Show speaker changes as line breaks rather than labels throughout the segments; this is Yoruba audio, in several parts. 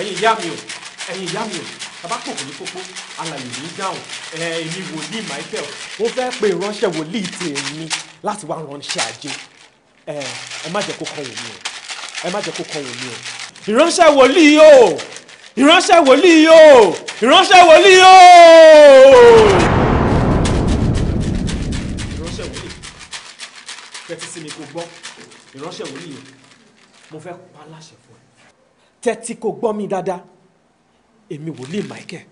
ẹ̀yin ìyá mi o ẹ̀yin ìyá mi o bàbá kòkò ní pópó alàyè
ní dáhùn èmi wòlíì michael ó fẹ́ pe ìránṣẹ́ wòlíì ti èmi láti wá ránṣẹ́ ajé ẹ má jẹ́ kó kàn wòlíì o ẹ má jẹ́ kó kàn wòlíì o ìránṣẹ́ wòlíì o ìránṣẹ́ wòlíì o ìránṣẹ́ wòlíì o. ìránṣẹ́ wòlíì tẹ́tí sí mi kò gbọ́ ìránṣẹ́ wòlíì mo fẹ́ pa láṣẹ tẹ́tí kò gbọ́ mi dáadáa èmi wòlíì Michael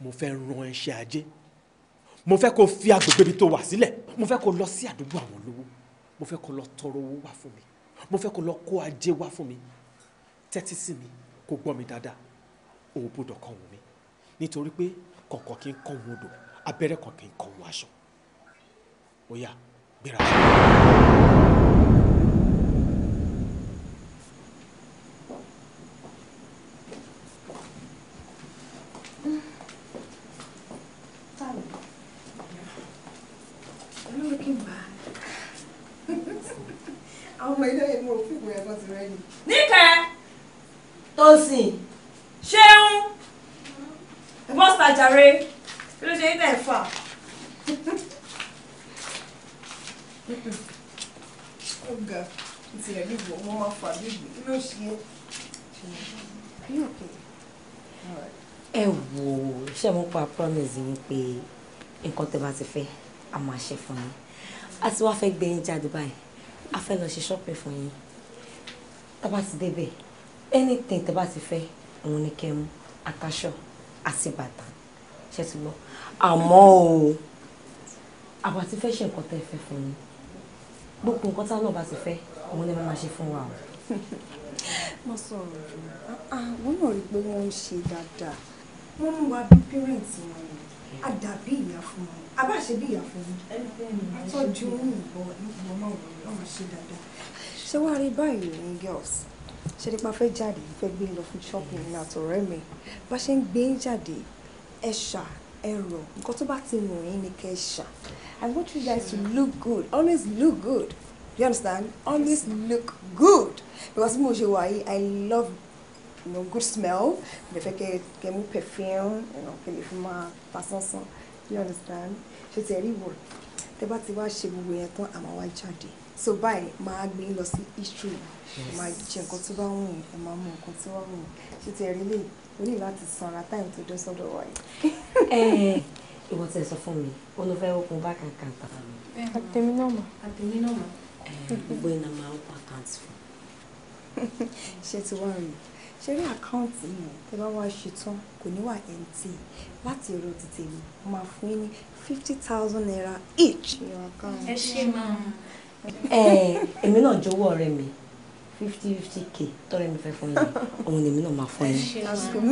mo fẹ́ ran ẹṣẹ́ ajé mo fẹ́ kó fi agbègbè mi tó wà sílẹ̀ mo fẹ́ kó lọ sí àdúgbò àwọn olówó mo fẹ́ kó lọ tọrọ owó wá fún mi mo fẹ́ kó lọ kó ajé wá fún mi tẹ́tí sí mi kó gbọ́ mi dáadáa òun gbọ́dọ̀ kọ́ wọn mi nítorí pé kọ̀ọ̀kan kì í kọ́ wọn odò abẹ́rẹ́ kan kì í kọ́ wọn aṣọ ó gbéra.
ṣéun ẹ̀gbọ́n sàjàre kí ló ṣe tẹ̀ fà. ọ̀gá ti ẹ̀ lè wọ̀ wọ́n máa fà lébi kí ló ṣe é.
ẹ wo ṣé mo pa promise yín pé nǹkan tẹ́ bá ti fẹ́ a máa ṣe fún yín a ti wá fẹ́ gbé yín jáde báyìí a fẹ́ lọ ṣe shopping fún yín tá bá ti débẹ̀ anything tẹ́ bá ti fẹ́ òun ni kẹ́ mú àtàṣọ àti bàtà ṣe ti gbọ́ àmọ́ o àbá ti fẹ́ ṣe nǹkan tẹ́ fẹ́ fún mi gbogbo nǹkan táwọn náà bá ti fẹ́ òun ni wọ́n máa ṣe fún wa o.
mo sọ̀rọ̀ àwọn ah, ah, náà rí i pé wọ́n ń ṣe dáadáa wọ́n mú wa bí pírẹ̀ǹtì wọn ni a dà bí ìyá fún wọn a bá ṣe bí ìyá fún wọn a òun ìbọn ìbọn máa wọ̀ ọ́ máa ṣe dáadáa ṣé wàá rí báyìí ní girls ṣe nípa fẹ́ jáde fẹ́ gbé lọ fún shopping ní àtọ̀rẹ́ mi bá ṣe ń gbé jáde ẹ̀ṣà ẹ̀rọ nǹkan tó bá ti rùn yín ni kẹ́ ṣà I want you guys to look good always look good you understand always look good because mo ṣe wà yìí I love you know, good smell mo fẹ́ kẹ́ kẹ́ mú perfume kẹ́ lè fi máa ta sánsán you understand ṣe tẹ̀ rí wọ̀ tẹ́ bá ti wá ṣe gbogbo yẹn tán àmọ́ wá jáde so báyìí máa gbé lọ sí history máa jẹ nǹkan tó bá wù mí ẹ máa mú nǹkan tó bá wù mí ti ẹ̀rí lè o ní láti sanra táìmù tó dé sọ́dọ̀ wa yìí.
Eh, ìwọ tẹ sọ fún mi ó ló fẹ́ okun bá kankan tà mí.
àtẹ̀mí náà mọ̀. àtẹ̀mí náà mọ̀.
Eh, gbogbo iná máa ń pa àkáǹtì fún.
ṣé ti wá rí ṣé rí àkáǹtì mi tẹ bá wá ṣe tán kò ní wà mt láti èrò tètè mi máa fún yín ní fifty thousand naira each. ẹ ṣe máa. Eh,
èmi náà jọ̀wọ́ ọ̀rẹ́ mi. fifty fifty k Don't fẹ́ fún yín phone. lèmi náà máa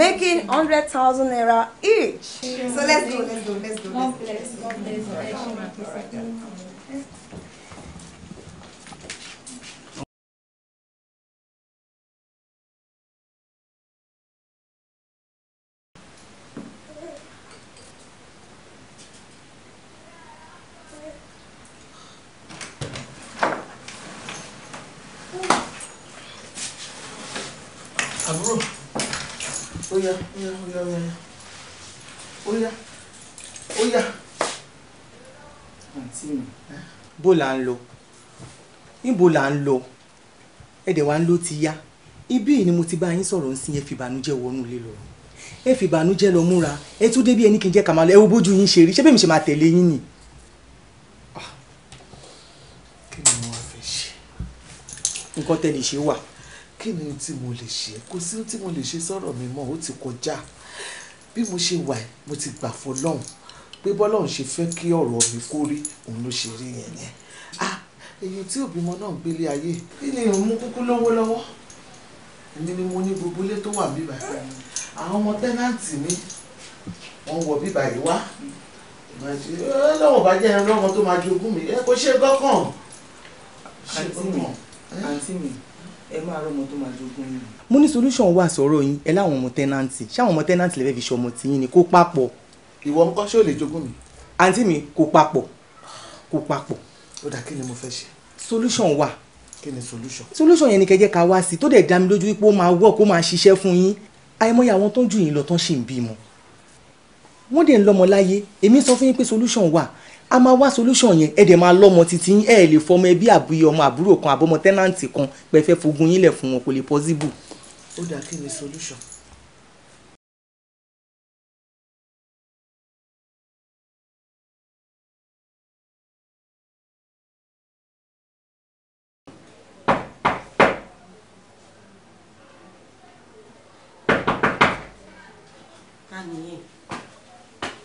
making hundred thousand naira each. so
let's go let's go let's go. God bless God bless.
óyá óyá óyá óyá óyá óyá. àǹtí mi. bó la ń lọ níbo la ń lọ ẹ dẹ̀ wá ń lọ ti yá ibí ni mo ti bá yín sọ̀rọ̀ ń sin ẹ fi ìbànújẹ́ wọnú ilé lọ ẹ fi ìbànújẹ́ lọ múra ẹ tún débi ẹni kì í jẹ́ kàmá lọ ẹ wo bójú yín ṣe rí ṣé bẹ́ẹ̀ mi ṣe máa tẹ̀lé yín nì. Ah.
kí ni wọ́n fẹ́ ṣe. nǹkan tẹ̀lé ṣe wà kí ni tí mo lè ṣe kò sí tí mo lè ṣe sọ̀rọ̀ mi mọ́ ó ti kọjá bí mo ṣe wà mo ti gbà fọlọ́hún pé bọ́lọ́hún ṣe fẹ́ kí ọ̀rọ̀ mi kó rí òun ló ṣe rí yẹn yẹn ah èyí tí òbímọ náà ń gbélé ayé kí ni òun mú kúkú lówó lọ́wọ́ èmi ni mo ní gbogbo ilé tó wà bíbá àwọn ọmọ tẹ́nàǹtì mi wọ́n wọ bíbá yìí wá lọ́wọ́ bá jẹ́ ẹran lọ́mọ tó máa jogún mi ẹ kò ṣe gọ́kàn
ṣe gọ́kàn àǹtí mi ẹ máa rọmọ tó máa jogún yín.
mo ní solution wà sọ̀rọ̀ yín ẹ láwọn ọmọ tẹ́nàntì ṣé àwọn ọmọ tẹ́nàntì lè fẹ́ fi ṣọmọ tí yín ni kó papọ̀. ìwọ ń kọ́ ṣé ò lè jogún mi. àǹtí mi kó papọ̀ kó papọ̀. ó dà kí ni mo fẹ́ ṣe. solution wà. kí ni solution. solution yẹn ni kẹjẹ ká wá sí tó dẹ̀ dá mi lójú wípé ó máa work ó máa ṣiṣẹ́ fún yín àìmọye àwọn tó ń jù yín lọ tán ṣì ń bímọ wọ́n dẹ̀ ń lọ́mọ láyé èmi sọ fún yín pé solution wà a máa wá solution yẹn ẹ dẹ̀ máa lọ́mọ títí ẹ lè fọmọ ẹbí àbúyọ ọmọ àbúrò kan àbọmọ tẹ́nàǹtì kan pẹ̀fẹ́ fogun yín lẹ̀ fún wọn kò lè possible.
ó dà kí ni solution.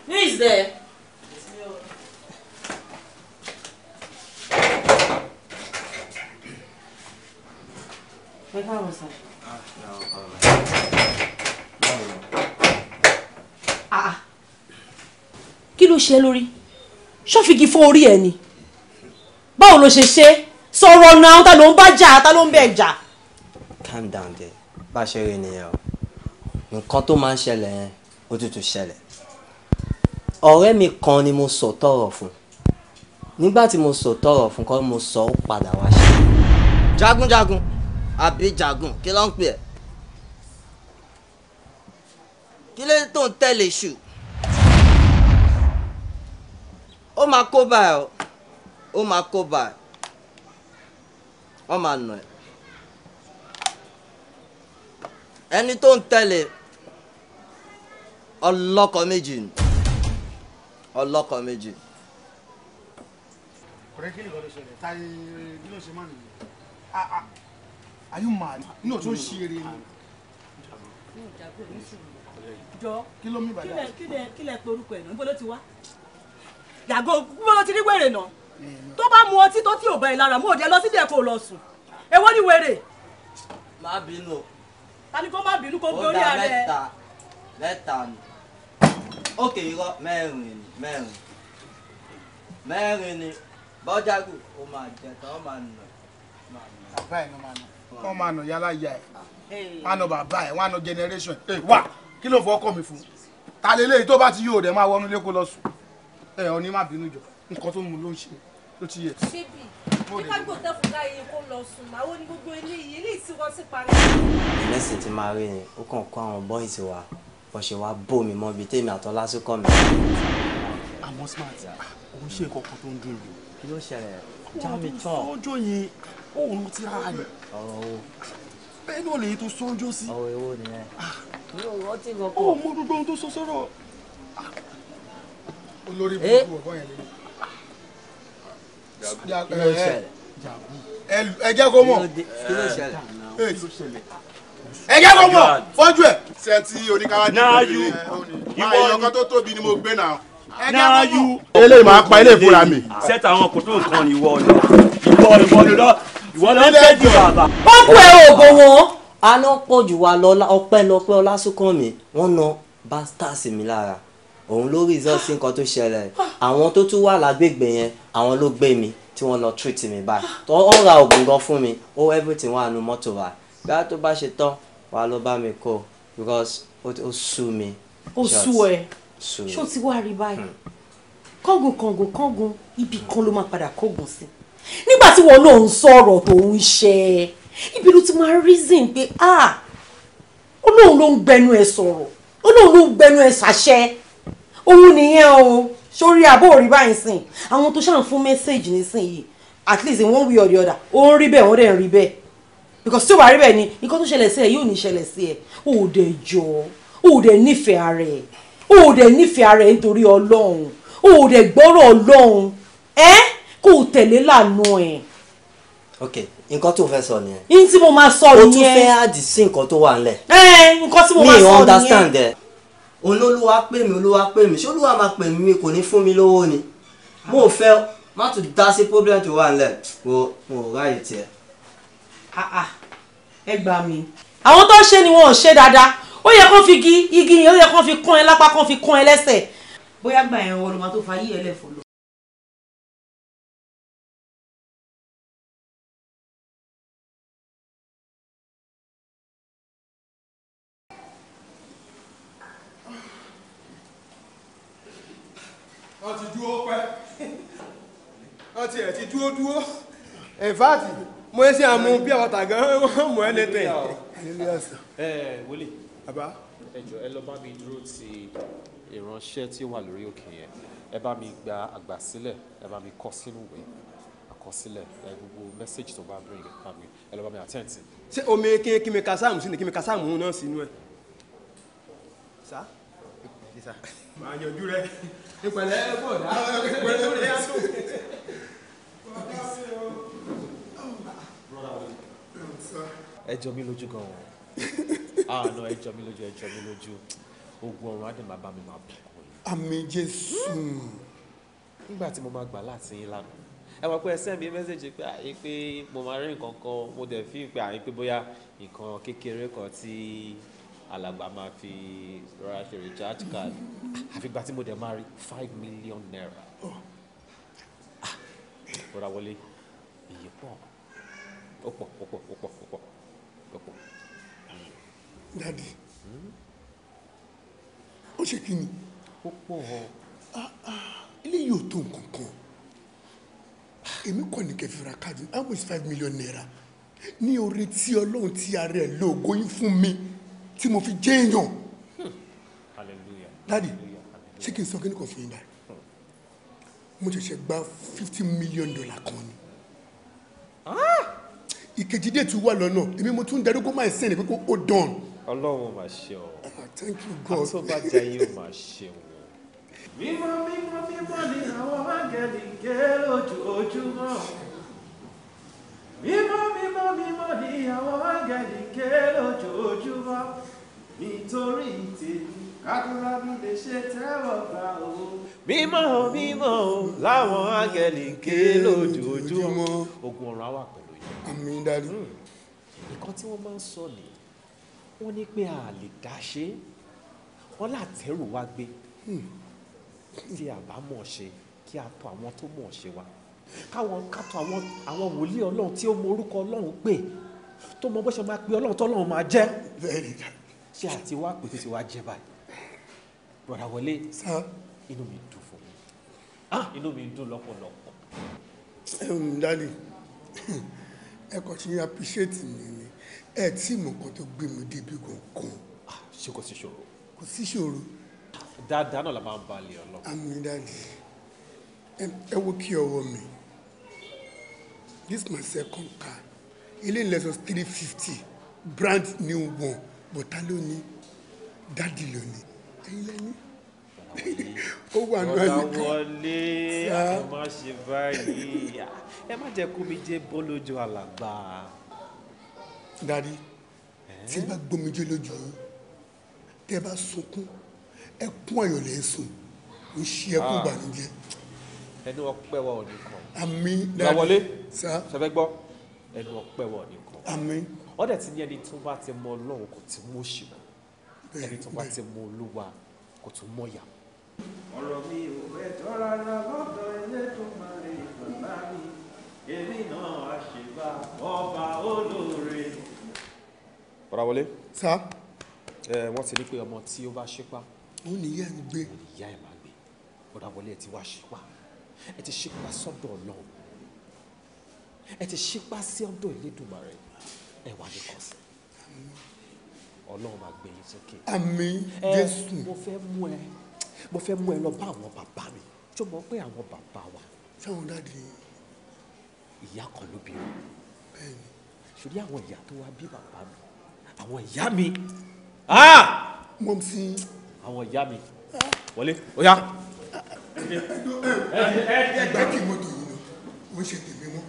Who is there? ṣe lórí ṣọ́fìgì fọ́ orí ẹ̀ ni
báwo ló ṣe ṣe sọ̀rọ̀ náà ta ló ń bá jà ta ló ń bẹ̀ jà.
calm down there bá a ṣe rí nìyẹn o nǹkan tó máa ń ṣẹlẹ̀ yẹn ó tútù ṣẹlẹ̀ ọ̀rẹ́ mi kan ni mo sọ tọrọ fún nígbà tí mo sọ tọrọ fún kọ́ mo sọ ó padà wá ṣe. jagunjagun àbí jagun kí ló ń pè ẹ́ kí ló ń tẹ̀lé ṣù. ó máa kó báyìí o ó máa kó báyìí wọ́n máa nà ẹ́ ẹni tó ń tẹ̀lé ọlọ́kọ méjì ni
ọlọ́kọ méjì. ọ̀rẹ́ kí ni ìwọ ló ṣẹlẹ̀ táyé bí ló ṣe máa nìyí ayú màá ní òtún ṣe ni. jọ kí ló mi bàjẹ́ kí lẹ kí lẹ pe orúkọ ẹ̀ náà níbo ló ti wá yàgò mo lọ ti rí wèrè náà tó bá mu ọtí tó tí ò bá lára mo ò lọ sílé kó lọ sùn èwo ni wèrè. má bínú. ta kó má bínú kó gbórí ara ẹ. ó dá mẹ́ta mẹ́ta ni ókè
irọ́ mẹ́rin ni mẹ́rin mẹ́rin ni bọ́jágù ó máa jẹ tán ó máa nà.
bàbá ẹ̀ ló wọ́n máa nà yálà ya ẹ̀ wọ́n á nà bàbá ẹ̀ wọ́n á nà generation ẹ̀ wá kí ló fọ́ ọkọ mi fún ta lélẹ́yìí tó bá ti yóò rẹ̀ máa wọnú ilé kó lọ sùn ẹ ọ ní má bínú jọ nǹkan tó mú ló ń ṣe ló ti yẹ. ṣébì nípa gbòtẹ́ fún gáyé kó lọ sùn màwo ni gbogbo eléyìí eléyìí tí wọ́n ti parí.
ìrẹsì ti máa rí ni ó kàn kó àwọn bọ́ìsì wa bó ṣe wá bò mí mọ́ bíi tèmi àtọ́ lásìkò mi.
àmọ́ smart òun ah, ṣe nǹkan kan tó ń dùn mí. kí ló ṣẹlẹ̀ já mi tán. ọjọ́ yẹn òun ti rà ní. ọ̀rọ̀ o. bẹ́ẹ̀ náà lèyí tó sọ́njọ́ sí. ọ̀rọ̀ èwo nìyẹn. Ah, ó mọ gbogbo ohun tó sọ sọ́rọ̀. Ah, olórí eh? burúkú ọ̀bọ yẹn lè. Eh, ẹ jẹ́ kó mọ̀ eh, ẹ jẹ́ kó mọ̀ oh fọ́jú ẹ̀. ṣé ti oníkàwá ti gbé mi ẹ ah, ìwọ ọkọ tó tóbi ni mo gbé náà. náà yú. eléyìí máa pa eléyìí fúnra mi. sẹ́tà àwọn kò tó nǹkan ni ìwọ ọ̀nà ìwọ ìwọ lọ ìwọ lọ fẹ́ di bàbá. wọ́n kú ẹ ògo wọn. aná
pọ̀ jù wá lọ ọpẹ́ lọpẹ́ ọlásùnkànmí wọ́n na bá stars mi lára òun ló result sí nǹkan tó ṣẹlẹ̀ àwọn tó tún wà lágbègbè yẹn àwọn ló gbé mi tí wọ́n lọ treat me báyìí tó wọ́n ra oògùn gan fún mi ó everything wà nù mọ́tò wa bí a tó bá ṣe tán wàá lọ bá mi kó because ó sú mi.
ó sú ẹ ṣó
ti
wá rí báyìí hmm. kángun kángun kángun ibì kan ló máa padà kángun sí nígbà tí wọn náà ń sọ̀rọ̀ tó ń ṣe ibi ló ti máa reason pé ah olóhùn ló ń gbẹnu ẹ sọ̀rọ̀ olóhùn ló ń gbẹnu ẹ ṣàṣẹ
òun nìyẹn o sórí àbó òrí báyìí sìn àwọn tó ṣàn fún mẹ́sáàgì nísìnyìí
at least in one way or the other ó ń rí bẹ́ẹ̀ wọ́n dẹ̀ ń rí bẹ́ẹ̀ because tí ó bá rí bẹ́ẹ̀ ni nǹkan tó ṣẹlẹ̀ sí ẹ yóò ní ṣẹlẹ̀ sí ẹ ó dẹ̀ jọ ó dẹ̀ nífẹ̀ẹ́ ara ẹ ó dẹ̀ nífẹ̀ẹ́ ara ẹ nítorí ọlọ́run ó dẹ̀ gbọ́rọ̀ ọlọ́run ẹ kó o tẹ̀lé lànà ẹ.
ok nǹkan tó fẹ́ sọ nìyẹn.
n tí mo máa sọ nìyẹn. o tún fẹ́ àdìsí nǹkan
tó wà ńlẹ̀. ẹ nǹkan tí mo máa sọ nìyẹn. mi understand ẹ òun olúwa pè mí olúwa pè mí ṣé olúwa máa pè mí kò ní fún mi lówó ni mo fẹ́ má tún dá sí problem tó wà nílẹ̀ wo mo ráyè tiẹ̀. Ah, ah.
ẹ gbà mí. àwọn tó ń ṣe ni wọn ò ṣe dáadáa ó yẹ kó fi igi igi yẹn ó yẹ kó fi kán ẹ lápá kó fi kán ẹ lẹ́sẹ̀.
bóyá gbà yẹn wọn ló máa tó fa yí ẹ lẹ́fọ̀ọ́ lọ.
ti dúró pẹ́ wọ́n ti ẹ̀ ti dúró dúró in fact mo ṣe àmú bí ọ̀tà gan wọ́n mú ẹni tẹ̀. ẹ wọlé ẹjọ ẹ lọ bá mi dúró ti
ìránṣẹ́ tí
ó wà lórí òkè yẹn ẹ bá mi gba àgbàsílẹ̀ ẹ bá mi kọ sínú ìwé àkọsílẹ̀ ẹ gbogbo mẹ́sẹ̀gì tó bá bring ẹ bá mi ẹ lọ bá mi àtẹ́ǹtì. ṣé omi kíni kásáàmù sí ni kíni kásáàmù náà sínú ẹ.
sá. màá yanjú rẹ
ìpẹ̀lẹ́ bọ̀dá ìpẹ̀lẹ́ lórí lójú gan ah
no lójú lójú ogun ọrùn máa bá mi máa àmì jésù. nígbà tí mi mẹ́sẹ̀jì alàgbà ma fi rárá ṣe recharge card àfìgbà tí mo dẹ̀ máa rí five million naira ah, rọra wọlé
iye pọ̀ ó pọ̀ ó pọ̀ ó pọ̀ ó pọ̀ ó pọ̀.
dadi hmm? ó ṣe kí ni. ó pọ̀ ọ. Ah, ah, eléyìí ò tó nǹkan kan èmi kàn ní kẹfìrà káàdì how five million naira ní oore tí ọlọ́run tí ara ẹ̀ lóògùn yín fún mi tí mo fi jẹ́ èèyàn dáàdi ṣé kí n sọ kí n kò fún yín dáa mo ṣẹ̀ṣẹ̀ gba fifty million dollar kan ni ah! ìkejì dé tún wà lọ́nà èmi mo tún darúgbó máa ṣẹ́ni pé kó o
dán. ọlọ́run mà ṣe ọ ah, thank you god àtúbàjẹ́ yóò mà ṣe ọ. mímọ́ mímọ́ mímọ́ ni àwọn áńgẹ́lì ń ké lójú ojúmọ́ mímọ́ mímọ́ ni àwọn áńgẹ́lì ké lójoojúmọ́ nítorí tèmi kádúrà mi lè ṣe tẹ́wọ̀ gbà o.
mímọ́ mímọ́ láwọn áńgẹ́lì ké lójoojúmọ́ ogun ọ̀rọ̀ á pẹ̀lú yìí. Hmm.
nǹkan tí wọ́n máa ń sọ nìyí wọ́n ní pé a
lè dá ṣe wọ́n látẹ̀rù wa gbé hmm. tí a bá mọ̀ ṣe kí a tọ̀ àwọn tó mọ̀ ṣe wa káwọn kàtó àwọn àwọn wòlíì ọlọ́run tí ó mọ orúkọ ọlọ́run pé tó mọ bó ṣe máa pe ọlọ́run tọ́lọ́run máa jẹ́ ṣé àti wá pètè tí wàá jẹ báyìí bọ̀dà wọlé inú mi dùn fún mi ah, inú mi dùn lọ́pọ̀lọpọ̀. dadi ẹ kàn ṣe appreciate mi ni ẹ tí mo kàn tó gbé mi débi gangan. Ah, ṣé kò sí ṣòro. kò sí ṣòro. dáadáa náà la máa ń balẹ̀ ọlọ́run. àmì dadi ẹ wo kí ọwọ́ mi this my second car eléyìí lẹ́sọ̀ three fifty brand new one bọ̀tá lónìí dáàdì lónìí ẹ̀yin lẹ́ni
ó wà ní ọ̀lẹ́ kan. ọ̀làwọlé ẹ báyìí ẹ má jẹ́ kó mi jẹ́ bọ́ lójú alàgbà. dáàdì tí ẹ bá
gbómijé lójú yín tẹ bá sunkún ẹkún ayọ̀ lẹ́sùn ń ṣe ẹkún ah. ìbànújẹ́. ẹni wọn wa ò ní kọ́ àmín dáadáa lọ́wọ́lé ṣẹfẹ́ gbọ́ ẹnu ọpẹ́ wọ̀ nìkan àmín ọ̀dẹ̀ ti ní ẹni tó bá ti mọ ọlọ́run kò ti mú òṣìkò ẹni tó bá ti mọ olúwa kò tún mọ ìyá.
ọ̀rọ̀ mi ò fẹ́ tọ́ra ra lọ́dọ̀ Elédùmarè bàbá mi èmi
náà àṣìbá ọba olóore. bọ́dà wọlé.
sá. ẹ wọ́n ti ní pé ọmọ tí ó bá ṣípá. ó ní ìyá ẹ̀ ń gbé. ó ní ìyá ẹ̀ máa gbé bọ́dà wọlé ẹ̀ ti wá ṣípá ẹ ti ṣípa sọ́dọ̀ Ọlọ́run ẹ ti ṣípa sí ọ̀dọ̀ Elédùmarè ẹ wà ní kọsí Ọlọ́run máa gbé yín sókè. àmín mo fẹ́ mú ẹ mo fẹ́ mú ẹ lọ bá àwọn bàbá mi tó mọ̀ pé àwọn bàbá wa. fẹ́ràn dáàdi. ìyá kan ló bí wọn. ṣùgbọ́n àwọn ìyá tó wá bí bàbá mi àwọn ìyá mi. Ah! mọ̀ sí. àwọn ìyá mi ah! wọlé ó yá ẹgbẹ́ mọ́tò yìí lọ wọ́n ṣe tèmi mọ́.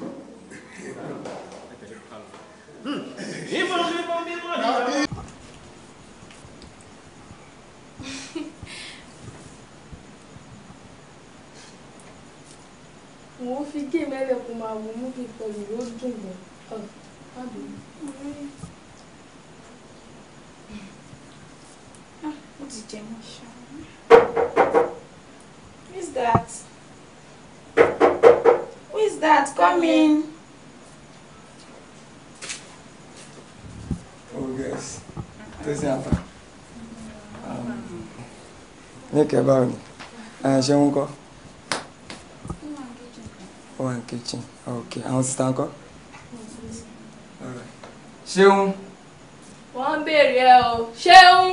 mo ń fi géèmù ẹlẹ́kùn máa wo múfì
pẹ̀lú ló dùn mọ́ ah, ó ti jẹ mọ́ ṣáá.
Who is that? Who is that? Come in.
Oh, yes. This happened. Um, ní kẹba òní ṣe ń kọ́ one kitchen ok àwọn sista ń kọ́ ṣeun.
wọ́n ń béèrè ẹ o ṣeun.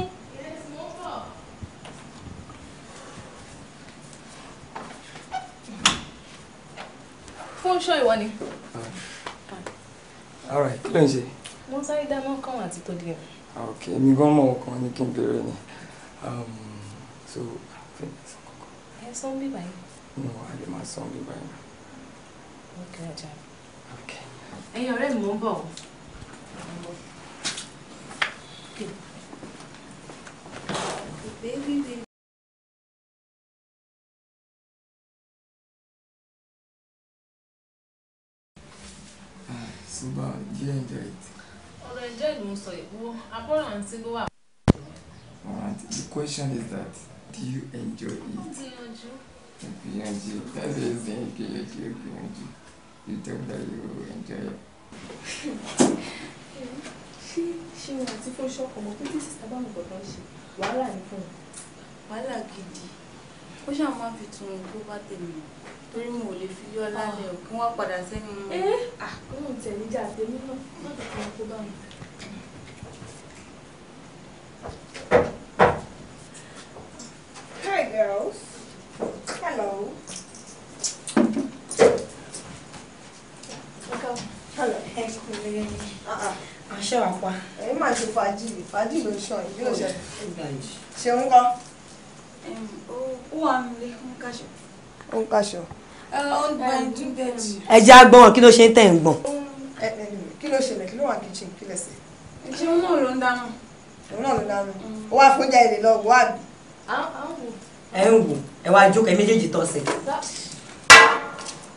ṣọ́ ìwọ ni.
all right kí ló ń ṣe.
wọ́n sáré dáná kan
àti tó di rẹ̀. ok mi gan mọ ọkàn ní kí n bèrè ni um, so
ẹ sọ ń bí báyìí.
no a lè máa sọ ń bí báyìí.
ok ọjà. ok. ẹ̀yin ọ̀rẹ́ mi mò ń bọ̀ o.
Baby, baby.
Alright, the
question is that do you enjoy it? Ìgbìyànjú. That's what you're saying, ìgbìyànjú, ìgbìyànjú. You talk that you enjoy it.
Ṣé ṣé wọn àti fún ṣọ́ọ̀kọ̀ mọ̀ pé tí sísá bá mi gbọ̀dọ̀ ṣe wàhálà ní fún un? Wàhálà gidi.
Ó ṣáà máa fi tun tó bá tèmi torí mo ò lè fi yọ lálẹ́ ò kí wọ́n padà sẹ́nu. Ẹ́ eh, ah!
Ó ń tẹ̀lé jà tèmi náà. Má bàtà kó bá mi. Hi, girls. Hello. Hello. Uh-uh. Aṣọ àpá. Ẹ máa ṣe fàájì, fàájì ló ṣọ ìbí ló ṣe. Ṣé ń kọ́? Ó wà nílé, ó ń kaṣọ. Ó ń kaṣọ. Ẹ jẹ́ agbọ́n kí ló ṣe ń tẹ̀ ń gbọ̀n. Kí ló ṣẹlẹ̀ kí ló wà kìchìn kí lẹ̀ sí? Ìṣẹ́ náà ló ń dáná òun náà ó wá fún ìrìn lọ wọ àbí.
ẹ ń wò ẹ wá jókòó ẹ méjèèjì tọ́ sí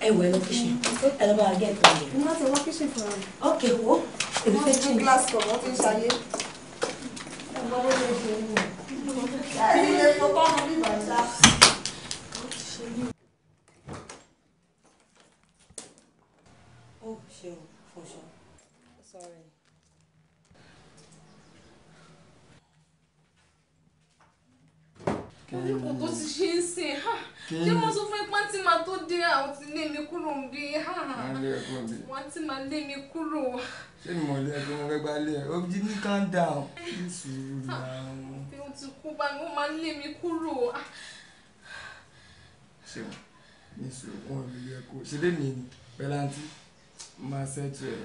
ẹ wọ ẹ lọ kíṣìn
ẹ lọ bá wa gẹ ẹ tó yẹ. mo máa ti wọ́n kíṣìn fún ọ. ok wo. èmi ti ju glass cup wọ́n ti ń ṣayé. ẹ gbọ́ bó ṣe ṣe é wò. ẹ ní ilé fọ́pá wọn bí bàtà.
oníkó tó ti ṣe ń sìn ṣé wọ́n sọ
fún ipá tí màá tó dé àwọn ti lé mi kúrò ń bí wọ́n ti máa lé mi kúrò.
ṣé ni mo lé ẹgbẹ́ mo fẹ́ gbá lé ẹ ojú ní calm down ní sùúrù
náà. bí o ti kú bá mi wọ́n máa lé mi kúrò.
ṣé ní sùúrù wọn ò lè yẹ kó ṣe lé mi pẹ̀lú àǹtí máa ṣẹ́jú ẹ̀.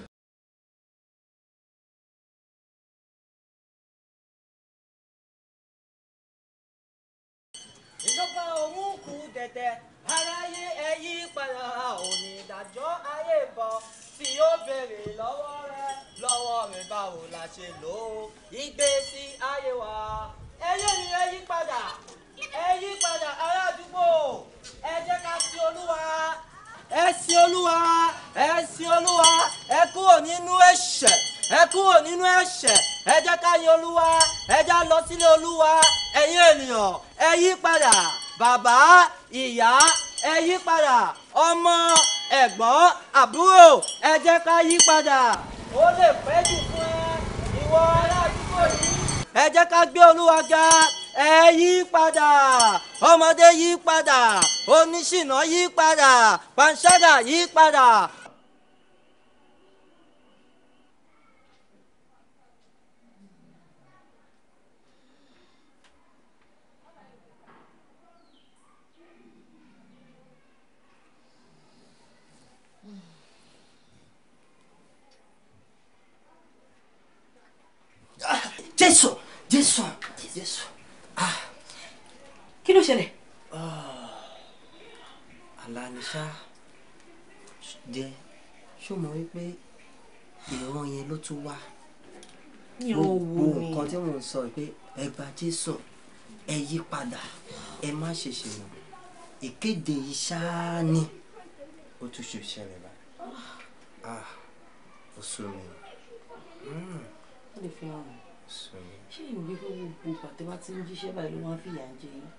tẹ́tẹ́ aráyé ẹ yí padà onídàájọ́ ayé bọ̀
tí ó béèrè lọ́wọ́ rẹ lọ́wọ́ mi báwo la ṣe lò ó ìgbésí ayé wa ẹyẹ ni ẹ yí padà ẹ yí padà ará àdúgbò ẹ jẹ́ ká sí olúwa ẹ sin olúwa ẹ sin olúwa ẹ kúrò nínú ẹ̀ṣẹ̀ ẹ kúrò nínú ẹ̀ṣẹ̀ ẹ jẹ́ ká yin olúwa ẹ já lọ sílé olúwa ẹ̀yin ènìyàn ẹ yí padà bàbá ìyá ẹ yí padà ọmọ ẹ̀gbọ́n àbúrò ẹ jẹ́ ká yí padà ó lè pẹ́ jù fún ẹ
ìwọ ará yìí.
ẹ jẹ́ ká gbé olúwa ga ẹ yí padà ọmọdé yí padà oníṣìnà yí padà panṣágà yí padà sọ pé ẹ gba Jésù ẹ yí padà ẹ má ṣe ṣe mọ́ ìkéde yìí ṣáá ni ó tún ṣe ṣẹlẹ̀ báyìí
ah ó sún mi
hmm.
ó lè fi hàn ṣé ìwé gbogbo pàtẹ́ bá ti ń jíṣẹ́ báyìí ló máa ń fìyà jẹ yín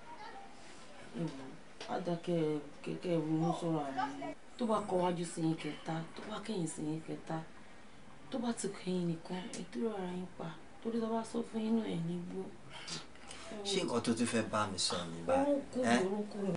ẹ̀wọ̀n àdàkẹ́ kẹ̀kẹ́ ronú sọ̀rọ̀ àwọn tó bá kọ wájú sí yín kẹta tó bá kẹ́yìn sí yín kẹta tó bá ti kẹ́yìn nìkan ẹ ara yín pa torí tó bá sọ fún inú ẹ̀ ní gbó. ṣé nǹkan
tó tún fẹ́ bá mi sọ ní
báyìí.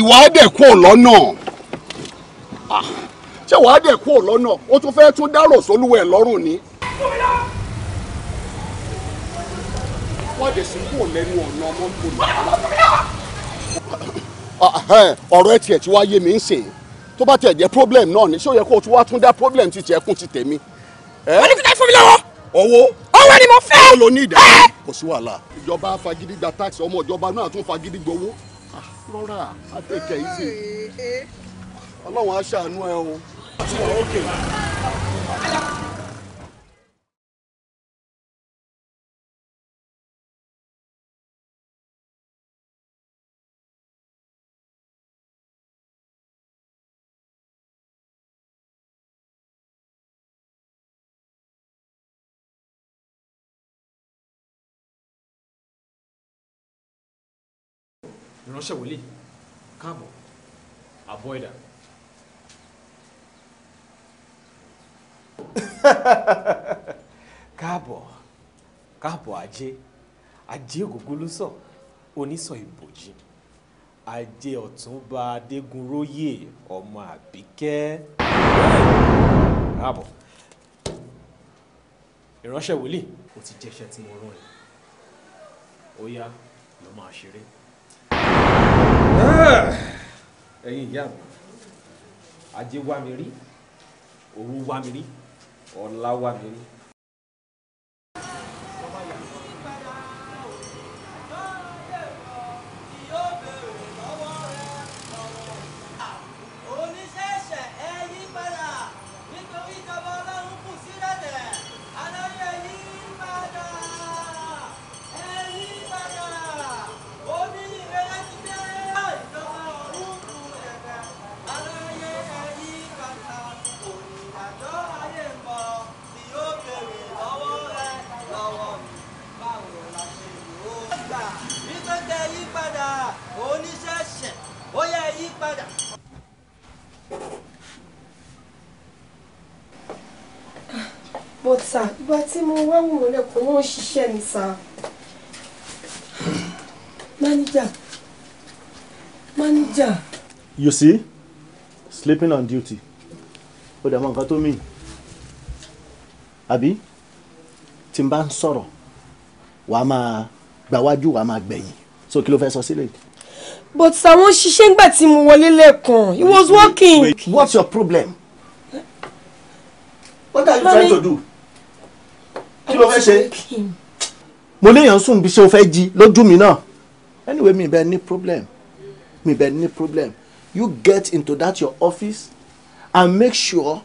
ìwà
ọ̀dẹ̀ kú ò lọ́nà ah, ṣé ìwà ọ̀dẹ̀ kú ò lọ́nà ó tún fẹ́ tún dárò sólúwẹ̀ lọ́rùn ni. wọ́n dẹ̀ sí kúrò lẹ́nu ọ̀nà ọmọ nbọ̀lù. Ah, ah, eh, ọ̀rọ̀ ẹ̀ tiẹ̀ tí wàá yé mi ń sìn tó bá tiẹ̀ jẹ́ problem náà ni ṣé ó yẹ kó o tún wá tún dá problem ti tiẹ̀ kún ti tèmi. wọ́n eh? ní kí táyì fún mi lọ́wọ́. owó owó ni mo fẹ́. owó ìdá eh? kò sí wàhálà. ìjọba fagídí gba ọmọ ìjọba náà tún fagídí gbowó lọ́ra àtẹ̀kẹ̀ yìí
sí ọlọ́run á ṣàánú ẹ o. ìránṣẹ́ wòlíì káàbọ̀ àbọ̀ ẹ̀dà.
káàbọ̀ káàbọ̀ ajé ajé ògógólósọ onísọ ìbòjì ajé de adégúnróyè ọmọ àbíkẹ́ káàbọ̀ ìránṣẹ́ wòlíì ó ti jẹ́ṣẹ́ tí mo rán ẹ ó yá lọ máa ṣeré ẹ̀yin ìyá mi ajé wá mi rí òru wá mi rí ọ̀la wá mi rí.
sá manager manager.
you see sleeping on duty ó dẹ̀ mọ nǹkan tó mean àbí tí n bá ń sọ̀rọ̀ wàá máa gbàwájú wàá máa gbẹ̀yìn so kí ló fẹ́ sọ sílẹ̀.
but àwọn ṣiṣẹ́ ńgbà tí mo
wọlé lẹ́ẹ̀kan he was working. Wait, what's your problem? what are you Mommy, trying to do? kí ló fẹ́ ṣe? mo léèyàn sùn bí ṣe o fẹ́ jí lójú mi náà anyway mi bẹ ní problem mi bẹ ní problem you get into that your office and make sure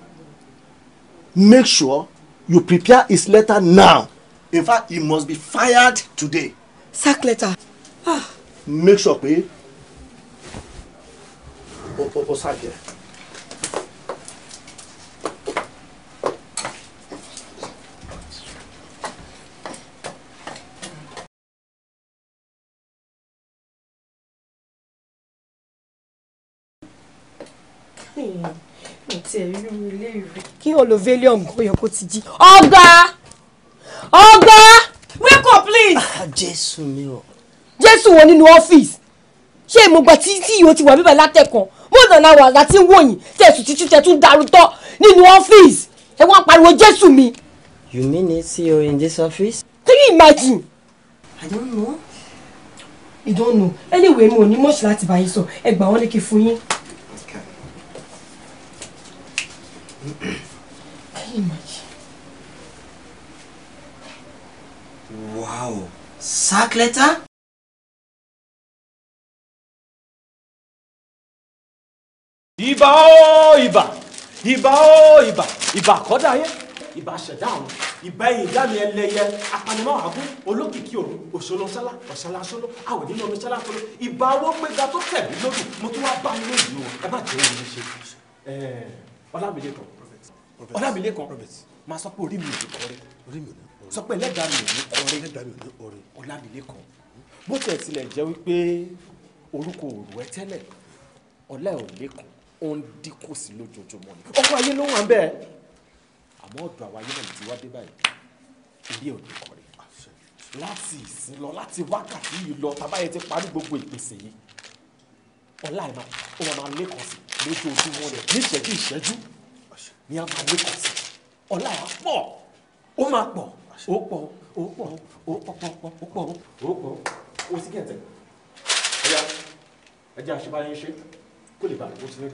make sure you prepare his letter now in fact he must be fired today. sack letter. Ah. make sure pé
o o o sack yẹn.
tiẹ̀ rí irú ilé ìwé. kí olùvélíọ̀m
kó
yẹ kó ti jí. ọ̀gá ọ̀gá wake up please. Ah, jésù mi o. jésù wo nínú ọ́fíìsì ṣé ìmọ̀gbà tí tí ìwọ ti wà bíbẹ̀ látẹ̀kàn
more than hours àti wọ̀nyí tẹ̀sù títí tẹ̀ tún darútọ́ nínú ọ́fíìsì ẹ wọ́n
pariwo jésù mi. you mean it CEO in this office.
can you imagine. i don't know. you don't know anyway mo ní mọ́ṣáláṣí báyìí sọ ẹ gbà wọ́n ní kí fún yín.
Can
you
imagine? Wow. Sack letter? Ìbà o ìbà, ìbà o ìbà, ìbà kọ́dá yẹn,
ìbà ṣẹ̀dá àwọn, ìbà ẹ̀yìn ìdáni ẹlẹ́yẹ, apanimọ̀ àgún, olókìkí òru, òṣòlò ńsálà, ọ̀ṣálà ṣóló, àwẹ̀ nínú omi owó péga tó tẹ̀lé lórí, mo tún wá bá mi lóyún ẹ má jẹ́ òun ṣe ọlámilẹ́kan ọlámilẹ́kan máa sọ pé orí mi ò ní kọrí sọ pé ẹlẹ́dàá mi ò ní kọrí ọlámilẹ́kan bó tiẹ̀ tilẹ̀ jẹ́ wípé orúkọ òru ẹ tẹ́lẹ̀ ọlá ò lẹ́kan ó ń dínkù sí lójoojúmọ́ ni ọkọ ayé ló wà ń bẹ́ẹ̀ àmọ́ ọ̀dọ̀ àwọn ayé náà ti wá dé báyìí orí ò ní kọrí láti ìsìn lọ láti wákàtí yìí lọ tàbáyé ti parí gbogbo ìpèsè yìí ọlá ẹ̀ máa ó lẹ́kọ̀ọ́ sí i lójoojúmọ́ rẹ̀ ní ìṣẹ́jú ìṣẹ́jú ni a máa lékọ̀ọ́ sí ọlá yà pọ̀ ó máa pọ̀ ó pọ̀ ó pọ̀ ó pọ̀ ó pọ̀ ó pọ̀ ó pọ̀ ó sì kẹ̀tẹ̀ ẹ̀yà ẹ̀jẹ̀ àṣebáyé ṣe kó lè bàa kó sílẹ̀.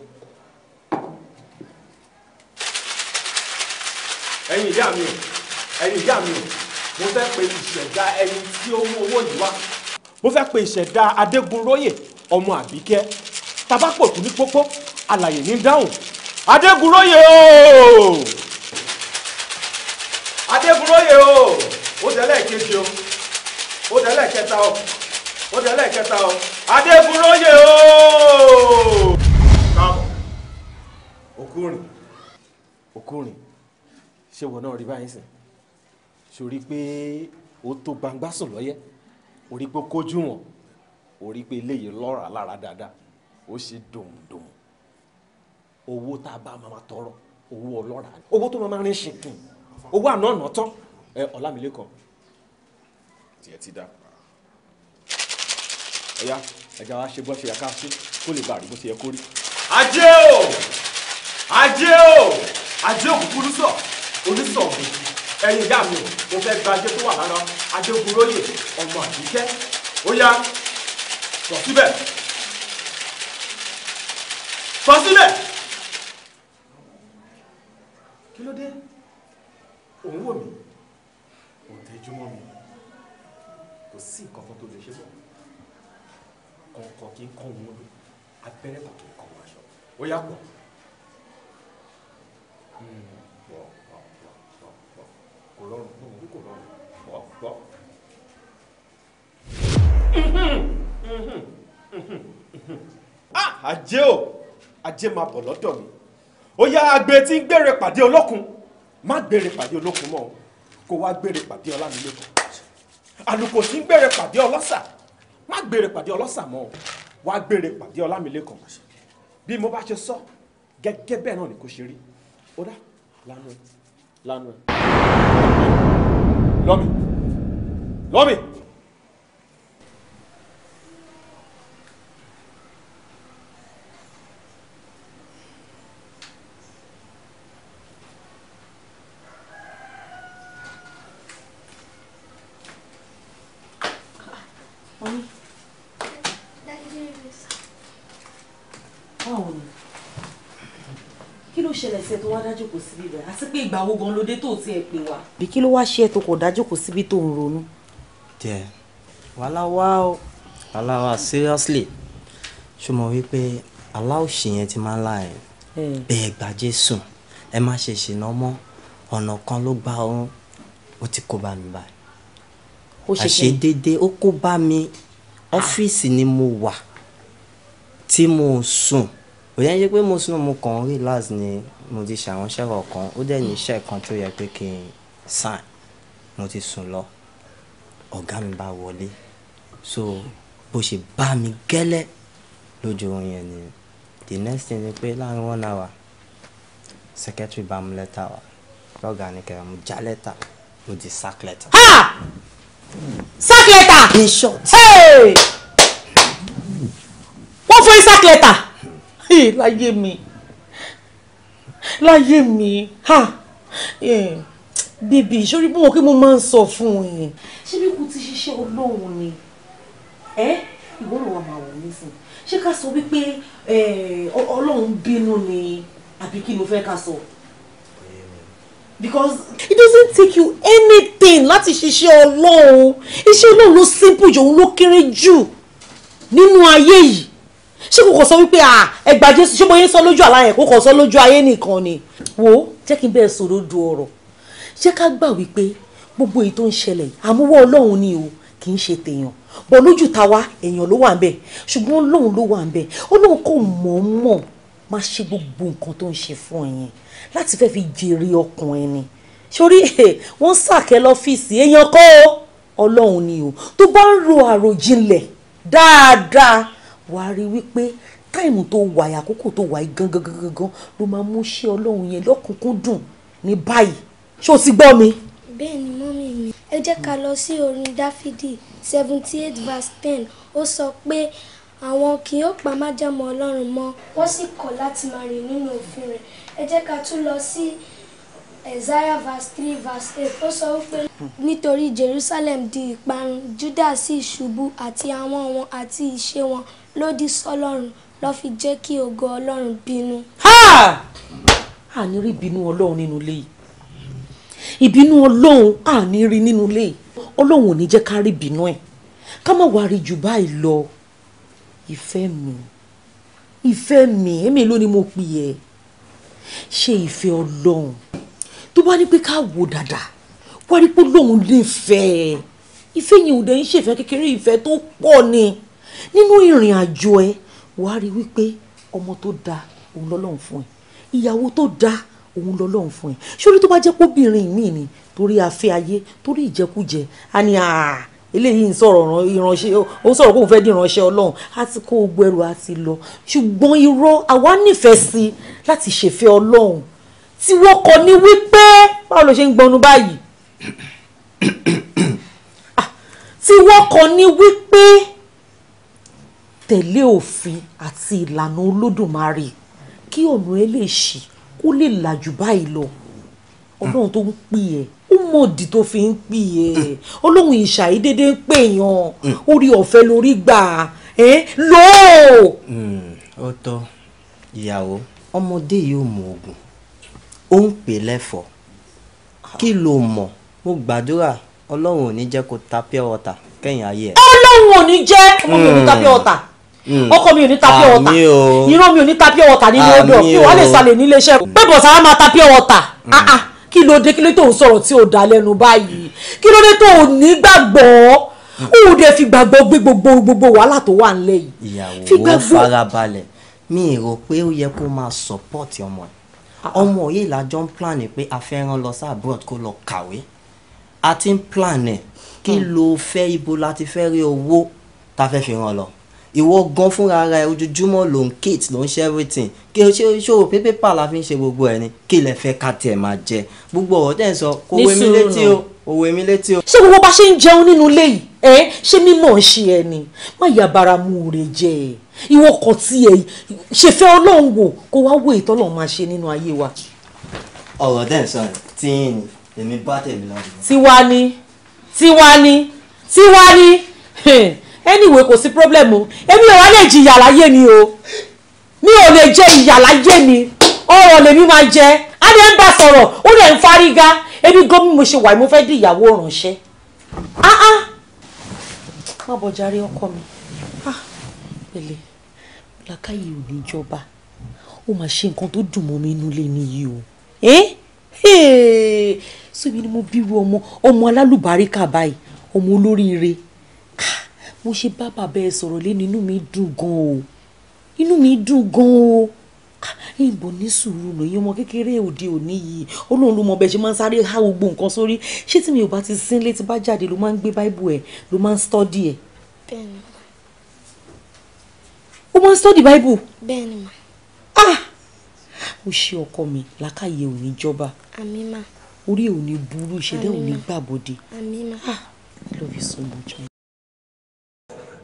ẹ̀yin ìyá mi o ẹ̀yin ìyá mi o mo fẹ́ pe ìṣẹ̀dá ẹni tí ó mú owó yìí wá mo fẹ́ pe ìṣẹ̀dá adégúnróyè ọmọ àbíkẹ́ tabapò tún ní pópó alàyè ní dáhùn adégúnlóye o adégúnlóye o ó dẹ́lẹ̀ kejì o ó dẹ́lẹ̀ kẹta o ó dẹ́lẹ̀ kẹta o adégúnlóye
o. káàbọ̀ òkúrin òkúrin
ṣé wọn náà rí báyìí sìn sórí pé ó tó gbangba sùn lọ́yẹ́
orí pé kójú wọn orí pé eléyìí lọ́ra lára dáadáa ó ṣe dòmùdòmù owó tá a bá máa tọrọ owó ọlọ́ra ni owó tó máa rin ṣìnkìn owó àná ọ̀nà tán ẹ ọ̀làmìlẹ́kọ̀ọ́. tiẹ̀ ti dá ẹ̀yà ẹ̀já wa ṣe bọ́ yàká sí kó lè bá àrí bó ṣe yẹ kó rí. ajé o ajé o ajé òkùnkùn lùsọ̀ onísọ̀ òkùnkùn ẹ̀yin ìyá mi mo fẹ́ gba ajé tó wà lára adégunróyè ọmọ àdìkẹ́ ó yá sọ síbẹ̀ sọ síbẹ̀ kí ló dé
òun wò mí òun tẹjú mọ́ mi kò sí nǹkan kan tó lè ṣe bọ̀ kọ̀ọ̀kan kì í kọ́ òun lò abẹ́rẹ́ kan kì í
kọ́ òun aṣọ ó yà hmm, pọ̀ pọ̀ pọ̀ pọ̀ pọ̀ kò rọrùn mo mọ̀ pé kò rọrùn pọ̀ pọ̀. Hmm, hmm, ah ajé o ajé máa bọ̀ lọ́dọ̀ mi ó yá agbe tí ń gbére pàdé olókun má gbére pàdé olókun mọ́ kó wá gbére pàdé ọlámilékan àlùkò tí ń gbére pàdé ọlọ́sà má gbére pàdé ọlọ́sà mọ́ wá gbére pàdé ọlámilékan bí mo bá ṣe sọ gẹ́gẹ́ bẹ́ẹ̀ náà ni kò ṣe rí ó dá lánàá lánàá lọ́mì lọ́mì.
báwo ni kí ló ṣẹlẹ̀ sí ẹ tó wá dájú kò síbi rẹ̀ àti pé ìgbà wo gan ló dé tó ti ẹ pè wá. bí kí ló wá ṣe ẹ tó kò dájú kò síbi tó ń ronú.
jẹ wàhálà wá o wàhálà wá seriously ṣó mọ wípé aláòṣì yẹn ti máa ń la ẹ bẹ́ẹ̀ gba Jésù ẹ má ṣe ṣìnà mọ́ ọ̀nà kan ló gba òun ó ti kó bá mi báyìí àṣedédé ó kó bá mi ọ́fíìsì ni mo wà. Ah tí mo sùn kò yẹn ṣe pé mo sùn mo kàn ń relax ni mo ti ṣàwọn iṣẹ́ kọ̀ọ̀kan ó dẹ̀ ní iṣẹ́ kan tó yẹ pé kí n sign mo ti sùn lọ ọ̀gá mi bá wọlé so bó ṣe bá mi gẹ́lẹ́ lójú oorun yẹn ni the next thing ni pé láàrin one hour secretary bá mi lẹ́tà wá lọ́gà ni kẹ̀rẹ́ mo já lẹ́tà mo di sack letter.
ha
sack letter.
in short. Hey! wọ́n fún isaac Hey, láyé mi láyé mi ha bèbè sórí bó wọn kí mo máa ń sọ fún un yìí.
ṣé bí kò ti ṣiṣẹ́ ọlọ́run
ni ẹ ìwọ ló wà máa wò mí fún ṣé ká sọ wípé
ọlọ́run bínú ni àbí kí ló fẹ́ ká sọ. because it doesn't take you anything láti ṣiṣẹ́ ọlọ́run iṣẹ́ ọlọ́run ló simple
jù òun ló kéré jù nínú ayé yìí ṣé kò kò sọ wípé à ah, ẹgbà jésù ṣé bóyá ń sọ lójú àlá yẹn kò kò sọ lójú ayé nìkan ni wò ó jẹ́ kí n bẹ́ẹ̀ sọ̀rọ̀ du ọ̀rọ̀ ṣé ká gbà wípé gbogbo èyí tó ń ṣẹlẹ̀ àmúwọ́ ọlọ́run ni o kì í ṣe tèèyàn bọ̀ lójú tàwa èèyàn ló wà ń bẹ̀ ṣùgbọ́n ọlọ́run ló wà ń bẹ̀ ọlọ́run kò mọ̀ọ́mọ̀ má ṣe gbogbo nǹkan tó ń ṣe fún ẹ̀yìn láti fẹ́ fi jèrè ọkàn ẹni sórí wọ́n sàkẹ́ lọ́fíìsì èèyàn kọ́ ọlọ́run ni o tó bá ń ro àròjinlẹ̀ dáadáa wà á rí wípé táìmù tó wà yà
àkókò tó wà yìí gangan gangan gan ló máa mú iṣẹ́ ọlọ́run yẹn lọ́kùnkúndùn ní báyìí ṣé o ti gbọ́ mi.
bẹ́ẹ̀ ni mọ́mí mi ẹ jẹ́ ká lọ sí orin dáfídì seventy eight verse ten ó sọ pé àwọn kì yóò pa májẹ̀mú ọlọ́run mọ́ wọ́n sì kọ̀ láti máa rìn nínú òfin rẹ̀ ẹ jẹ́ ká tún lọ sí Isaiah verse three verse eight ó sọ wípé nítorí Jerusalem di ìparun Judah sì ṣubú àti àwọn wọn àti ìṣe wọn lòdì sọ́lọ́run ló fi jẹ́ kí ògo ọlọ́run bínú.
àní rí ìbínú ọlọ́run nínú ilé yìí
ìbínú ọlọ́run àní rí nínú ilé yìí ọlọ́run ò ní jẹ́ ká rí ìbínú ẹ̀ ká má wá rí jù báyìí lọ ìfẹ́ mi ìfẹ́
mi èmi ló ni mo pè ẹ́ ṣe ìfẹ́ ọlọ́run tó bá ní pé ká wò dáadáa wá rí pé ọlọ́run lè ìfẹ́ yẹn ò dẹ̀ ń ṣèfẹ́ kékeré ìfẹ́ tó
pọ̀ ni nínú ìrìn àjò ẹ wàá rí wípé ọmọ tó da òun lọ́lọ́run fún ẹ ìyàwó tó da òun lọ́lọ́run fún ẹ ṣórí tó bá jẹ́ kóbìnrin mi ni torí afẹ́ ayé torí ìjẹkújẹ á ní àá eléyìí ń sọ̀rọ̀ ìránṣẹ́ ó sọ̀rọ̀ kóun fẹ́ẹ́ di ìránṣẹ́ ọlọ́run á ti kó gbogbo ẹrù á ti lọ ṣùgbọ́n irọ́ àwa nífẹ̀ẹ́ sí i láti ṣèfẹ́ ọlọ́run tí wọ́n kọ ní wípé báwo ló ṣe ń gbọnu báyìí ah, tí wọ́n kọ ní wípé tẹ̀lé òfin àti ìlànà olódùmarè kí ọ̀nà ẹ lè ṣì kó lè là jù báyìí lọ ọlọ́run tó
ń pè ẹ́ ó mọ̀dì tó fi ń pè ẹ́ ọlọ́run ìṣàìdédé ń pèèyàn orí ọ̀fẹ́ lórí gbà ẹ́ lóò.
Hmm, ó tọ́ ìyàwó ọmọdé yìí ò mọ oògùn ó ń pè lẹ́fọ̀ọ́ kí ló mọ̀ mo gbàdúrà ọlọ́run ò ní jẹ́ kó ta water kẹ́yìn ayé ẹ̀.
ọlọ́run ò ní jẹ́ ọmọ mi water.
Hmm.
ọkọ
mi ò ní ta pure water irọ́ mi ò ní ta pure water nínú odò mi wà lè sàlẹ̀ nílé iṣẹ́ pé bọ̀sà á máa ta pure water hmm. ah, ah. kí ló dé kí ló tó ń sọ̀rọ̀ tí ò dá lẹ́nu báyìí kí ló dé tó ò ní gbàgbọ́ hmm. ó dẹ̀ fi gbàgbọ́ gbé gbogbo gbogbo wàhálà tó wà ńlẹ̀
yìí fi gbàgbọ́. ìyàwó farabalẹ̀ mi rò pé ó yẹ kó máa support ọmọ ẹ̀ ah, ọmọ yìí lájọ ń plan pé a fẹ́ rán lọ sí abroad kó lọ kàwé a ti ń plan ẹ̀ kí ló fẹ́ ibo láti fẹ́ rí owó tá a fẹ́ fi rán lọ ìwọ gan fúnra ara ẹ ojoojúmọ́ ló ń kate ló ń ṣe everything kí o ṣe ṣòwò pé pépà la fi ń ṣe gbogbo ẹ ni kí ilẹ̀ fẹ́ ká tiẹ̀ máa jẹ gbogbo ọ̀rọ̀ tẹ̀ ń sọ kó wé mi létí o òwe mi létí o. ṣé gbogbo bá ṣe ń jẹun nínú ilé yìí ẹ ṣé
mímọ̀ ń ṣe ẹ ni má yà bàrà mu rè jẹ ẹ ìwọ kàn tí ẹ ṣe fẹ́
ọlọ́run wò kó wá wò ìtọ́ ọlọ́run máa ṣe nínú ayé wa.
ọ̀rọ̀ dẹ́n sọ tí ń èmi bá tẹ̀mí lọ́dún.
tiwa ni tiwa ni tiwa ni. anyway kò sí problem o èmi ò wá lè jìyà láyé mi o mi ò
lè jẹ ìyà láyé mi ọ̀rọ̀ lèmi máa jẹ adé ń bá sọ̀rọ̀ ó lè ń fárígá
èmi gan mi mo ṣe wà mo fẹ́ di ìyàwó ránṣẹ́ ah ah má bọ̀ jàre ọkọ mi ah pẹ̀lẹ́ làkàyè ò ní jọba ó máa ṣe nǹkan tó dùn mọ́ mi inú lé mi yìí o sómi ni mo bírú ọmọ ọmọ alálùbáríkà báyìí ọmọ olóríire ah mo ṣe bá bàbá ẹ sọ̀rọ̀ lẹ́nu inú mi dùn gan o inú mi dùn gan o ah, ìbò ní sùúrù lòye ọmọ kékeré òde òní yìí olóhùn ló mọ bẹ ṣe máa ń sáré há gbogbo nǹkan sórí ṣé tí mi ò bá ti sínlé tí bá jáde ló máa ń gbé báìbù ẹ ló máa ń stọ́dì ẹ. bẹ́ẹ̀ni. ó máa ń stọ́dì báìbù.
bẹ́ẹ̀ni ma. ah
ó ṣe ọkọ mi làákàyè ò ní jọba. àmì ma. orí
ò ní burú ìṣẹ̀lẹ̀ ò ní
àmì ma. ah
I love you so much my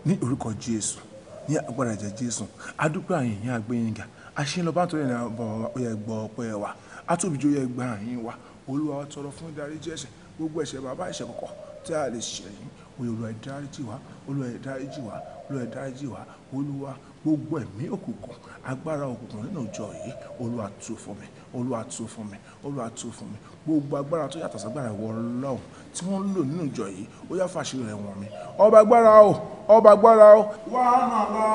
ní orúkọ jésù ní agbára ẹ̀jẹ̀ jésù adúpẹ́ àyìnyín àgbẹ̀yìngà àṣìlọ́bá tó yẹ gbọ́ ọpẹ́ wa atóbijó yẹ gba àyìn wa olúwa wa tọrọ fún ìdáríjì ẹ̀ṣẹ̀ gbogbo ẹ̀ṣẹ̀ bàbá ẹ̀ṣẹ̀ kọ̀kọ̀ tí a lè ṣẹ̀yìn olùwà ìdáríjì wa olùwà ìdáríjì wa olùwà ìdáríjì wa olúwa gbogbo ẹ̀mí òkùnkùn agbára òkùnkùn nínú ìjọ yìí olúwa tú fún mi olúwa tú fún mi olúwa tú fún mi gbogbo agbára tó yàtọ̀ sagbára ìwọ ọlọ́run tí wọ́n lò nínú ìjọ yìí ó yá fàṣírí rẹ̀ wọ̀n mi ọba agbára o ọba agbára o. wà á nà bá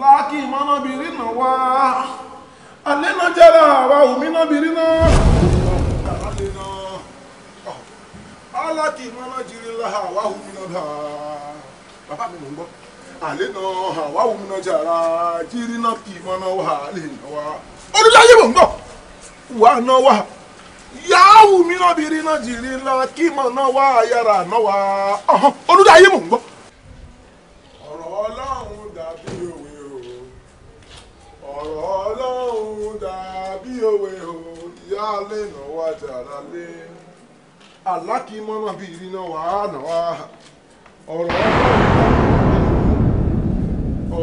láàkì ìmọ̀nàbìrì náà wá alẹ́ náà jára àwa òmìnàbìrì náà. aláàkì ìmọ̀nàjìrì náà bàbá mi ló ń gbọ́ náà náà kì í mọ̀nà wà lè wá. olùdáyé mò ń gbọ́ wà á wà yahoo mi náà bìrì náà jìrì lọ kí mọ̀ náà wá ayára náà wá olùdáyé mò ń gbọ́.
ọ̀rọ̀ ọlọ́run dàbí òwe o ọ̀rọ̀
ọlọ́run dàbí òwe o yálé náà wá jàrá lé alákìímọ̀ náà bìrì náà wá náà wá ọ̀rọ̀ ọlọ́run dàbí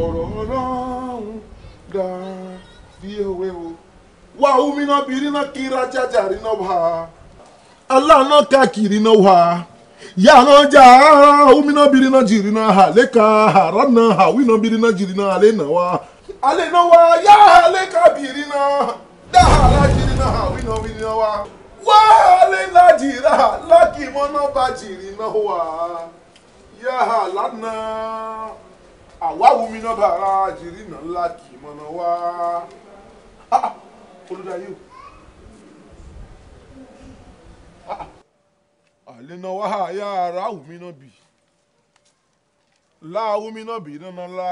òwe o ọ̀rọ̀ ọlọ́run dàbí òwe o wa biri na kira jajari na wa Allah na ka kiri na wa ya na ja umina jiri na ha leka haran na ha biri na jiri na ale na wa ale na wa ya leka na. da hala jirina ha wina wina wa wa ale na jira laki mo na ba jiri na wa ya la na àwa umina bara jirina laki mo na wa ah, Olúdayọ̀. Ah, ah. àlena wá àyà ara àwùmí náà bì láàwùmí náà bì nánà lá.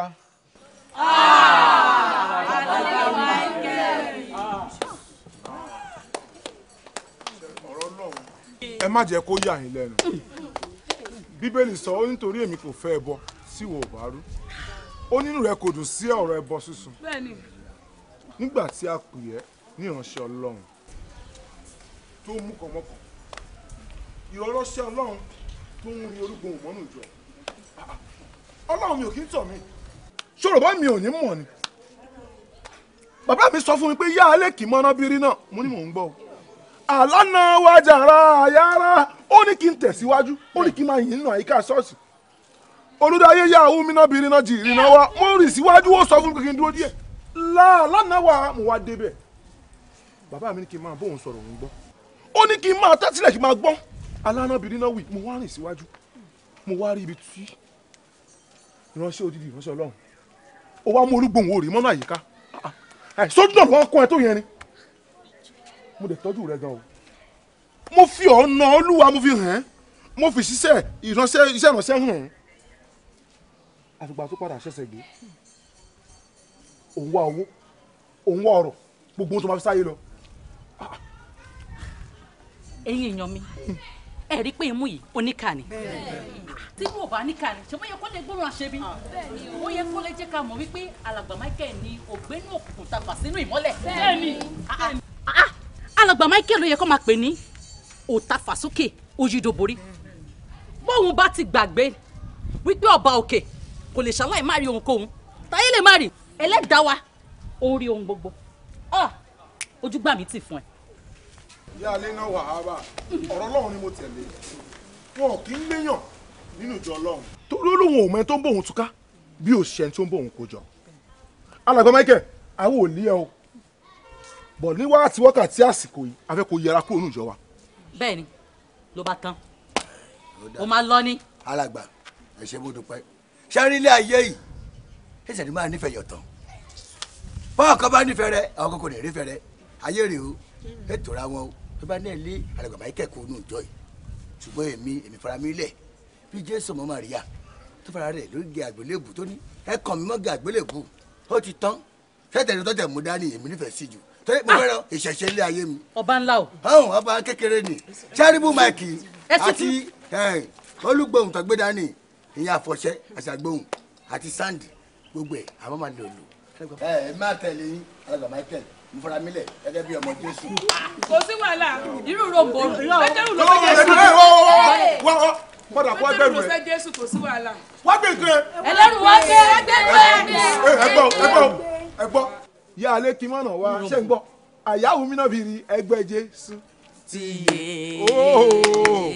ẹ má jẹ́ kó yà yín lẹ́nu bíbélì sọ ó nítorí èmi kò fẹ́ ẹbọ sí ìwọ ọ̀bá rú ó nínú rẹ kò dùn sí ọ̀rọ̀ ẹbọ sísun nígbà tí a pè ẹ́ ní ìránṣẹ́ ọlọ́run tó mú kọ̀mọ́kọ̀ ìrọ̀rọ̀ṣẹ́ ọlọ́run tó ń rí orúkún òmọ́nù jọ ọlọ́run mi ò kí ń tọ̀ mí ṣòròbá mi ò ní mọ̀ ni bàbá mi sọ fún mi pé yá alẹ́ kì í mọ́ná bírí náà mo ní mò ń gbọ́ àlànà wàjàrà àyàrá ó ní kí n tẹ̀síwájú ó ní kí n máa yìn nínú àyíká ṣọ́ọ̀ṣì olùdarí yà áwù mi náà bírí náà jì ìrìnà wa mo rìn síwájú ó sọ fún mi kí n dúró díẹ̀ láàlánà wa mo wá débẹ̀ bàbá mi ní kí n máa bóun sọ̀rọ̀ òun gbọ́ ó ní kí n máa tẹ́tílẹ̀ kí n máa gbọ́n alánàbìnrin náà wí mo wá rìn síwájú mo wá rí ibi tí ìránṣẹ́ odidi ìránṣẹ́ ọlọ́run ó wá mú olúgbòhùn òòrè mọ́nú àyíká sójú náà lọ́wọ́ kún ẹ tó yẹn ni mo dẹ̀ tọ́jú rẹ gan o mo fi ọ̀nà olúwa mo fi hàn ẹ́ mo fi ṣiṣẹ́ ìránṣẹ́ iṣẹ́ ìránṣẹ́ hàn ẹ́ àfìgbà tó padà ṣẹ̀ṣẹ̀ gbé òun wá owó òun wá ọ̀rọ̀ gbogbo ohun tó máa fi sáyé lọ
ẹ̀yin
èèyàn mi ẹ rí pé imú yìí oníkà ni tí mo bá níkà ni ṣé mo yẹ kó lè gbóòórùn àṣebí ó yẹ kó lè jẹ́ ká mọ̀ wípé alàgbà Michael ni ògbénú òkùnkùn ta fà sínú ìmọ́lẹ̀ bẹ́ẹ̀ni ah, ah. Ah, alàgbà Michael ló yẹ kó máa pè ní òtafà sókè òyìdòbórí bóun bá ti gbàgbé wípé ọba òkè kò lè ṣaláì má rí ohunkóhun táyé lè má rí ẹlẹ́dàá wa ó rí ohun gbogbo
ojúgbà mi ti fún ẹ ìyá alẹ́ náà wàhálà ọ̀rọ̀ ọlọ́run ni mo tẹ̀lé wọn kì í léyàn nínú ìjọ ọlọ́run. torí olóhùn òun ẹni tó ń bòun túká bí òṣìṣẹ́ ẹni tó ń bòun kó jọ. alàgbà michael àwọn ò lé ẹ o bọ̀ ní wákàtí wákàtí àsìkò yìí a fẹ́ kó yẹra kúrò nínú ìjọ wa.
bẹ́ẹ̀ni
ló bá tán
o máa lọ ní.
alàgbà ẹ ṣe bó dúpẹ́
sẹ́rí ilé ayé yìí ẹsẹ̀ ni máa nífẹ̀ẹ́ yọ̀tọ̀ báwọn kan bá nífẹ̀ẹ́ rẹ àwọn kan kò ní rífẹ̀ẹ́ rẹ ayé rèé o ètò ra wọn o tó bá náà lé àràgbàmà yìí kẹ́kọ̀ọ́ nù jọ yìí ṣùgbọ́n èmi èmi fara mi lẹ̀ bí jésù ọmọ màríà tó fara rẹ̀ lórí gé àgbélébù tó ní ẹ kàn mí mọ́ gé àgbélébù ó ti tán tẹ́tẹ̀rẹ́ tọ́tẹ̀ mú dání èmi nífẹ̀ẹ́ sí jù torí mo fẹ́ràn ah! ìṣẹ̀ṣẹ̀ ilé ayé mi. ọba ńlá o. ọ̀hún ọba kékeré ni sẹ́ríbù máìkì àti olúgbòhùn tọ́gbé dání ìyẹn àfọ̀ṣẹ́ àṣàgbòhùn àti sáǹdì gbogbo ẹ̀ àwọn máa lò lò. ẹ má tẹ̀lé yín alàgbà Michael mo fara mi lẹ̀ gẹ́gẹ́ bí ọmọ jésù.
kò sí wàhálà irú rògbò pétérù ló fẹ́ jésù.
padà kó ẹgbẹ́ rẹ. pétérù ló fẹ́
jésù kò sí wàhálà.
wá gbé ìtúrẹ. ẹlẹ́rù wá gbé ẹgbẹ́ rẹ. ẹgbọ́ ẹgbọ́ ẹgbọ́ yà á lé kí mọ́nà wá ṣé ń gbọ́ àyáwó mi náà fi rí ẹgbẹ́ jésù. tiye oh!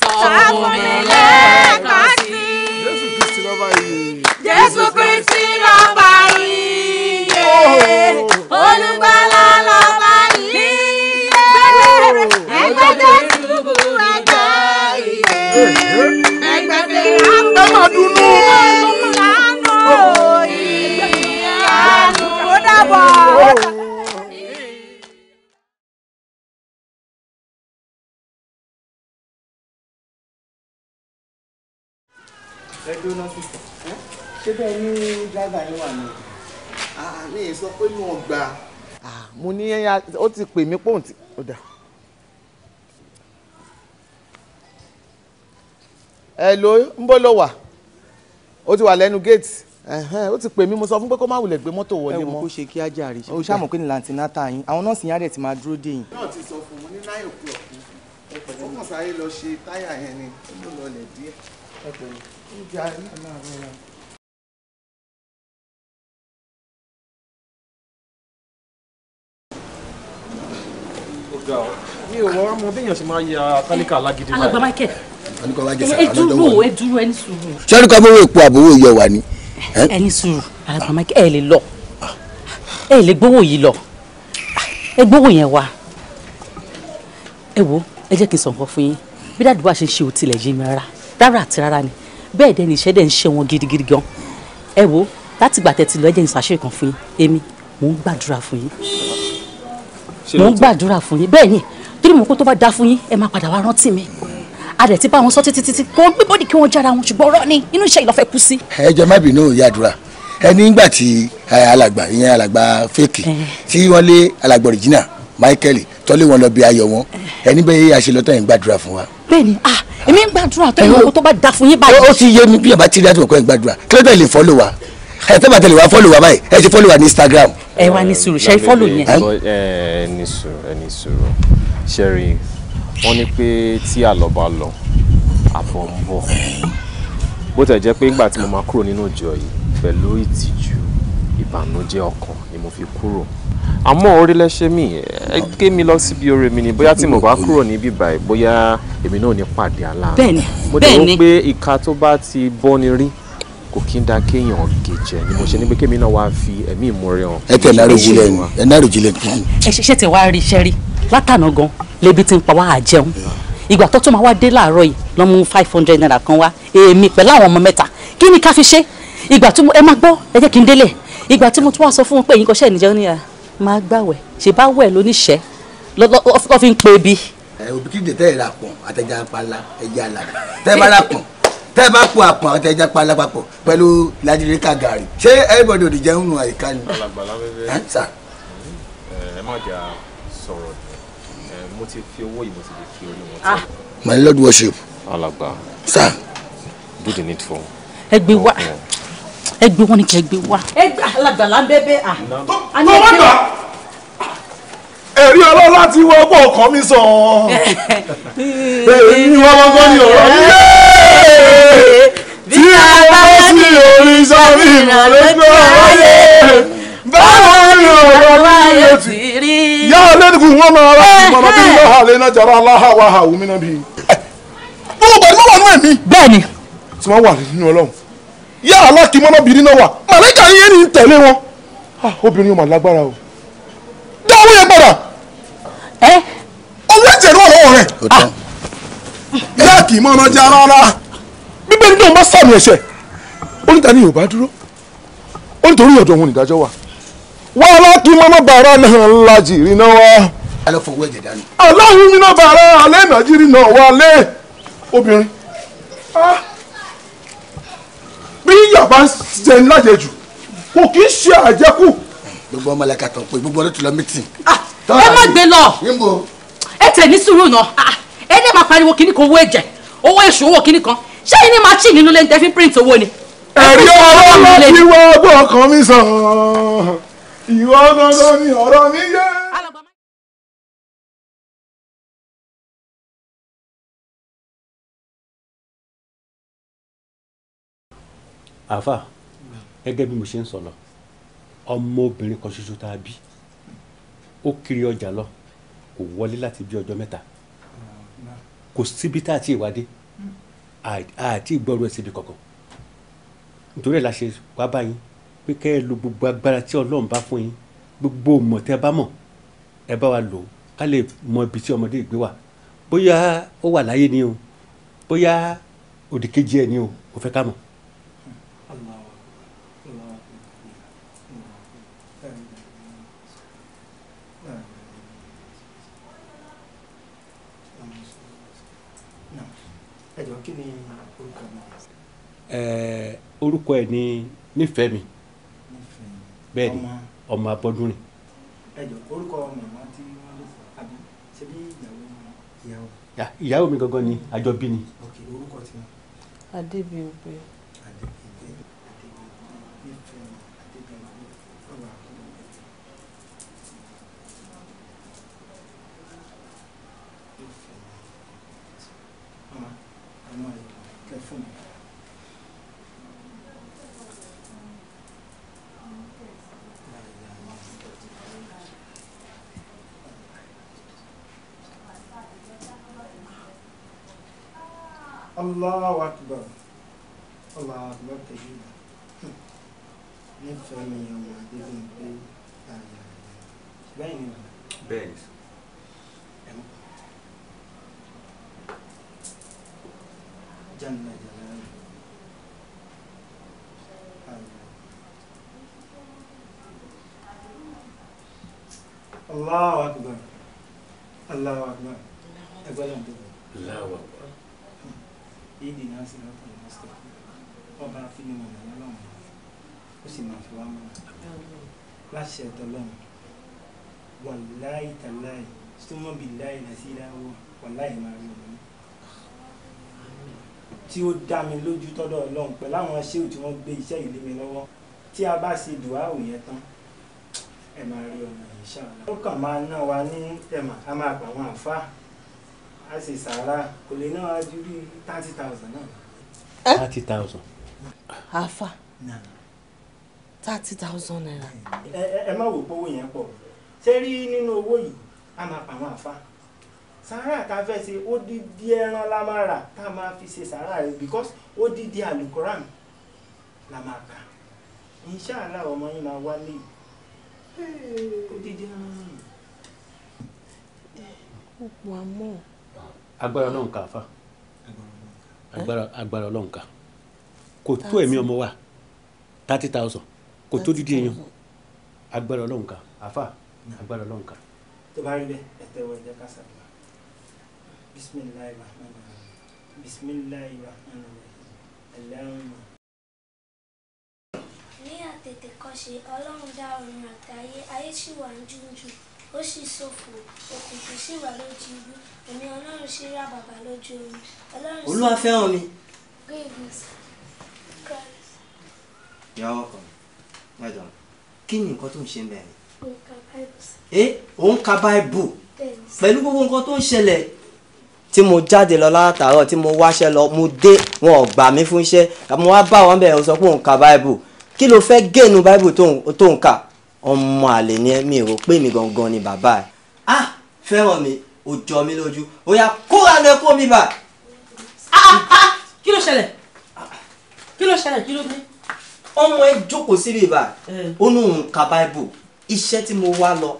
sọ̀kùnrinlẹ̀ kan sí. jésù kristi
lọ́ba yìí. jésù kristi lọ́ba yìí. Oh! olùgbà.
ẹ dóná sísè ṣé bẹ́ẹ̀ ní dráìvà yín wà ní. Ah, ah, mi ì sọ pé mo gbà.
Ah, mo ní ó ti pè mí pòun tí ó dà. ẹ ló ń bó ló wà ó ti wà lẹ́nu géètì ó ti pè mí mo sọ fún pé kó má wulẹ̀ gbé mọ́tò wọlé mọ́. ẹ wò kó ṣe kí ajá rè ṣe. o ṣàmọ̀ pé ní lantinata yín àwọn nọ́ọ̀sì yẹn á dẹ̀ ti máa dúró dé yín. náà ti sọ fún mi ní nine o'clock
ó kàn sáré lọ ṣe táyà yẹn ni ó lọ lẹ̀ díẹ̀ jàre. mi ò wọ́n mọ béèyàn ṣe máa ya
tálíkà alágídí báyìí. alàgbà michael ẹ dúró ẹ
dúró ẹni sùúrù.
sọ́ni ká bówó èpo àbówó yọ wà ni. ẹni sùúrù alàgbà michael ẹ lè lọ ẹ lè gbówó
yìí
lọ ẹ gbówó yẹn wá ẹ wo ẹ jẹ́ kí n sọ̀kan fún yín bí dáàdúrà ṣe ń ṣe òtí ilẹ̀ yìí mi rárá rárá àti rárá ni bẹ́ẹ̀ dẹ́ ni iṣẹ́ dẹ̀ ń ṣe wọn gidigidi gan ẹ wo láti gbà tẹ́tí lọ ẹ jẹ́ n ṣàṣe kan fún yín èmi mò ń gbàdúrà fún yín mò ń gbàdúrà fún yín bẹ́ẹ̀ ni torí mo kó tó bá da fún yín ẹ máa padà wá rántí mi a dẹ̀ ti bá wọn sọ títí títí kò gbígbódì kí wọ́n jára wọn ṣùgbọ́n ọ̀rọ̀ ni inú iṣẹ́ ìlọ́fẹ́ kú sí.
ẹ jẹ́ má bínú ìyá àdúrà ẹ nígbà tí alàgbà ìyẹn alàgbà fèkì tí wọ́n lé alàgbà ọ̀rìjìnà michael tọ́lé wọn lọ bí ayọ̀ wọn ẹni bẹ́ẹ̀ yé àṣelọ́tọ̀ yẹn gbàdúrà fún wa.
bẹ́ẹ̀ni ah èmi ń gbàdúrà tó yẹ kó tó bá da fún
yín báyìí. ó ti yé mi bí àbá tí ìdájọ́ kọ́ ẹ̀ gbàdúrà kí ló dé lè fọ́lọ̀ wa ẹ tẹ́ bá tẹ̀lé wa fọ́lọ̀ wa báyìí ẹ ti fọ́lọ̀ wa ní instagram. ẹ wá ní sùúrù ṣe é fọ́lọ̀ yẹn.
ẹ ní sùúrù ẹ ní sùúrù ṣẹ́rí wọ́n ní
pé tí àlọ́ bá lọ àfọ̀ ń bọ̀ bó tẹ̀ jẹ́ pé nígbà tí mo máa kúrò nínú ìjọ yìí pẹ̀lú ìtìjú ìbànújẹ́ ọkàn ni mo fi kúrò
àmọ́ orílẹ̀ ṣe mí ẹ gé mi lọ síbi oore mi ni bóyá tí mo bá kúrò
níbí báyìí bóyá èmi náà ní pàdé aláàánú bẹ́ẹ̀ni bẹ́ẹ̀ni mo dẹ̀ wọ́n pé ìka tó bá ti bọ́ni rí kò kí n da kéèyàn gèjẹ ni mo ṣe ní pé kémi náà wàá fi ẹ̀mí ìmúre hàn. ẹ tẹ náírà ìjìnlẹ̀ ẹ náírà ìjìnlẹ̀ tuntun.
ẹ ṣẹ̀ṣẹ̀ tẹ wá rí iṣẹ́ rí látànà gan lebi ti ń pa wá àjẹun ìgbà tó tún máa wá dé láàárọ̀ yìí lọ mú five hundred naira kan wá èmi pẹ̀lú àwọn ọmọ mẹ́ta kí ni ká fi ṣe ìgbà tó ẹ má gbọ́ ẹ jẹ́ kí n délé ìgbà tí mo tún wá sọ fún wọn pé èyí kò ṣe ìníjẹ ní
máa gbàwẹ̀ ṣe bá wẹ̀ lóníṣẹ́ lọ́ fi ń pe bí. ẹ Obi kí tẹ ẹ rapọn
àtẹjà pala ẹjẹ alàgbà tẹ ẹ bá rapọn tẹ ẹ bá pọ àpọn àtẹjà pala papọ̀ pẹ̀lú ládìrí ká ṣé everybody òdì jẹun nù àyíká ni.
alàgbàlá bẹ́ẹ̀ ẹ má jà sọ̀rọ̀ mo ti fi owó yìí mo ti lè fi orí wọn ah. my lord worship. alàgbà. sir. do the for. ẹgbẹ́ wa. Okay ẹ gbé wọn ni kẹ gbé wá.
ẹ gbà alágbàlá ń bẹ́ẹ̀ bẹ́ẹ̀ à. tó
wọ́n gbà ẹ̀rí ọlọ́lá ti wọ ọgbọ́n ọkàn mi sọ ọ́n èyí wọ́n gbọ́ ní ọ̀rọ̀ yé tí a bá sí orí sọ́mi ìmọ̀lẹ́gbẹ́ ọ̀rọ̀ yé
báwo ni ọ̀rọ̀
láyé ti
rí. yá ọlẹ́dìkù wọn máa ra ìmọ̀ràn bí ilé ọ̀hà
lẹ́nà jàrá aláha wa hà wúmi náà bí. mo wà nínú ẹ̀mí. bẹ́ẹ̀ ni. tí wọ́n wà nínú ọlọ́run yá alákìmọ́nàbìnrin náà wà màlẹ́kà yẹn ní tẹ̀lé wọn ah, obìnrin yóò mà lágbára o dá owó yẹn padà owó ẹ̀jẹ̀ náà lọ́wọ́ rẹ̀ ah, yá kì í mọ́nà já rárá bíbélì náà má sàmì ẹ̀ṣẹ̀ oníta ni yorùbá dúró onítorí ọ̀dọ̀ òun ìdájọ́ wa wá náà náà wá. mi náà wà lé bí yàrá ń jẹ lájẹjù kò kì í ṣe àjẹkù.
gbogbo ọmọ ẹlẹ́ka tó ń pè gbogbo ọdún tó lọ mítìn. Ah, ah, ẹ má gbé lọ ẹ tẹ̀ ní sùúrù náà ah, ẹ ní
máa pariwo kíní kan owó ẹ̀jẹ̀ owó èṣù owó kíní kan ṣé ẹni máa ṣì nínú lẹ́ńtẹ́ fi print owó ni.
ẹ̀rí ọ̀rọ̀ mi wọ́n gbọ́
ọkàn mi sàn ìwọ gangan ni ọ̀rọ̀ mi yẹ́. àáfà gẹ́gẹ́ bí mo ṣe ń sọ lọ ọmọbìnrin kan ṣoṣo tá a bí
ó kiri ọjà lọ kò wọlé láti bí ọjọ́ mẹ́ta kò síbi tá a ti wá dé àti ìgbọ́rọ̀ ẹ̀ síbi kankan nítorí ẹ̀ la ṣe wá báyìí pé kẹ́ ẹ lo gbogbo agbára tí ọlọ́run bá fún yín gbogbo mọ̀ tẹ́ ẹ bá mọ̀ ẹ bá wa lò ó ká lè mọ ibi tí ọmọdé ìgbé wà bóyá ó wà láyé ni o bóyá òdìkejì ẹ ni o kò fẹ́ ká mọ̀.
ẹjọ kí ni orúkọ mi.
ẹẹ orúkọ ẹ ní nífẹ̀ẹ́ mi bẹ́ẹ̀ ni ọmọ abọ́dúnrin.
ẹjọ orúkọ màmá tí wọn lò fún àbí ṣe bí ìyàwó
ìyàwó. ìyàwó mi gangan ni àjọbí ni. ok orúkọ tiwọn. adébíyọ̀bẹ.
àṣẹ ọ̀tọ̀lọ́run wàláì tàláì súnmọ́ bí láì láti ìdáwó wàláì máa rí òun o ó dá mi lójú tọ́dọ̀ ọlọ́run pẹ̀lú àwọn ṣéwù tí wọ́n gbé iṣẹ́ ìlé mi lọ́wọ́ tí a bá ṣe dùá òye tán ẹ máa rí ọ̀nà ìṣàlá. ó kàn máa ná wa ní ẹ̀mà a máa gbà wọn àfa a sì sàárà kò lè ná wa ju bí thirty thousand náà. thirty thousand. àfa thirty thousand naira. ẹ má wò pé owó yẹn pọ̀ ṣé rí nínú owó yìí a máa pa àwọn àfa sàárà tá a fẹ́ ṣe ó dídí ẹran la máa rà tá a máa fi ṣe sàárà rẹ because ó dídí alukoran la máa kà inṣàlá ọmọ yín máa wálé ó dídí ẹran yìí.
ó pọ̀ àmọ́.
agbára ọlọ́run kà fà agbára ọlọ́run kà kò tó ẹ̀mí ọmọ wa thirty thousand kò tó dídí èèyàn agbára ọlọ́run kan àfà agbára ọlọ́run kan.
tó bá rí bẹ́ẹ̀ ẹ tẹ́wọ́ ẹ̀jẹ̀ ká sàdúrà bisimilayi rahman bisimilayi rahman alahuma.
ní àtètè kọ́ṣe ọlọ́run dá ọ̀run àtayé ayé sì wà ń
jújù ó sì ṣòfò òkùnkùn sì wà lójú ibú èmi ọlọ́run sì rà bàbá
lójú omi ọlọ́run sì. olúwa fẹ́ràn mi. great news
madam kí ni nǹkan tó ń ṣe ń bẹ̀rẹ̀. ẹ ò ń ka báìbù pẹ̀lú gbogbo nǹkan tó ń ṣẹlẹ̀ tí mo jáde lọ látàárọ̀ tí mo wáṣẹ́ lọ mo dé wọn ò gbà mí fún iṣẹ́ mo wá bá wọn bẹ̀rẹ̀ sọ pé òun ka báìbù kí ló fẹ́ gẹ̀ẹ́nu báìbù tó ń kà ọmọ àlè ni mi rò pé mi gangan ni bàbá ẹ̀. ah fẹ́ràn mi ò jọ mi lójú ó yá kóra lẹ kó mi bà. Ah, ah, kí ló ṣẹlẹ̀ kí ló ṣẹlẹ̀ kí ló dé ọmọ ẹ jókòó síbi ìbá ó ní òun ka bible iṣẹ́ tí mo wá lọ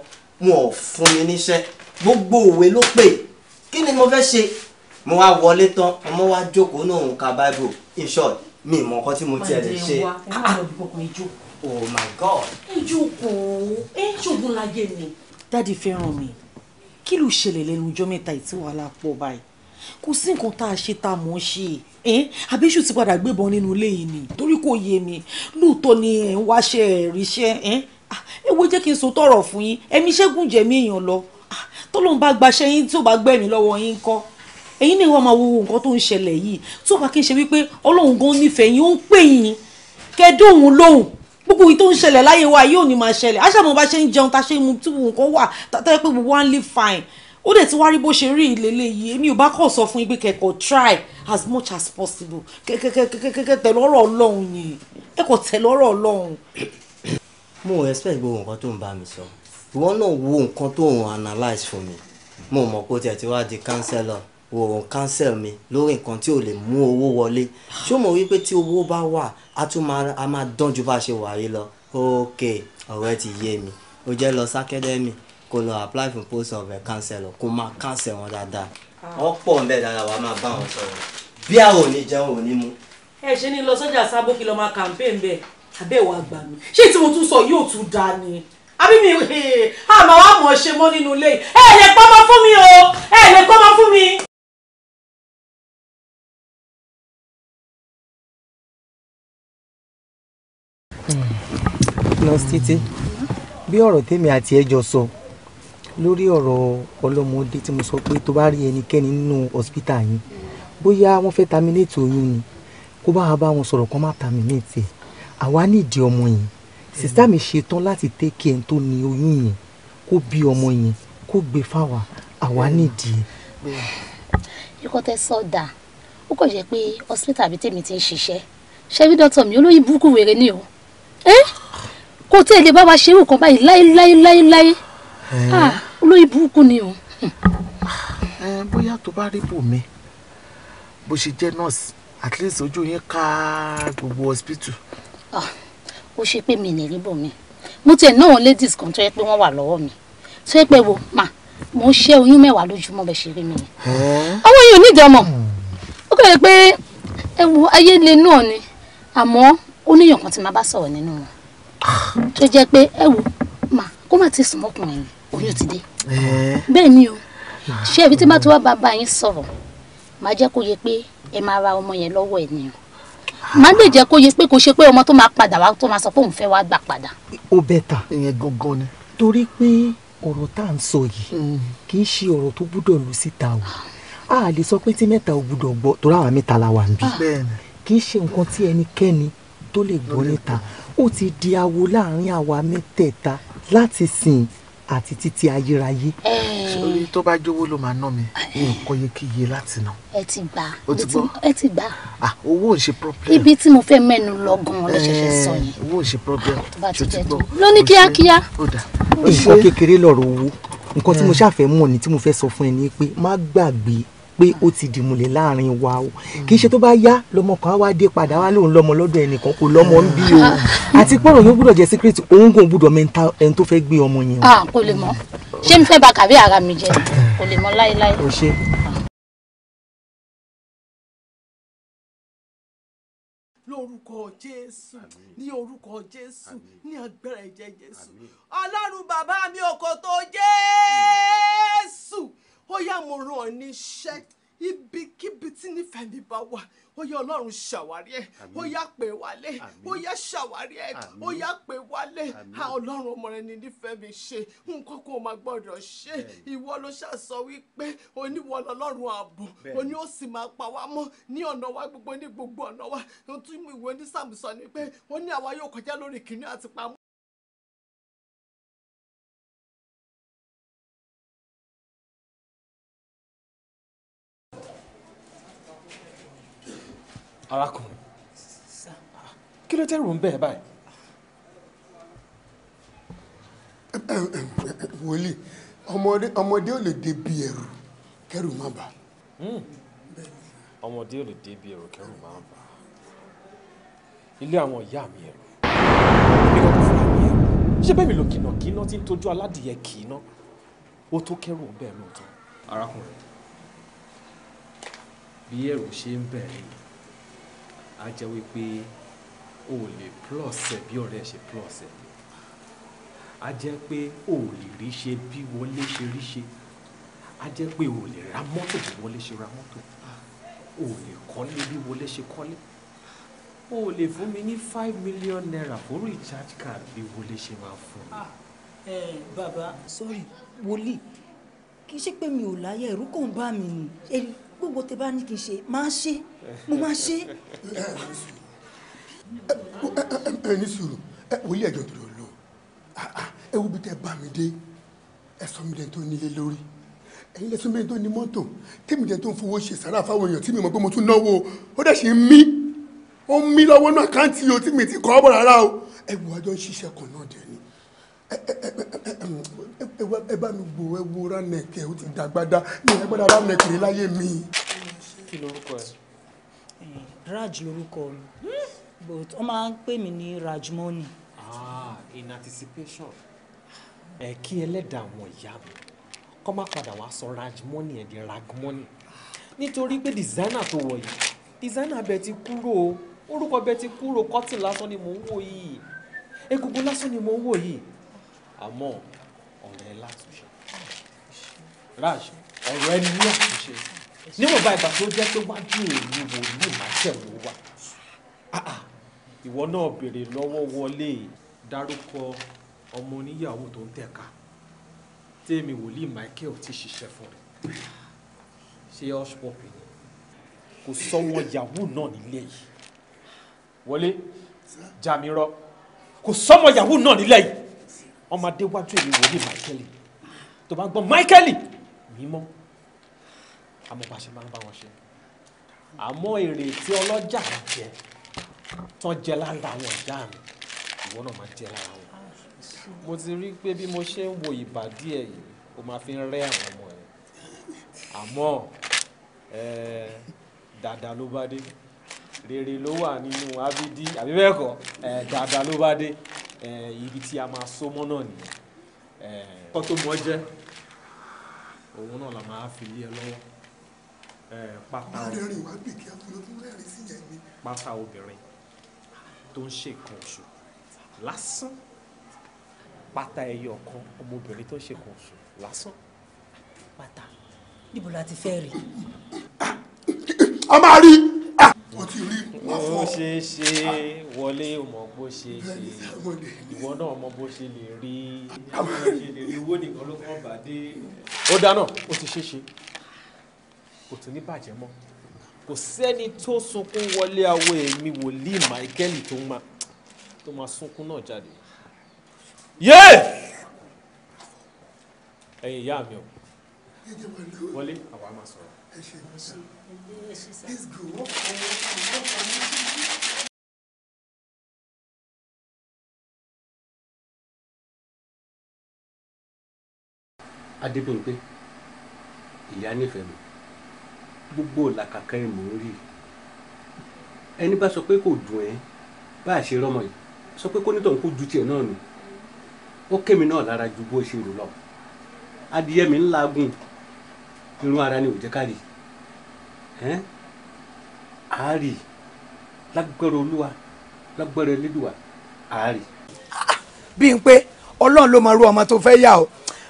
wọn ò fún mi níṣẹ́ gbogbo òwe ló pè kí ni mo fẹ́ ṣe mo wá wọlé tán ọmọ wa jókòó ní òun ka bible in short mi mọ nǹkan tí mo tiẹ̀ lè ṣe. oh my
god. ẹ jókòó ẹ ṣògùn láyé ni. dádì fẹ́ràn mi kí ló ṣẹlẹ̀ lẹ́nu ọjọ́ mẹ́ta ìtí wàhálà pọ̀ báyìí kò sí nǹkan tá a ṣe tá a mọ̀ ṣe àbíṣù ti padà gbébọn nínú ilé yìí ni torí kò yé
mi lóòótọ́ ni ẹ̀ ń wáṣẹ́ ẹ̀ríṣẹ́ ah, ẹ wo jẹ́ kí n sọ tọ̀rọ̀ fún yín ẹ̀mí ṣẹ́gun jẹ̀mí èèyàn lọ ah, tọ́lọ́n bá gbaṣẹ́ yín tí ò bá gbẹ̀mí lọ́wọ́ yín kọ́ ẹ̀yin náà wà máa wo nǹkan tó ń ṣẹlẹ̀ yìí tí ó bá kí n ṣe wípé ọlọ́run gan nífẹ̀ẹ́ yín ó ń pè yín kẹ́dóhùn lóhùn gbogbo yìí tó ń ṣẹlẹ̀ láyé wa yóò ní máa ṣẹlẹ̀ àṣà mo bá ṣe ń jẹun tá a ṣe mu tí nǹkan wà tá a tẹ́ pé gbogbo wa ń live fine ó dẹ̀ ti wá rí bó ṣe rí ìlélẹ̀ yìí èmi ò bá kọ̀ sọ fún yín kẹ́kọ̀ọ́ try as much as possible kẹ́kẹ́kẹ́kẹ́kẹ́ tẹ̀lé ọ̀rọ̀ ọlọ́run yìí
kẹ́kọ̀ọ́ tẹ̀lé ọ̀rọ̀ ọlọ́run.
mo ò expect gbogbo nǹkan tó ń bá mi sọ ìwọ náà wo nǹkan tó ń analyse fún mi mo mọ̀ pé o tiẹ̀ ti wá di counselor wo òun cancel mi lórí nǹkan tí ò lè mú owó wọlé ṣó mo wípé tí owó bá wà á tún máa dán ju bá a ṣe wà yìí lọ ok ọ̀rọ̀ ẹ ti yé mi o jẹ́ lọ sákẹ́dẹ́mì kó lọ apply for post of a councillor kó máa counsel wọn dáadáa ah. wọ́n ń bẹ̀ dáadáa wàá máa bá wọn sọ̀rọ̀ bí àwọn ò ní jẹun ò ní mu.
ẹ ṣe ní lọ sọjà sábó kí lọ máa campaign
bẹ́ẹ̀ abẹ́ ìwà àgbà mi ṣé tí mo tún sọ yóò tún dáa ni àbí mi
àmọ́ wa mọ̀ ṣe mọ́ nínú ilé ẹ lè pọ́nmọ́ fún mi o ẹ lè pọ́nmọ́ fún mi. nọ́ọ̀sì hmm. títí bí ọ̀rọ̀ tèmi àti ẹ jọ
sọ. So lórí ọ̀rọ̀ ọlọ́mọdé tí mo sọ pé tó bá rí ẹnikẹ́ni nínú hospital
yín bóyá wọ́n fẹ́ terminate oyún ni kó bá wa bá wọn sọ̀rọ̀ kó má terminate ẹ̀
àwa nídìí ọmọ yẹn sìstá mi ṣetán láti take care tó ní oyún yẹn kó bí ọmọ yẹn kó gbé fáwa àwa nídìí.
ikọ̀ tẹ sọ́dà ó kàn jẹ́ pé hospital àbí tèmi ti ń ṣiṣẹ́ ṣé dọ́tọ̀ mi olóyè burúkú wèrè ni o kò tẹ́ ẹ lè bá wa ṣerú kan báyìí láéláéláéláé. Eh. Ah, olóyè burúkú ni o.
Eh, bóyá tó bá rí bòmí bó ṣe jẹ́ nọ́ọ̀sì at least ojú yín ká gbogbo hospital.
Ah, ó ṣe pé mi ní rí bòmí
mo tẹ̀ náà ladies kan tó yẹ pé wọ́n wà lọ́wọ́ mi
tó yẹ pé wo mà mo ṣẹ́ oyún mẹ́wàá lójúmọ́ bẹ́ẹ̀ ṣe rí mi.
àwọn
eh? èèyàn ní ìdánmọ̀ hmm. ó kọ̀ yẹ pé ẹ wo ayé le náà ni àmọ́ ó níyàn kan tí máa bá sọ̀rọ̀ nínú wọn ah. tó jẹ́ pé ẹ ó mà ti sùn mọ́kùnrin ni oyún ti dé bẹ́ẹ̀ ni o ṣé ibi tí bá ti wá bàbá yín sọ̀rọ̀ má jẹ́ kó yẹ pé ẹ máa ra ọmọ yẹn lọ́wọ́ ẹ̀ ni o má lè jẹ́ kó yẹ pé kò ṣe pé ọmọ tó máa padà wá tó máa sọ pé òun fẹ́ wá gbà padà.
ó bẹ́tà ìyẹn gangan ni. torí pé ọ̀rọ̀ tá à ń sọ yìí mm. kì í ṣe ọ̀rọ̀ tó gbúdọ̀ lù síta o a lè sọ pé tí mẹ́ta ò gbúdọ̀ gbọ́ torí àwa mẹ́ta la wà ń ah. kì í ṣe nǹkan tí ẹnikẹ́ni tó lè gbọ́ níta ó ti di awo láàrin àwa mẹ́tẹ̀ẹ̀ta láti sìn àti títí ayérayé. Eh. sórí tó bá jówó ló máa ná mi nǹkan yẹ kí iye láti ná.
ẹ ti gbà ẹ ti gbà.
Ah, owó ò ṣe problem. ibi
tí mo fẹ́ mẹ́nu lọ gan-an ló eh, ṣẹ̀ṣẹ̀ sọ
yẹn. owó ò ṣe problem. tó ti gbọ́
ló ní kíákíá.
nǹkan kékeré lọ̀rọ̀ owó nǹkan tí mo eh. ṣàfẹ́ mọ̀ ni tí mo fẹ́ sọ fún ẹ ni pé má gbàgbé pé ó ti dìmúlẹ̀ láàrin wa o kì í ṣe tó bá yá lọmọkàn á wá dé padà wá lóun lọmọ lọ́dọ̀ ẹnìkan kò lọmọ ń bí o mm. àti pọ̀rọ̀ yóò gbúdọ̀ jẹ́ secret òun kò gbúdọ̀ mẹ́ta ẹni tó fẹ́ gbé ọmọ yẹn.
kò lè
mọ ṣé mi fẹ́ ba kàwé ara mi jẹ kò lè mọ láéláé.
lórúkọ jésù ní orúkọ jésù ní agbára ẹ̀jẹ̀ jésù ọlọ́run bàbá mi òkò tó jésù ó yá mo ràn ọ́ níṣẹ́ ibikíbi tí nífẹ̀ẹ́ mi bá wà ó yá ọlọ́run ṣàwárí ẹ̀ ó yá pè wálé ó yá ṣàwárí ẹ̀ ó yá pè wálé a ọlọ́run ọmọ rẹ ní nífẹ̀ẹ́ mi ṣe nǹkan kan máa gbọ́dọ̀ ṣe ìwọ ló ṣàṣọ wípé oníwọ lọlọ́run ààbò oní ó sì máa pa wá mọ́ ní ọ̀nà wa gbogbo ní gbogbo ọ̀nà wa ohun tí ìwé ní ni pé
ó ní àwa yóò kọjá lórí kìnìún àti pamọ́. arákùnrin kí ló
tẹ́rù ń bẹ̀ báyìí. wòlíì ọmọdé ọmọdé ò lè débi ẹ̀rù kẹ́rù má bà.
Hmm. ọmọdé ò lè débi ẹ̀rù kẹ́rù má bà. ilé àwọn
ìyá mi ẹ̀rù mi kọ́kọ́ fúnra mi ẹ̀rù ṣé bẹ́ẹ̀ mi lò kìnàkìnà tí ń tọ́jú aládìyẹ kìnà ó tó kẹ́rù bẹ́ẹ̀ lóòótọ́
arákùnrin bí ẹ̀rù ṣe ń bẹ̀rẹ̀ yìí á jẹ́ wípé o ò lè plus ẹ̀ bí ọ̀rẹ́ ṣe plus ẹ̀ á jẹ́ pé o ò lè rí
ṣe bí wọlé ṣe rí ṣe á jẹ́ pé o ò lè ra mọ́tò bí wọlé ṣe ra mọ́tò o ò lè kọ́lé bí wọlé ṣe kọ́lé o ò lè fún mi ní five
million naira fún recharge card bí wọlé ṣe máa fún mi. Ah, ẹ bàbá sorry
wòlíì kì í ṣe pé mi ò láyà ẹ̀rù kàn ń bà mí ni gbogbo tẹ
bá ní kì í ṣe máa ṣe mo máa ṣe. ẹ ní sùúrù ẹ wòlíì ẹjọ tó lò ah, ah, ẹ wo bí tẹ bá mi dé ẹ sọ mi dẹ tó nílé lórí ẹyin lẹsùn mi tó ní mọ́tò tèmi dẹ tó ń fowó ṣe sàrà fáwọn èèyàn tí mi mọ̀ pé mo tún náwó ó dẹ̀ ṣe ń mí ó ń mí lọ́wọ́ náà káǹtì yòó tí mi ti kọ́ ọ́ bọ̀ rárá o ẹ wo àjọ ń ṣiṣẹ́ kan náà dẹ̀ ni ẹ bá mi gbọ́ ẹ wo ránẹkẹ ó ti dàgbàdà mi ẹ gbọ́dọ̀ ránẹkẹ rí láyé mi.
kí lorúkọ ẹ.
Eh, raj lorúkọ mi but wọ́n máa ń pè mí ní rajmoni.
ah in anticipation ẹ kí
ẹlẹ́dàá àwọn ìyá mi kọ́ má padà wá sọ rajmoni ẹ̀ di ragmoni nítorí pé dìsáínà tó wọ̀ yìí dìsáínà bẹ́ẹ̀ ti kúrò orúkọ bẹ́ẹ̀ ti kúrò kọ́tìn lásán ni mò ń wò yìí egungun lásán ni mò ń wò yìí àmọ́ ọ̀rẹ́ látúnṣe raj ọ̀rọ̀ ẹni ní àtúnṣe níwọ̀nba ìgbà tó jẹ́ pé wájú èmi wò ní ìmáṣẹ̀wò wa ìwọ náà
béèrè lọ́wọ́ wọlé dárúkọ ọmọ oníyàwó tó ń tẹ̀ka tèmi wòlíì Michael ti ṣiṣẹ́ fún rẹ̀ ṣé ọ̀ṣpọ̀pì ni
kò sọ́wọ́ yahoo náà nílé yìí wọlé jàmírọ kò sọ́mọ yahoo náà nílé yìí ọmọ adéwájú èmi wòlíì michael tó bá ń gbọ́ michael mímọ́ amọ̀bàṣẹ máa ń bá wọn ṣe àmọ́ èrè tí ọlọ́jà jẹ tán jẹ lára àwọn ìyá mi ìwọ náà máa jẹ lára wọn mo ti rí i pé bí mo ṣe ń wo ìbàdí ẹ yìí o máa fi ń rẹ àwọn ọmọ ẹ àmọ́ dáadáa ló bá dé rere ló wà nínú abidi àbí bẹ́ẹ̀ kọ́ dáadáa ló bá dé Eh, ibi tí a máa so mọ́ náà nìyẹn eh, kọ́ tó mọ́ jẹ́
òun náà la máa fi lé ẹ lọ́wọ́ eh, pátá pátá obìnrin tó ń ṣe nǹkan oṣù lásán pátá ẹyọ kan ọmọbìnrin tó ń ṣe nǹkan oṣù lásán
pátá níbo la ti fẹ́ rí. a máa rí i fi
rí máa fọ. ó ṣe é ṣe ah. wọlé mọ bó ṣe ṣe ìwọ náà mọ bó ṣe lè rí ìwọ nìkan ló kàn bá dé.
ó dáná ó ti ṣe kò tún ní bàjẹ́ mọ́ kò sẹ́ni tó sunkún wọlé awo èmi wòlíì Michael tó máa tó máa sunkún náà jáde. yé ẹ̀yin ìyá mi o wọlé àwa máa
sọ̀rọ̀.
Let's go. Adébímpé, ìyá nífẹ̀ẹ́ mi, gbogbo
làkàkẹ́ mò ń rí. Ẹni bá sọ pé kò dùn ẹ́ bá a ṣe rọ́mọ yìí, sọ pé kó nítorí kó ju tiẹ̀ náà nù. Ó kémi náà lára ju bó ṣe rò lọ. Adìyẹ mi ń lagùn, irun ara ni ò jẹ́ ká rí i. Ari, lágbára olúwa lágbára elédùà
àárì. bí n pé ọlọ́run ló máa ru ọmọ tó fẹ́ yà o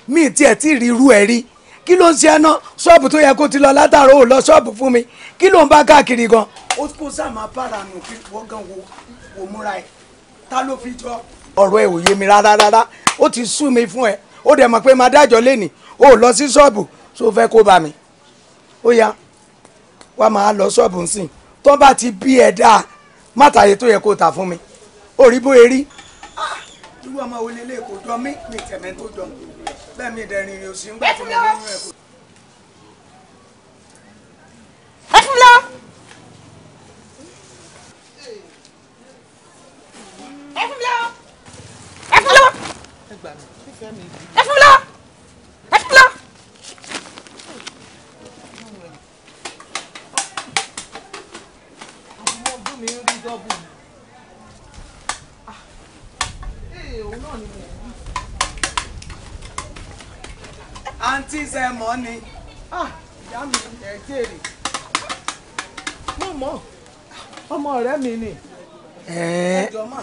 mi tiẹ̀ ti rí irú ẹ̀ rí kí ló ń ṣe ẹná ṣọ́ọ̀bù tó yẹ kó ti lọ látàárọ̀ ò lọ ṣọ́ọ̀bù fún mi kí ló ń bá káàkiri gan. ó kó sàmà bára nù kí wọ́n gan wo wò múra ẹ̀
ta ló fi jọ.
ọ̀rọ̀ ẹ̀ ò yé mi rárá rárá ó ti sú mi fún ẹ ó dẹ̀ mọ̀ pé máa dájọ́ lé ní o ò lọ sí ṣọ́ọ̀bù tó fẹ́ kó bá mi ó yá wàá máa lọ ṣọ́ọ̀bù ń sìn tó bá ti bí ẹ dáa má tàyè tó yẹ kó tà fún mi òrí bó erí. Ah, irú ọmọ wo lélẹ̀ kò jọ mí mi tẹ̀mẹ́ tó jọ bẹ́ẹ̀ mi dẹ̀ rìnrìn òsì ń gbà tí mo nínú ẹ̀ kò.
ẹ fún mi lọ. ẹ fún mi lọ. ẹ fún mi lọ. ẹ fún mi lọ. ojú mi ń rí dọ́bù
ah. ee eh, òun náà ni mo wù. àǹtí ṣe ni ah, ìyá mi ẹ̀ jèrè mo mọ̀ ọmọ ọ̀rẹ́ mi ni ẹjọ́ mà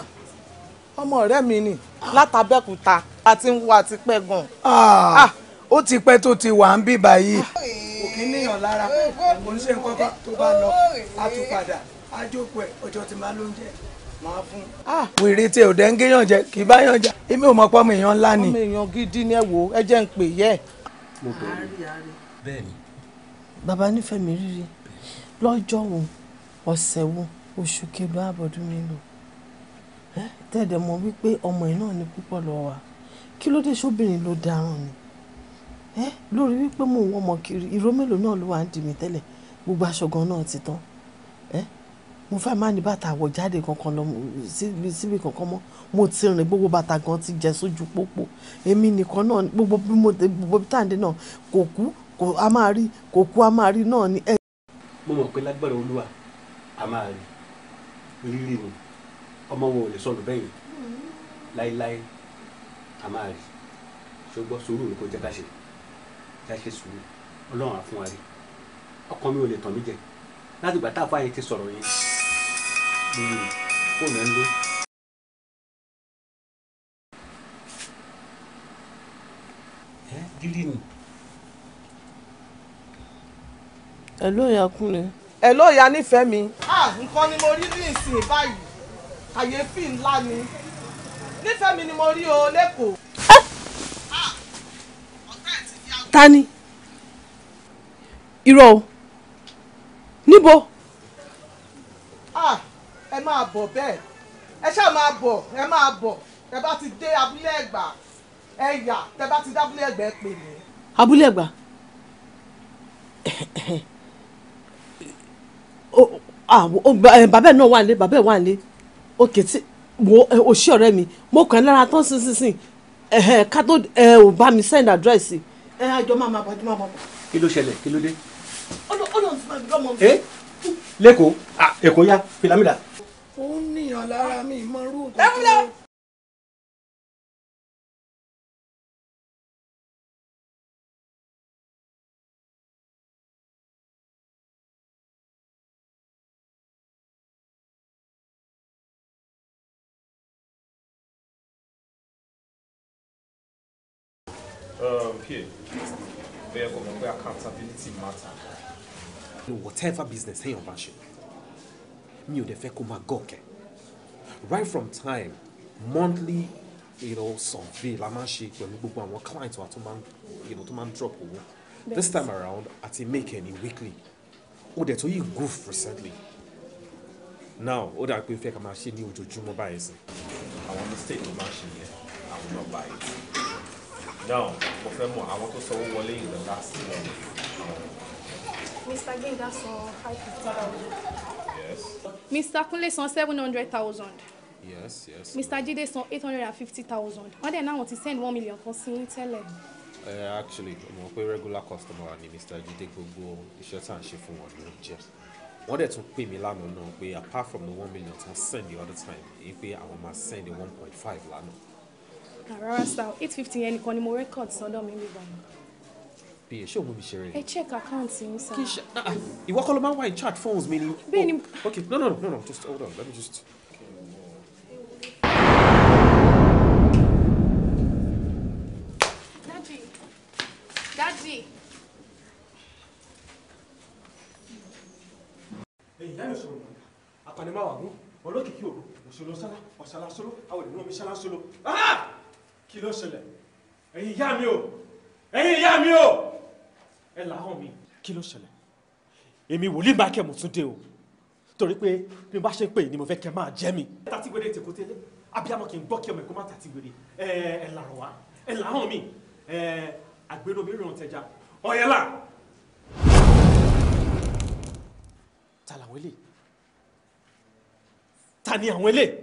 ọmọ ọ̀rẹ́ mi ni látàbẹ́kúta àti ń wá ti pẹ́ gan. Ah. ó ti pẹ́ tó ti wà ń bí báyìí. kò kí níyàn lára kò ń ṣe nǹkan tó bá lọ á tún padà àjòkò ẹ̀ ọjọ́ tí máa ló ń jẹ máa fún. wèrè ah! tí ò dẹ́ńgé yàn jẹ kì í bá yàn jà èmi ò mọ pé ọmọ èèyàn ńlá ni. ọmọ èèyàn gidi ni ẹ wo ẹ jẹ́ ń
pè yẹ. bẹ́ẹ̀ni. bàbá nífẹ̀ẹ́ mi rírì lọ́jọ́ wo ọ̀sẹ̀ wo oṣù kelo àbọ̀dún mi lò tẹ́ẹ̀dẹ̀ mọ̀ wípé ọmọ yìí náà ni púpọ̀ lọ wà kí ló dé sóbìnrin ló dáràn ni lórí wípé mò ń wọ́n mọ̀ kiri ìró mélòó náà ló wà ń dì mí tẹ́lẹ̀ gbogbo aṣọ gan náà ti tán mo fẹ́ má ní bàtà wọ̀ jáde kankan lọ síbi kankan mọ́ mo ti rìn gbogbo bàtà gan ti jẹ sójú pópó èmi nìkan náà gbogbo bí mo gbogbo bí tàǹdé náà kò kú kò a máa rí kò kú a máa rí náà ni.
mo mọ̀ pé lágbára olúwa a máa rí rírì ni ọmọ wo ò lè sọnù bẹ́ẹ̀ yẹn láéláé a máa rí ṣùgbọ́n sùúrù ni kò jẹ́ ká ṣe ká ṣe sùúrù ọlọ́run á fún wa rí ọkàn mi ò lè tàn mí jẹ láti ìgbà táàfà ti sọ̀rọ̀ yẹn
mo fóònù ẹ̀ ń lé. ẹ ni.
ẹ ló ya
ẹ ló ya nífẹ̀ẹ́ mi. nǹkan ni mo rí ní ìsìn báyìí kàyéfì ńlá ni nífẹ̀ẹ́ mi ni mo rí o lẹ́kọ̀ọ́.
ta irọ́ o. níbo.
Ah, ẹ máa bọ̀ bẹ́ẹ̀ ẹ ṣáà máa bọ̀ ẹ máa bọ̀ tẹ bá ti dé abúlé ẹ̀gbà ẹ yà tẹ bá ti dé abúlé ẹ̀gbà ẹ pè mí.
abúlé ẹ̀gbà bàbá ẹ̀ náà wà nílé bàbá ẹ̀ wà nílé òkè tí wo òṣì ọ̀rẹ́ mi mo kàn án lára tán sínsìnsìn ká tó ò bá mi send address ẹ àjọ máa máa bọ̀ àjọ máa bọ̀.
kí ló ṣẹlẹ̀ kí ló dé
ọlọ́run ti máa gbọ́mọ
mi.
lẹ́kọ̀ọ́ èkó yá pìlámìlà. ó níyàn lára mi mọ irú nǹkan tó. Um, here, we are going to accountability matter whatever
business hey bá ṣe mi ò dẹ̀ fẹ́ kó máa gòkè right from time monthly you know, survey la máa ń ṣe pẹ̀lú gbogbo àwọn clients wa tó máa ń tó máa drop owó this time around àti make any weekly ó dẹ̀ tó yí goof recently now ó dà pé fẹ́ ká máa ṣe ní ojoojúmọ́ báyìí sí. àwọn mistake ló máa ń ṣe yẹn àwọn náà báyìí now mo fẹ́ mọ̀ àwọn tó sanwó wọlé in the last month.
Mr. Genga san five
fifty thousand. Yes.
Mr. Kunle san seven hundred thousand.
Yes, yes.
Mr. Jide san eight hundred and fifty thousand. What dẹ̀ náà wọ́n ti send one million kan sí tell him?
Uh, actually mo pe regular customer wa Mr. Jide gbogbo go. It's à ń ṣe for wọn million. ń jẹ́
wọ́n dẹ̀ tún pè mí lánàá náà apart from the one million tán send the other time èyí pé we must send the one point five lánàá.
rárá sir eight fifty yẹn nìkan ni mo record sọ́dọ̀ mi nígbà
pay ẹ ṣé òun mi ṣeré. ẹ
check account yín sá. kí ṣe
ah, ah, ìwọ kọ́ ló máa ń wá in charge phones mi ni. bẹ́ẹ̀ ni. Oh, ok no no no no just hold on let me just. daddy daddy. ẹ̀yin dáhùn sọ̀rọ̀ mọ́ apanimáwá mú olókìkí òru òṣòlò sálá ọ̀sálá sóló àwọn ènìyàn mi sálá sóló ah! kí ló ṣẹlẹ̀ ẹ̀yin ìyá mi o ẹ̀yin ìyá mi o ẹ làwọn mi. kí ló ṣẹlẹ̀ èmi wòlíì máa kẹ́ mo tún dé o torí pé bí mo bá ṣe pè ní mo fẹ́ kẹ́ máa jẹ́ mi. tàti wèrè tèkó tẹ́lẹ̀ abiyamọ kì í gbọ́ kí ọmọ ẹ̀kọ́ má tàti wèrè ẹ ẹ làrọ̀ wá ẹ làwọn mi ẹ àgbèrò mi ràn tẹja ọ̀yẹ́là. ta làwọn eléyìí ta ni àwọn eléyìí.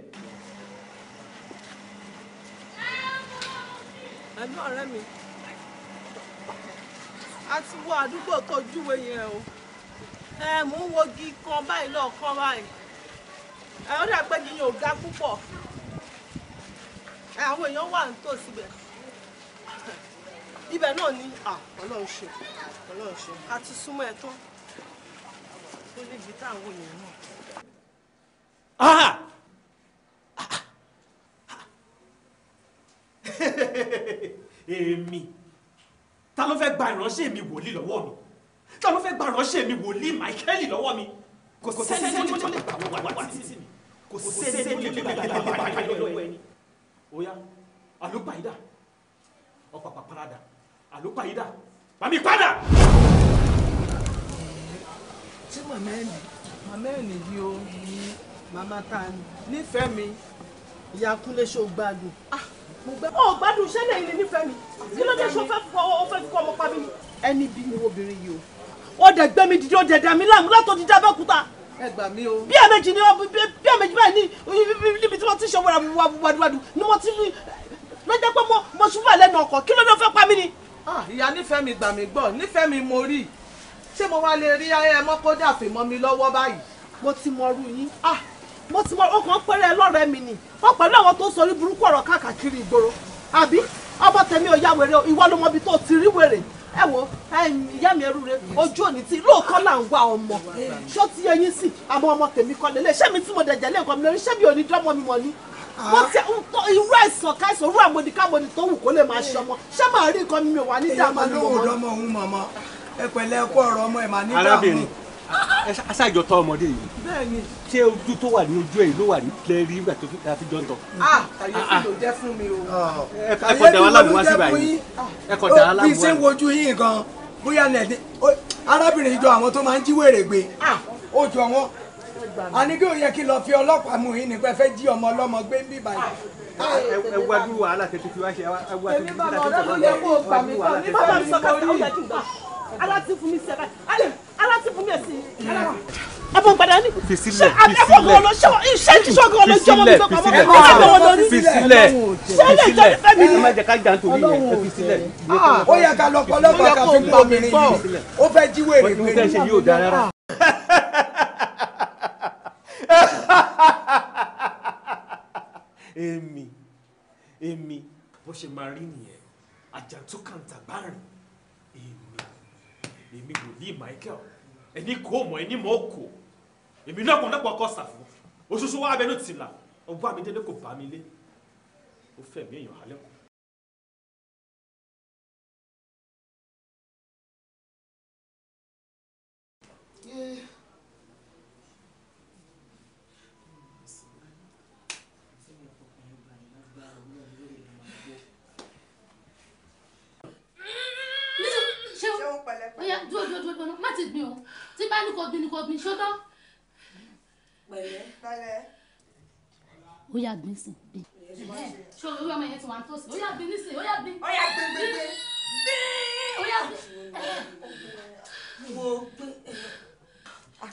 ẹ̀gbọ́n ọ̀rẹ́ mi a ti wọ àdúgbò tó júwe yẹn o ẹ mò ń wogi kan báyìí lọ́ọ̀kan báyìí ẹ ó dàgbẹ́ yìnyín ò ga púpọ̀ ẹ àwọn èèyàn wà nítòsí bẹ̀ ibẹ̀ náà ni ọlọ́run ṣe ọlọ́run ṣe a ti súnmọ́ ẹ tán ó níbi táwọn èèyàn náà. èmi ta ló fẹ́ gba ìránṣẹ́ mi wòlíì lọ́wọ́ mi ta ló fẹ́ gba ìránṣẹ́ mi wòlíì Michael lọ́wọ́ mi kò sẹ́ni tó lè gbà wá wá títí mi kò sẹ́ni tó lè gbà wá wá títí mi. oya àlùpàyídà ọ̀pàpà parada
àlùpàyídà màmí padà. ṣé màmá
ẹ̀ màmá ẹ̀ nìyí o màmá ta nífẹ̀ẹ́ mi ìyá kúnlé ṣó gbádùn. Ah, ó oh, gbádùn iṣẹ́ lẹ́yìn lè nífẹ̀ẹ́ mi kí ló dé ṣe o fẹ́ fọ o fẹ́ kọ́ ọmọ pa ni. ẹni bí ni obìnrin yìí o ó dẹ̀ gbé mi dìde ó dẹ̀ dà mí láàmú látò dídá abẹ́òkúta. ẹ gbà mí o. bí ẹ̀mejì ni bí ẹ̀mejì báyìí ní níbi tí wọ́n ti ṣe wàdùwàdù ni wọ́n ti ló jẹ́ pé mo ṣùgbọ́n lẹ́nu ọkọ̀ kí ló dé o fẹ́ pa mí ni. Ah, ìyá nífẹ̀ẹ́ mi gbà mí gbọ́ nífẹ̀ẹ́ mi mo rí ṣé mo wá lè rí ẹ mọ́ kó dàfẹ́ mọ́ mi lọ́wọ́ báyìí. mo ti mọ ọrú yín. ah mo ti wọ ọkàn pẹ́rẹ́ lọ́rọ̀ mi ni wọ́n pẹ̀lú àwọn tó sọ orí burúkú ọ̀rọ̀ káàkiri ìgboro àbí ọmọ tèmi ò ya wèrè ìwọ ló mọ ibi tó ti rí wèrè ẹ wo ìyá mi ẹrú rẹ ojú òní tí lóòótọ́ là ń wá ọmọ ṣó ti yẹ yín sí àmọ́ ọmọ tèmi kọ́ lélẹ̀ ṣé mi tí mo dẹ̀jẹ̀ lẹ́ẹ̀kan mi lórí ṣé mi ò ní dọ́mọ mi mọ̀ ni wọ́n ti irú àìsàn káìsàn irú àmọ̀dìkámọ̀dì tó wù kó lè máa ṣe ọmọ ṣé màá rí nǹkan mi ò wà ní dáàmú àlùmọ̀ mọ́. èyí máa òun mọ̀ mọ́ ẹ pẹ̀lẹ́ ẹ̀kọ́ ọ̀rọ̀ ọmọ ẹ̀ máa ní dáàmú
aṣáájọ tọ ọmọdé yìí bẹ́ẹ̀ni ṣé ojú tó wà ní ojú ẹ ló wà ní lẹẹrí nígbà tó fi jọ ń tọ.
kàyéfì ló jẹ́ fún mi o. Ah, ah. ẹ kọ̀ dà wá láàmú wá sí báyìí ẹ kọ̀ dà wá láàmú wá. Oh, bí ṣe ń wojú yín gan bóyá nẹ̀ẹ́dẹ́ arábìnrin ìjọ àwọn tó máa ń jí wèrè gbé ah. ó jọ wọn àní kí o yẹ kí lọ fi ọlọ́pàá mú yín nípa fẹ́ jí ọmọ ọlọ́mọ gbé ń bí báyìí. ẹ wá dúró wàhálà tètè fi wá ṣe ẹ wá tètè fi wá ṣe ọlọ́pàá mú yín nípa fẹ́ jí ọmọ
ọlọ́mọ gbé ń bí báyìí ti fún mi èsì ẹ̀bùn padà ní. fisílẹ̀ fisílẹ̀ fisílẹ̀ fisílẹ̀ fisílẹ̀
fisílẹ̀
fisílẹ̀ má jẹ́ ká jà
nítorí yẹn fisílẹ̀. Ah, ó
yẹ ká lọ pọlọpọ ká fi mú obìnrin yìí ó fẹ́ jíwèé rè pé. ìfúnṣẹ́ ṣe yóò dára.
èmi èmi bó ṣe máa rí nìyẹn àjà tó kàǹtà bá rìn èmi èmi wòlíì Michael ɛni kò mɔ ɛni mɔ kò èmi náà kò náà kò kɔ sàfù oṣooṣù wa abẹnú tì la ọgbọ́n mi délé kò bá mi
lé ó fẹ́ mi èèyàn alẹ́ kù. Yeah.
dúró dúró dúró dúró má ti gbìn o tí bá ní kò gbìn ní kò gbìn ṣó tán. pẹ̀lẹ́ pẹ̀lẹ́. ó yà gbìn sí. ṣé o lórí ọmọ yẹn ti wà nítòsí ó yà gbìn nísìnyí ó yà gbìn. ó yà gbìn gbìn gbìn.
ó yà gbìn.
mo gbé eh, ah,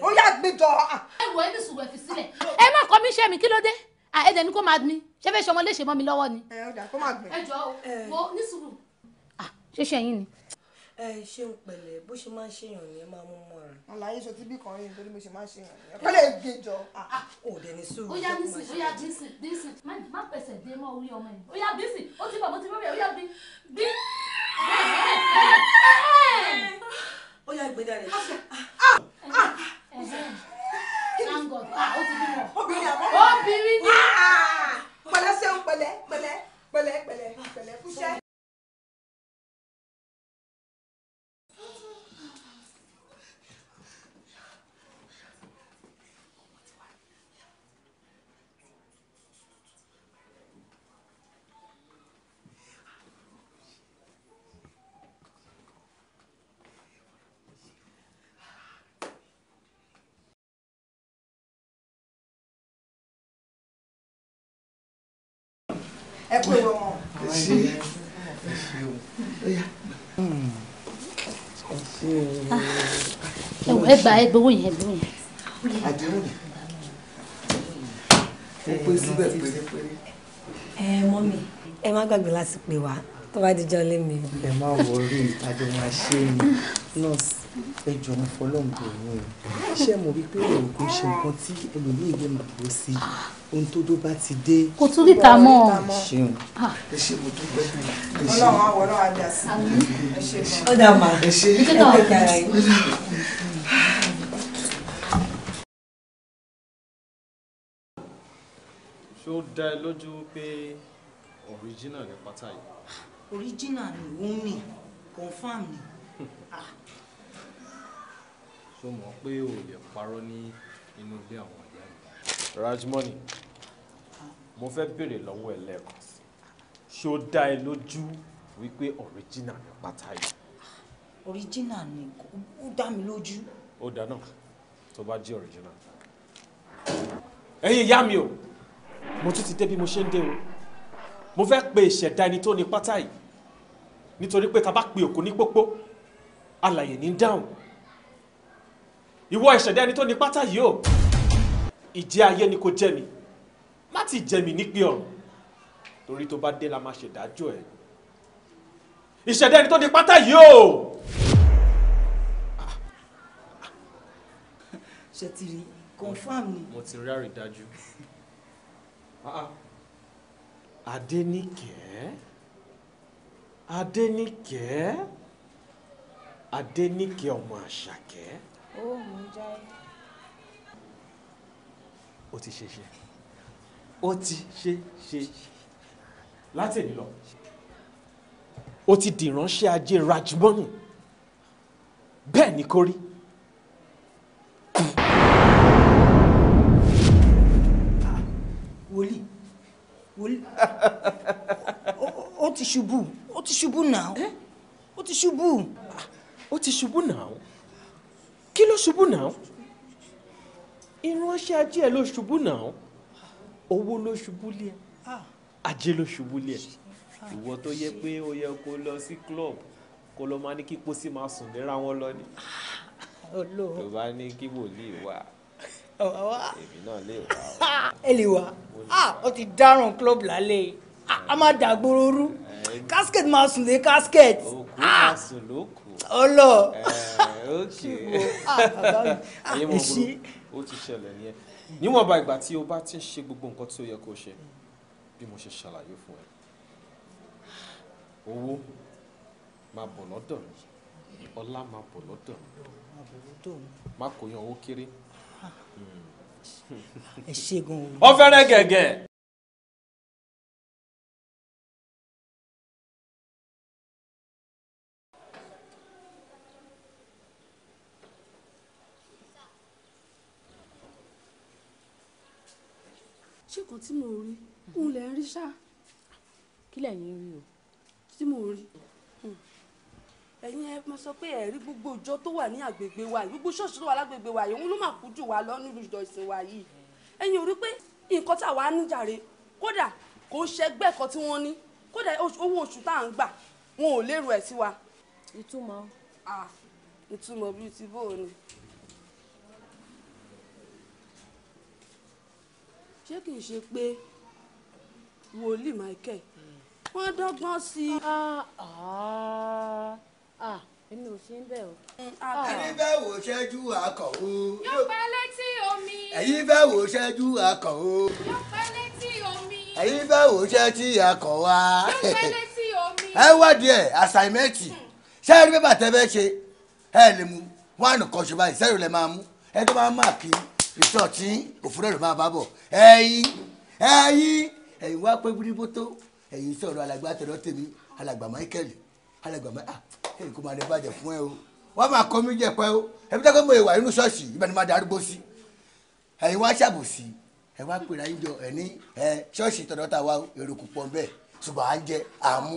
ó yà gbìn jọ. Ah. ẹ wọ ẹni sùn fi sílẹ̀. ẹ má kọ́ mi ṣẹ́ mi kí ló dé ah, ẹ dẹ̀ kó máa gbin ṣé fẹ́ ṣe ọmọ mi lọ́wọ́ ni. ẹ eh, ọjà kó máa gbìn. ẹ eh. ṣé ṣe yín ni
ẹ ṣe ń pẹ̀lẹ́ bó ṣe máa ń ṣèyàn ni ẹ máa mú mọ́ra. àlàyé sọ tí bí kan yìí nítorí mo ṣe máa ń ṣèyàn ni ẹ kọ́lẹ̀ gé jọ. ò ah, ah, dẹ̀ ní sùúrù. óyá bísí óyá bísí
bísí má pẹ̀sẹ̀ dé mọ́ orí ọmọ yìí óyá bísí ó ti bàbá ti rọ́ọ̀rẹ́ óyá bí bí. óyá ìgbéga rẹ̀.
ṣàǹgọ̀ ah, ó ti bímọ. obìnrin àbọ̀. obìnrin
ni.
pẹ̀lẹ́ ṣe ń pẹ̀lẹ́ pẹ̀lẹ́ pẹ̀lẹ́ pẹ̀lẹ́ pẹ̀lẹ́ fúnṣẹ́. ẹ pé ẹ o.
ẹ
gbà ẹ gbowó yẹn gbowó yẹn. àdéhùn
ni ó pé síbẹ̀
pérépéré.
ẹ mọ mi. ẹ má gbàgbé láti pè wá tó bá di jọ lé mi.
ẹ má wọrí ìtajọ máa ṣe ẹ jọ ń fọlọ́ǹbù ọ̀hún o ṣé mo rí pé oògùn ṣe nǹkan tí ẹlòmíì lè máa bọ́ sí ohun tó dó bá ti dé. kò tún lè ta mọ́ ọ. ṣeun ah. ẹ ṣe mo tún gbẹ bí. ọlọ́run
àwọ̀ náà á dà sí i. ẹ ṣe mọ́. ọ̀dà ẹ ṣe é tẹ̀ka
ṣé ó dá ẹ lójú pé ọ̀ríjínà ni pátá yìí.
ọ̀ríjínà ni
òun ni confam ni.
ṣó mọ̀ pé o lè parọ́ ní inú ilé àwọn ọ̀gá mi. Rajmoni
mo fẹ́ béèrè lọ́wọ́ ẹ lẹ́ẹ̀kan sí ṣó dá ẹ lójú wípé ọ̀ríjìnà ni pátá yìí.
ọ̀ríjìnà ni ó dá mi lójú.
ó dáná tó bá jí ọ̀ríjìnà. ẹ̀yin ìyá mi o mo tún ti dé bí mo ṣe ń dé o mo fẹ́ pe ìṣẹ̀dá ẹni tó ní pátá yìí nítorí pé ta bá pe òkú ní pópó alàyè ní dáhùn ìwọ ìṣẹ̀dá ẹni tó ní pátá yìí o ìjẹ́ ayé ni kò jẹ́ mi má ti jẹ́ mi nípé ọ̀run torí tó bá dé la máa ṣèdájọ́ ẹ̀ ìṣẹ̀dá ẹni tó ní pátá yìí o. ṣe ti rí confam ni. mo ti rí àrídájú. Ah, ah. Adéníkẹ́ Adéníkẹ́ Adéníkẹ́ ọmọ Àṣàkẹ́.
O mú
jáì.
ó ti ṣe ṣe ó ti ṣe ṣe láti èmi lọ ó ti dìránṣẹ́ ajé rajmoni bẹ́ẹ̀ ni kò rí.
wòlíì wòlíì ó ti ṣubú ó ti ṣubú náà
ó ti ṣubú. ó ti ṣubú náà kí ló ṣubú náà irun ọṣẹ́ ajé ẹ̀ ló ṣubú náà owó ló ṣubú lé ẹ ajé ló ṣubú lé ẹ ìwọ tó yẹ pé ó yẹ kó lọ sí club kó lọ máa ní kí pósí máa sùn léra wọn lọ ni tó bá ní
kí wòlíì wà èmi náà lè
wà. ẹ lè ah, wà ó ti dáràn club lálẹ́ yìí a máa dàgbòrò rú casket máa sùn lé casket
ọlọ ah. eh,
ah,
ah, ẹṣí. ó ti ṣẹlẹ̀ ní ẹ níwọ̀nba ìgbà tí o bá ti ń ṣe gbogbo nǹkan tí ó yẹ kó ṣe bí mo ṣe ṣàlàyé fún ẹ owó máa bọ̀ lọ́dọ̀ mi ọlá máa bọ̀ lọ́dọ̀ mi má kò
yan owó kéré. ẹ ṣe
ṣé kan tí mo rí òun lẹ̀ ń rí ṣá. kí lẹ̀yin rí o. tí mo rí hmm. ẹ̀yin ẹ máa sọ pé ẹ̀rí gbogbo ìjọ tó wà ní àgbègbè wa yìí gbogbo ṣọ́ọ̀ṣì tó wà lágbègbè wa yìí òun ló máa kú jù wá lọ nínú ìjọ ìsìn wa yìí ẹ̀yin ò rí pé nǹkan tá a wà ní jàre kódà kò ṣẹgbẹ́ kan tí wọ́n ní kódà owó oṣù tá à ń gbà wọn ò lérò ẹ̀ sí wa. ìtumọ̀. Ah, ìtumọ̀ bíi ti bóò ni. ṣé kì í ṣe pé wòlíì Michael wọ́n dọ́gbọ́n sí i. Ah, ah, ah, èmi ò ṣe ń bẹ̀ o.
ẹ̀yin
fẹ́ wò ṣẹ́jú akọ̀ o.
yóò pẹ́ létí omi.
ẹ̀yin fẹ́ wò ṣẹ́jú akọ̀ o. yóò
pẹ́ létí omi.
ẹ̀yin fẹ́ wò ṣẹ́jú akọ̀ wa. yóò pẹ́ létí omi. ẹ wádìí ẹ àṣàìmẹ́tì ṣé ẹ rí pépà tẹ́ fẹ́ ṣe ẹ lè mú wánù kan ṣe báyìí sẹ́yìn lè máa mú ẹ tó máa máa kí i ìtọ́ tí òfúrẹ́ ló máa bá bọ̀ ẹ̀yin ẹ̀yin ẹ̀yin wá pé bíríbó tó ẹ̀yin sọ̀rọ̀ alàgbà tọ̀dọ̀ tèmi alàgbà Michael alàgbà Michael ah ẹ̀yin kò máa lè bàjẹ́ fún ẹ o wọ́n máa kọ́ mi jẹ́ pẹ́ o ẹbí tẹ́kọ̀ mọ ìwà inú ṣọ́ọ̀ṣì ìbẹ̀ni máa darúgbó sí ẹ̀yin wá ṣàbòsí ẹ̀ wá pèrè ayé jọ ẹ̀ ní ẹ̀ ṣọ́ọ̀ṣì tọ̀dọ̀ ta wa èrò kò pọ̀ bẹ́ẹ̀ ṣùgbọ́n à ń jẹ àmú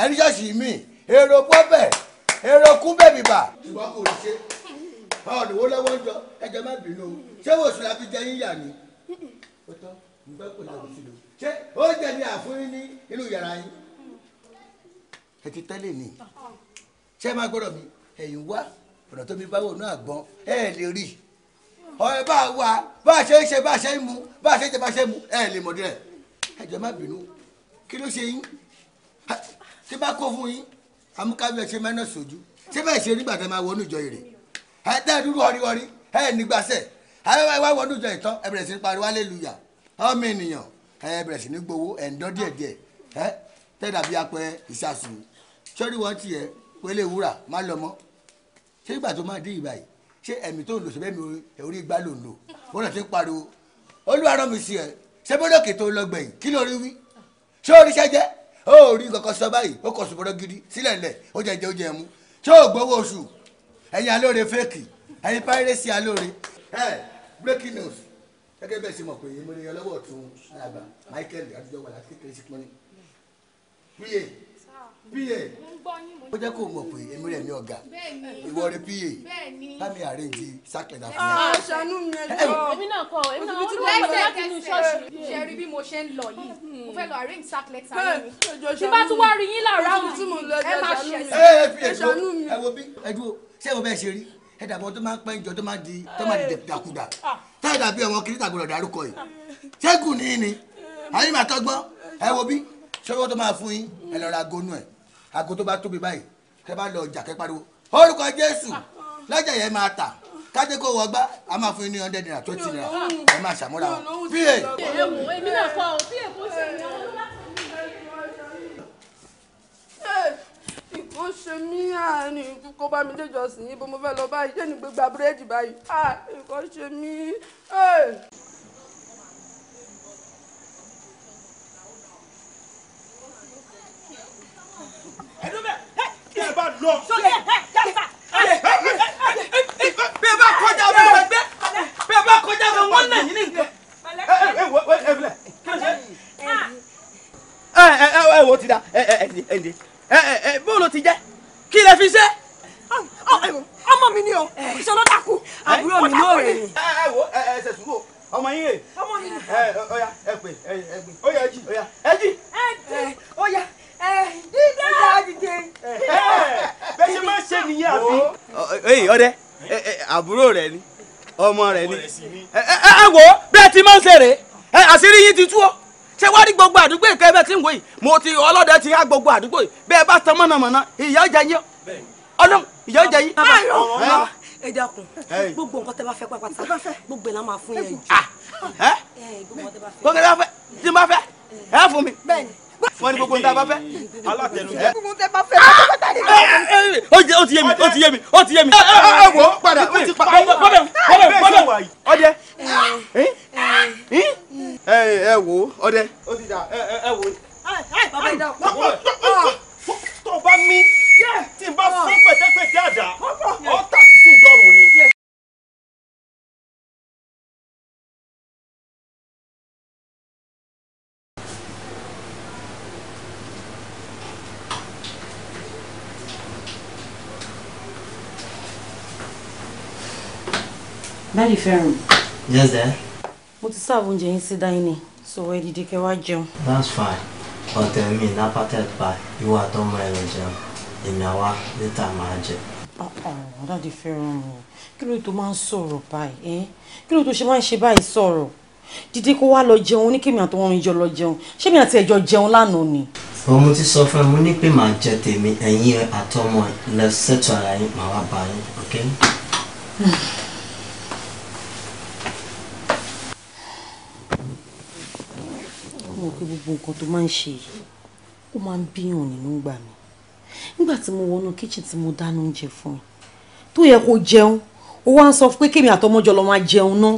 ẹ̀ ní ṣọ́ọ̀ṣì mi èrò pọ̀ bẹ́ẹ̀ èrò kún bẹ́ẹ̀ bìbà. ṣùgbọ́n kò ní ṣe àwọn òdìwó lọ́wọ́ ń jọ ẹ̀jẹ̀ má bínú o ṣé wòsù la fi jẹ yín yà ni. ó tọ́ nígbà pé ìyàwó sí lò ṣé ó jẹ ní àfúrí ní inú yàrá yín. ẹ ti tẹ́lẹ̀ mi ṣé ẹ má gbọ́dọ̀ mi ẹ̀yìn wá ọ̀nà tó mi bá wò náà gbọ́n ẹ lè rí ọ̀rẹ́ bá wa bá a ṣe ń ṣe bá a ṣe ń mu bá a ṣe ń jẹ bá a ṣe ń mu ẹ lè mọ̀ dẹ́rẹ̀ ẹ̀jẹ̀ má bínú kí ló ṣe yín tí bá kó fún yín àmúkábíyèsí mẹ́nà sójú tí bẹ́ẹ̀ ṣe nígbà tá a máa wọnú ìjọ ìrè ẹ dẹ́ dúró ọríwọrí ẹ nígbàsẹ̀ ẹ wá wọnú ìjọ ìtọ́ ẹ bẹ̀rẹ̀ sí ní pariwo hallelujah ọmọ ènìyàn ẹ bẹ̀rẹ̀ sí ní gbowó ẹ̀ ń dọ́ díẹ̀ díẹ̀ ẹ tẹ́lẹ̀ àbí apẹ ìsàsùn sọ́rí wọn tiẹ̀ wẹ́lẹ̀ wúrà má lọ mọ́ ṣé ìgbà tó máa dé ìgbà yìí ṣé ẹ̀mí tó ń lò ṣe bẹ́ẹ̀ mi orí igbá ló ń lò wọ́n ti ń pariwo olúwa rán mi sí ẹ ṣé bọ́dọ̀kì tó lọ gbẹ̀yìn kí ló rí wí ṣé oríṣẹ́ jẹ́ ó rí kankan sọ báyìí ó kọ̀ sùpọ̀dọ̀ gidi sílẹ̀ ńlẹ̀ ó jẹ́ jẹ́ ó jẹ́ mu ṣé ò gbowó oṣù ẹ̀yin alóore fẹ́ẹ̀kì ẹ̀yin pírẹ́sì alóore. breaking news gẹ́gẹ́ bẹ́ẹ̀ ṣe mọ̀ pé mo ní ọlọ́wọ́ ọ̀tún àgbà Michael àtijọ́ wà láti kékeré sí pọ́nì.
pa pa ó jẹ́
kó mọ̀ pé èmi rẹ̀ mi ọ̀gá ìwọ rẹ̀ pa bámi àrèǹjì sákẹ̀dá fún mi.
Ah, ṣàánú mi ẹ lọ èmi náà kọ èmi náà wọn lọ wọ láti inú ṣe rí bí mo ṣe ń lọ yìí mo fẹ́ lọ àrèǹjì sákẹ̀lẹ̀tà mi tí bá tún wá rí yín láàárọ̀ ẹ máa
ṣẹ̀ṣẹ̀. ẹ ṣàánú mi ẹ wo bí ẹ dúró ṣé ìwọ bẹ́ẹ̀ ṣe rí ẹ dàbọ̀ tó máa ń pẹ́ ìjọ tó máa di tó máa di eh. dàkúdà ah. táyà dàbí ọmọ kiri dàgbọ̀dọ̀ dárúkọ yìí ṣẹ́kù ní ní eh. àyè máa tọ́gbọ́n ẹ wo bí ṣọwọ́ tó máa fún yín ẹ lọ ra aago nù ẹ̀ aago tó bá tóbi báyìí kẹ bá lọ ọjà kẹ pariwo orúkọ Jésù ah. lọ́jà yẹn máa tà kájé kó wọgbá a máa fún yín ní hundred naira twenty naira ah. ẹ máa ṣàmúra wọn.
pa
wọ́n ṣe mí àárín kó bá mi déjọ sìn yín bó mo fẹ́ lọ báyìí jẹ́ ní gbégbá búrẹ́dì báyìí nǹkan ṣe mí.
lọ. sọlẹ yàtà. bí ẹ bá kọjá bí wọn gbé bí ẹ bá kọjá bí wọn nà yín ní nǹkan. ẹ ẹ ẹ wo ti da ẹ ẹ ẹ ẹ ẹ ẹ bóòlù ti jẹ kí lẹ fi ṣe. ọmọ mi ni o ṣe ló dákú àbúrò mi lóore ni. é ẹ wo ẹ ẹ ṣe sùúrù ọmọ yín rè ọmọ yín rè ẹ ọya ẹ pè ẹ ẹ gbé ọya ẹ jì ọya ẹ jì. ẹ jì ọya ẹ dídá ẹ dìde. bẹ́ẹ̀ ṣe máa ṣe nìyẹn àbí. ẹyìn ọdẹ àbúrò rẹ ni ọmọ rẹ ni ẹ ẹ wo bẹ́ẹ̀ ti máa ń ṣe rè é àṣírí yín ti tú ọ ṣé wá rí gbogbo àdúgbò ìkẹ́ bẹ́ẹ̀ tí ń wò yìí mo ti ọlọ́dẹ ti há gbogbo àdúgbò yìí bẹ́ẹ̀ bá tan mọ̀nàmọ̀nà ìyá jẹ yín ọlọ́run ìyá jẹ yín. ẹ dákun gbogbo nǹkan tẹ bá fẹ́
pàpàtà gbogbo ẹ̀ la máa fún yẹn jù. Ah.
gbogbo nǹkan tẹ bá fẹ́ tí n bá fẹ́ ẹ fún mi
wọ́n ní gbogbo nta bá fẹ́.
alátẹnujẹ. gbogbo nta bá fẹ́ pátápátá ni.
ó ti ó ti yé mi ó ti yé mi ó ti yé mi. ẹ eh, eh, eh, wò ó padà ó ti padà padà padà padà ọdẹ. ẹ ẹ wò ó ọdẹ.
ó ti dà ẹ ẹ wò ó. tó bá mi
tí n bá fún pẹ̀tẹ́pẹ̀tẹ́ àdá ọ̀tà.
Daddy Ferrum. Yes, Dad.
Mo ti serve oúnjẹ yín dining, so ẹ dìde kẹ́ wá jẹun.
That's fine. But tell me, na packet pa, ìwọ àtọmọ ẹ lọ in Èmi àwa later máa jẹ.
Uh-uh, Daddy Ferrum, kí ló tó máa ń sọ̀rọ̀ báyìí? Eh? Kí ló tó ṣe máa sorrow. Did you go Dìde kó wá only came out kèmi àtọmọ mi jọ
lọ jẹun. Ṣé mi àti ẹ̀jọ̀ jẹun ni?
Mo ti sọ fún ẹ, mo ní pé màá jẹ tèmi, ẹ̀yin àtọmọ lẹ ṣètò ara yín, màá wá bá okay? Hmm.
pé gbogbo nǹkan tó máa ń ṣe yìí ó máa ń bíyàn nínú gbà mí nígbà tí mo wọnú kíchìn tí mo dáná oúnjẹ fún ẹ tó yẹ kó jẹun ó wá ń sọ pé kémi àtọmọjọ lọ máa jẹun náà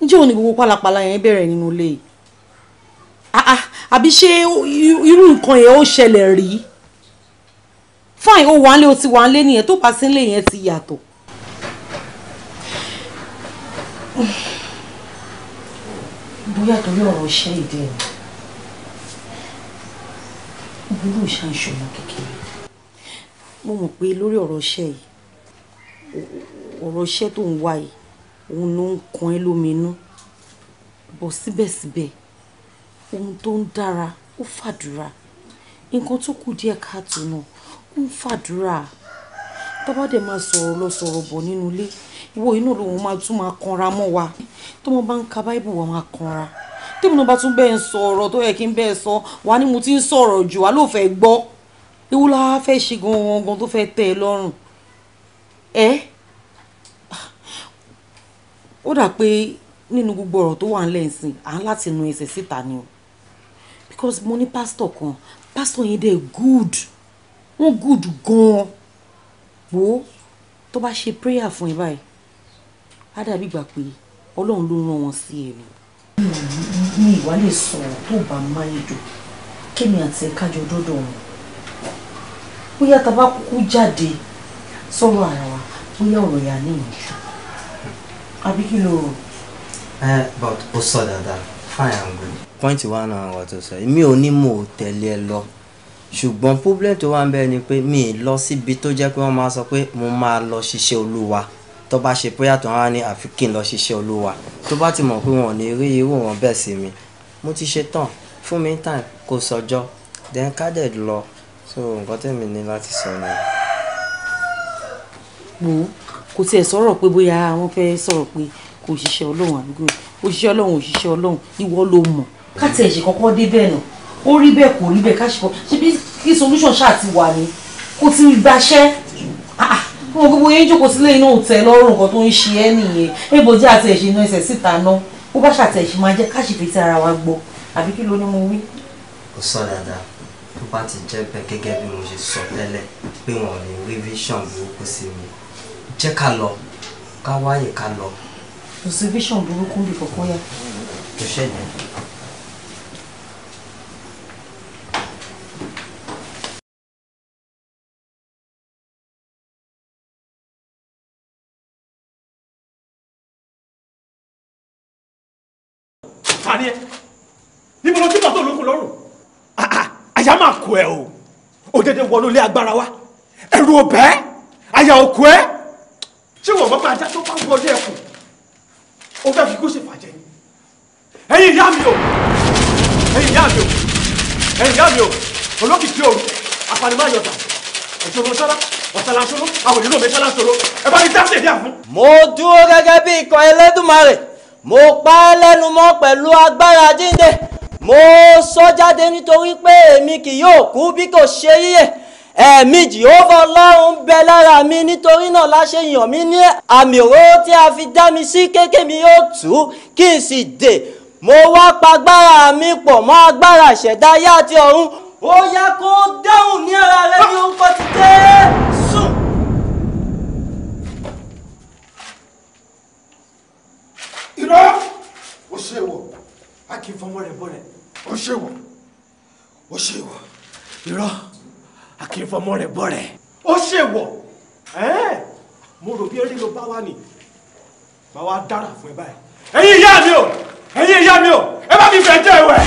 níjẹ́ òní gbogbo pálapàla yẹn bẹ̀rẹ̀ nínú ilé yìí àbí ṣé irú nǹkan yẹn ó ṣẹlẹ̀ rí fine ó wà ń lé o ti wà ń lé nìyẹn tó bá sí ń yẹn ti yàtọ̀. bóyá torí ọ̀rọ̀ iṣẹ́ ìdí ni obìnrin náà ṣàǹṣọ̀nà kékeré mo mọ̀ pé lórí ọ̀rọ̀ iṣẹ́ yìí ọ̀rọ̀ iṣẹ́ tó ń wá yìí òun ló ń kan ẹ́ lóminú bọ̀ síbẹ̀síbẹ̀ ohun tó ń dára ó fàdúrà nǹkan tó kù díẹ̀ káàtó náà ó ń fàdúrà tọ́ba dẹ̀ máa sọ̀rọ̀ lọ sọ̀rọ̀ bọ̀ nínú ilé ìwọ iná lòun máa tún máa kanra mọ́ wa tọ́mọ bá ń ka báíbù wa máa kanra tèmi náà bá tún bẹ́ẹ̀ sọ ọ̀rọ̀ tó yẹ kí n bẹ́ẹ̀ sọ wà ní mo ti ń sọ̀rọ̀ jù wà ló fẹ́ gbọ́ ewu la fẹ́ ṣe gan gan tó fẹ́ tẹ̀ ẹ́ lọ́rùn ẹ́ ó dà pé nínú gbogbo ọ̀rọ̀ tó wà ń lẹ́sìn à ń láti nu ẹsẹ̀ síta ni o because mo ní pásítọ̀ kan pásítọ̀ yẹn dẹ̀ good wọ́n good gan-an wo tó bá ṣe prayer fún ẹ báyìí á dàbí ìgbà pé ọlọ́run ló rán wọn sí ẹ ni mi ìwà lè sọ̀rọ̀ tó bá máyé dùn kémi àti ẹ̀ka jọ dọ́dọ̀ wọn bóyá tá a bá kúkú jáde sọ̀rọ̀ ara wa bóyá ọ̀rọ̀ yà ní ìyẹn
àbí kí ló rò. ẹ but ó sọ dáadáa fine and good. pọ́ìntì wa náà wà tó sọ mi ò ní mò ń tẹ̀lé ẹ lọ ṣùgbọ́n problem tó wà ń bẹ ni pé mi lọ síbi tó jẹ́ pé wọ́n máa sọ pé mo máa lọ ṣiṣẹ́ olúwa tó bá ṣe prayer tó rárá ní àfi kí n lọ ṣiṣẹ́ olúwa tó bá ti mọ̀ pé wọn ò ní rí irú wọn bẹ́ẹ̀ sí mi mo ti ṣe tán fún mi time kò sọjọ́ then kádẹ̀ lọ so nǹkan tẹ̀mí ní láti sọ
ni.
wo kò tiẹ̀ sọ̀rọ̀ pé bóyá wọ́n fẹ́ sọ̀rọ̀ pé kò ṣiṣẹ́ ọlọ́run àbígbò òṣìṣẹ́ ọlọ́run òṣìṣẹ́ ọlọ́run ìwọ ló mọ̀. ká tiẹ̀ ṣe kọ́kọ́ dé bẹ́ẹ̀ nà ó rí bẹ́ẹ̀ kò rí bẹ́ẹ̀ ká ṣe kọ́ ṣe bí kí solution ṣáà ti wà ní kó ti gbaṣẹ́ wọn gbogbo yẹn jókòó sílé iná òtẹ lọ́rùn nǹkan tó ń ṣe ẹ́ nìyẹn ébòjì àti ẹ̀ṣẹ̀ inú ẹsẹ̀ síta náà bó bá ṣàtẹ̀ṣẹ̀ máa jẹ́ káṣì fi ti ara wa gbọ́ àbí kí ló
ní mo wí.
ó sọ dáadáa tó bá ti jẹ́ pé gẹ́gẹ́ bí mo ṣe sọ tẹ́lẹ̀ pé wọn ò ní rí vision burúkú sí mi jẹ́ ká lọ ká wáyè ká lọ.
kò sí vision burúkú bí kọ̀ọ̀kan yá.
kò ṣẹ̀yìn.
ó dédé wọnú ilé agbára wa
ẹ̀rù ọ̀bẹ àyà òkú ẹ ṣé wọn bọ́ bá ajá tó bá wọlé ẹkùn ó fẹ́ fi kú ṣe fàjẹ́ ni ìyá mi o ẹ̀yin ìyá mi o ẹ̀yin ìyá mi o olókìkí o apanimayọta òṣòro sọ́lá ọ̀sálásọ́lọ́ àwọn ìlú mi sálásọ́lọ́ ẹ bá mi dá sí ìdí
mo dúró gẹ́gẹ́ bí ikọ̀ ẹlẹ́dùnmarè mo pa á lẹ́nu mọ́ pẹ̀lú agbára jíǹde mo sọ jáde nítorí pé èmi kì yóò kú bí kò ṣe yíyẹ ẹ̀mí jìhófà ọlọ́run ń bẹ lára mi nítorí náà láṣẹ yàn mí ní àmì òróró tí a fi dá mi sí kéèké mi yóò tú kí n sì dè mo wá pagbára mi pọ̀ mọ́ agbára ìṣẹ̀dá ayé àti ọ̀run ó yẹ kó dáhùn
ní ara rẹ ní orúkọ ti dé
irọ́ ó ṣe wọ̀ a kì í fọmọ rẹ̀ bọ́ rẹ̀ ó
ṣèwọ ó ṣèwọ irọ́ akínfọmọ rẹ̀ bọ́ rẹ̀ ó ṣèwọ mo rò bí erin ló bá wà ní màá wá dára fún ẹ báyìí ẹ̀yin ìyá mi o ẹ̀yin ìyá mi o ẹ bá mi fẹ́ jẹ́ ìwẹ̀.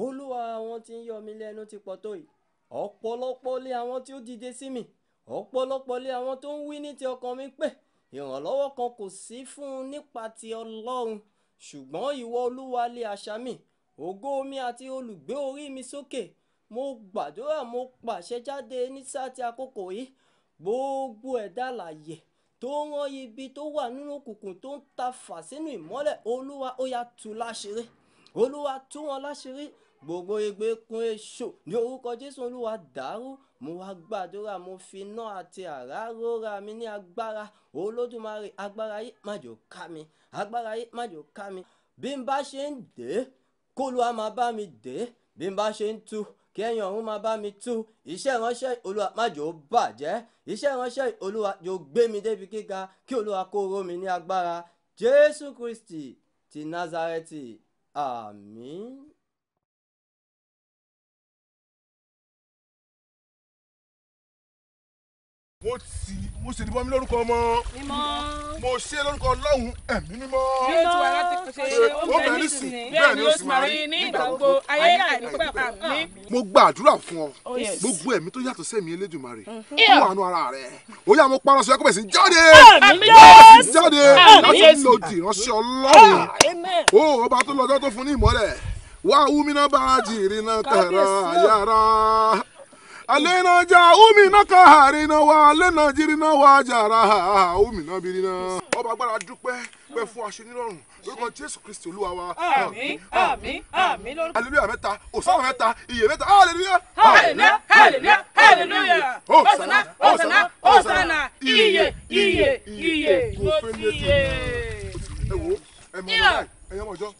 olúwa àwọn tí ń yọ mí lẹ́nu ti pọ̀ tó yìí ọ̀pọ̀lọpọ̀ lé àwọn tí ó dìde sí mi ọ̀pọ̀lọpọ̀ lé àwọn tó ń wí ní ti ọkàn mi pé ìrànlọ́wọ́ kan kò sí fún un nípa ti ọlọ́run ṣùgbọ́n ìwọ olúwa lé àṣà mi ògo mi àti olùgbé orí mi sókè mo gbàdúrà mo pàṣẹ jáde ní sáà ti àkókò yìí gbogbo ẹ̀dá alààyè tó rán ibi tó wà nínú òkùnkùn tó ń ta fà sínú ìmọ́lẹ̀ olúwa ó yá tú láṣìírí olúwa tú wọn láṣìírí gbogbo ègbé kún èṣù ní orúkọ jésù olúwa dàrú mo wá gbàdúrà mo fi iná àti àráró ra mi ní agbára olódùmarè agbára yìí má jò ká mi agbára yìí má jò ká mi bí n bá ṣe ń dè é kólúwa máa bá mi dè é bí n bá ṣe ń tu kí ẹ̀yin ọ̀run máa bá mi tú iṣẹ́ ìránṣẹ́ olúwa má jò bàjẹ́ iṣẹ́ ìránṣẹ́ olúwa jò gbé mi débi gíga kí olúwa kó ró mi ní agbára jésù kristi ti
nazareti àmín. mo ti mo sì ti bọ́ mi lórúkọ ọmọ mo ṣe lórúkọ ọlọ́run ẹ̀mí mímọ́ ó
bẹ̀rẹ̀ nísìn bẹ́ẹ̀ ni ó sì máa rí nígbà gbogbo ayé àìnípàpà mi. mo gbàdúrà fún ọ oh, gbogbo ẹ̀mí tó yàtọ̀ sẹ́mi elédùnmarè
fún mm-hmm. àánú ara rẹ
ó yá mo parọ́ sọ ẹ́ kó bẹ̀ sí jáde jáde láti lòdì ránṣẹ́ ọlọ́run ah, ó ọba tó lọ́jọ́ tó fún ní ìmọ́lẹ̀ wá wúmi náà bá jìrì náà tẹ̀ra yàrá
alena ja
umina ka harina wa alena jirina wa jara ha umina birina. ọba agbára dúpẹ́ pẹ́ fún aṣọ nírọ̀rùn lórúkọ jésù kristi olúwa wa. àmín àmín àmín lórúkọ. aleluya mẹ́ta òsán mẹ́ta iye mẹ́ta aleluya.
hallelujah hallelujah hallelujah. osana osana osana iye iye iye mo ti ye. ẹ wo ẹ mọ ọmọ báyìí
ẹ yẹ ọmọ ọjọ́.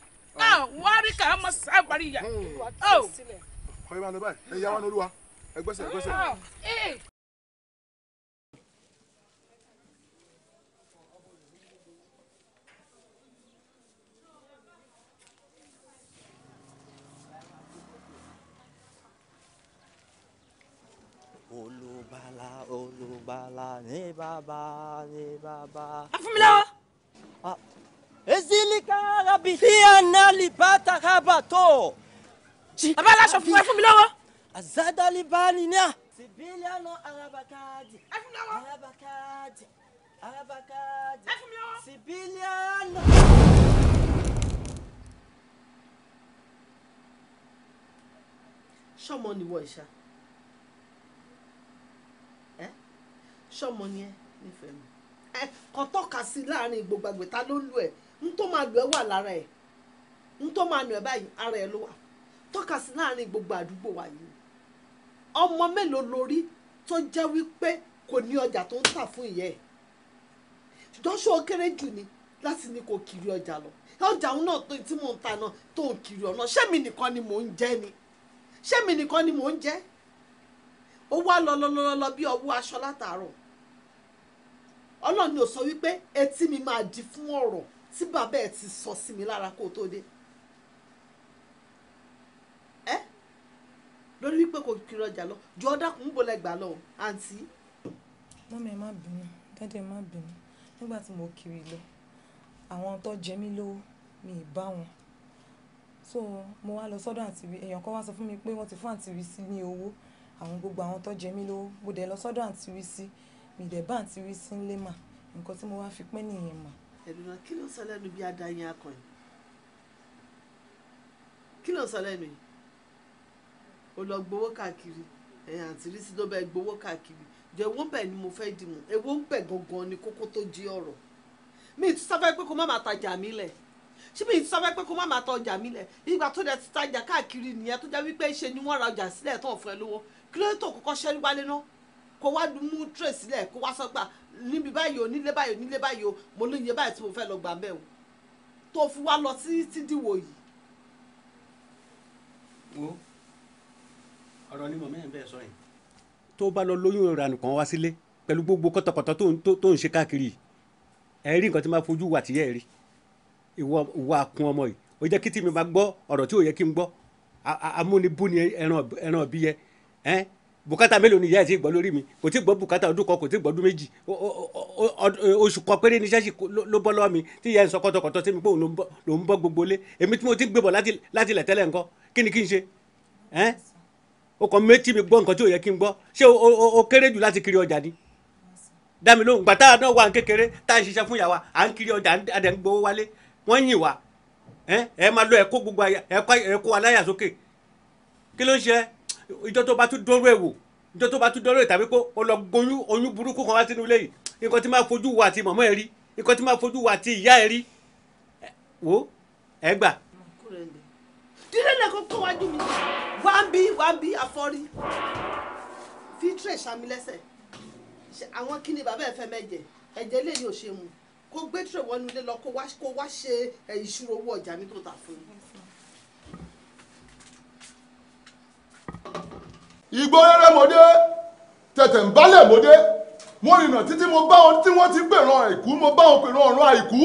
Ah, wàá rí ká mọ sábàárì yà. Hmm. Oh. ọ̀yẹ́ máa lọ báyìí ẹ yá wa ní olúwa ẹgbẹ́sẹ̀ ẹgbẹ́sẹ̀.
olùgbàlà ah, eh. olùgbàlà ní bàbá ní bàbá. afúnmilá. Ah, ah. ezilika rabi. fi anali bàtà rabató. abalasọ fún ẹ fún mi lọ́wọ́ azadali banina sibiliano arabakadi arabakadi arabakadi
sibiliano. sọmọ niwọ ìṣá ẹ sọmọ ni ẹ nífẹ̀ẹ́ mi ẹ kò tọ́ka sí láàrin gbogbo àgbẹ̀ta ló lù ẹ n tó máa lù ẹ wà lára ẹ n tó máa lù ẹ báyìí ara ẹ ló wà tọ́ka sí láàrin gbogbo àdúgbò wa yìí ọmọ mélòó lórí tó jẹ́ wípé kò ní ọjà tó ń tà fún ìyá ẹ̀ ṣùgbọ́n ṣó kéré jù ni láti ní kò kiri ọjà lọ ọjà òun náà tí mò ń ta náà tó ń kiri ọ̀nà ṣé mi nìkan ni mò ń jẹ ni ṣé mi nìkan ni mò ń jẹ ó wá lọ lọ lọ lọ bí ọwọ́ aṣọ látàárọ̀ ọlọ́run ò sọ wípé etí mi máa di fún ọ̀rọ̀ tí bàbá ẹ̀ ti sọ sí mi lára kó tó dé lórí wípé kò kiri ọjà lọ jọ ọ dákun ń bolẹ̀ gbà lọ àǹtí.
mọ́mí ẹ má bínú dádì ẹ má bínú nígbà tí mo kiri lọ àwọn tó jẹ mí lówó mi ì bá wọn so mo wá lọ sọ́dọ̀ àǹtí rí èèyàn kan wá sọ fún mi pé wọ́n ti fún àǹtí rí sí ní owó àwọn gbogbo àwọn tó jẹ mí lówó mo dẹ̀ lọ sọ́dọ̀ àǹtí rí sí mi dẹ̀ bá àǹtí rí sí ńlé mà nǹkan tí mo wá fi pẹ́ nìyẹn mà.
ẹ̀dùnà kí ló sọ lẹ́nu bí adáyín akọ̀yìn kí ló sọ lẹ́nu yìí ó lọ gbowó káàkiri ẹ̀yìn àti rísí ló bẹ́ẹ̀ gbowó káàkiri jọ ewó bẹ́ẹ̀ ni mo fẹ́ dì mú ewó ń bẹ̀ gangan ni kókó tó jí ọ̀rọ̀ mi ì tún sáfẹ́ pé kó má máa tajà mí lẹ̀ ṣé mi ì tún sáfẹ́ pé kó má máa tọjà mí lẹ̀ ìgbà tó dẹ̀ ti tajà káàkiri nìyẹn tó jẹ́ wípé ṣe ni wọ́n ra ọjà sílẹ̀ tán fún ẹ lówó kí ló tó kọ́kọ́ ṣẹ́rí wálé náà kó wá mú tré sílẹ̀ kó wá sọ gbà níbi báyìí o nílé báyìí o nílé báyìí o mo ní iye báyìí tí mo fẹ́ lọ gbà mẹ́wò tó fi wá lọ sí tídìwò yìí.
wo
ọ̀rọ̀ ni mọ̀mí ẹ̀ ń bẹ́ẹ̀ sọ yìí. tó bá lọ lóyún ìranù kan wá sílé pẹ̀lú gbogbo kọ́tọ̀kọ́tọ̀ tó ń ṣe káàkiri ẹ rí nǹkan tí máa fojú wà tí ẹ rí ìwà kun ọmọ yìí ó jẹ́ kí tí mi máa gbọ́ ọ̀rọ̀ tí ò yẹ kí n gbọ́ amúnibú ni ẹran ọ̀bí yẹ ẹ́ bùkátà mélòó ni ìyá ẹ̀ ti gbọ́ lórí mi kò tí gbọ́ bùkátà ọdún kan kò tí gbọ́ ọdún méjì oṣù kan péré ní ṣẹ́ẹ̀ṣì ló bọ́ lọ́wọ́ mi tí ìyá ẹ̀ sọ kọ́tọ̀kọ́tọ̀ sí mi pé òun ló ń bọ́ gbogbo lé èmi tí mo ti gbébọ̀ láti lẹ̀ tẹ́lẹ̀ nǹkan kí ni kí n ṣe ẹ́ o kàn méjì mi gbọ́ nǹkan tí ò yẹ kí n gbọ́ ṣé o kéré jù láti kiri ọjà ni dami lóhùn gbàtà náà wà kékeré tá à ń ṣiṣẹ́ fún yàwá à ń kiri ọjà à ń gbowó wálé wọ́n yìn wá ẹ máa lọ ẹ̀kọ́ gbogbo ẹ̀kọ́ aláyà sókè kí ló ń ṣe ìjọ tó bá tún dọ́rọ̀ ẹ̀ wò ìjọ tó bá tún dọ́rọ̀ ẹ̀ pé o lọ gọyún oyún burúkú kan wá sínú ilé yìí nǹkan tí máa fojú wà àti mọ̀mọ́ ẹ̀ rí nǹkan tí máa fojú wà àti ìyá ẹ̀ rí wò ẹ gbà
dídé lè kókó wájú mi wá ń bí wá ń bí àfọ́rí fítrẹ̀ sami lẹ́sẹ̀ àwọn kíni bàbá ẹ̀ fẹ́ mẹ́jẹ̀ ẹ̀jẹ̀ lè ní òṣè mu kó gbé trẹ̀ wọnú ilé lọ kó wá ṣe ìṣirò owó ọjà mi tó tà fún mi. ìgbó rere mòdé tẹ̀tẹ̀ ń bálẹ̀ mòdé mo rìnà títí mo bá wọn tí wọ́n ti pèrò àìkú mo bá wọn pèrò ọ̀run àìkú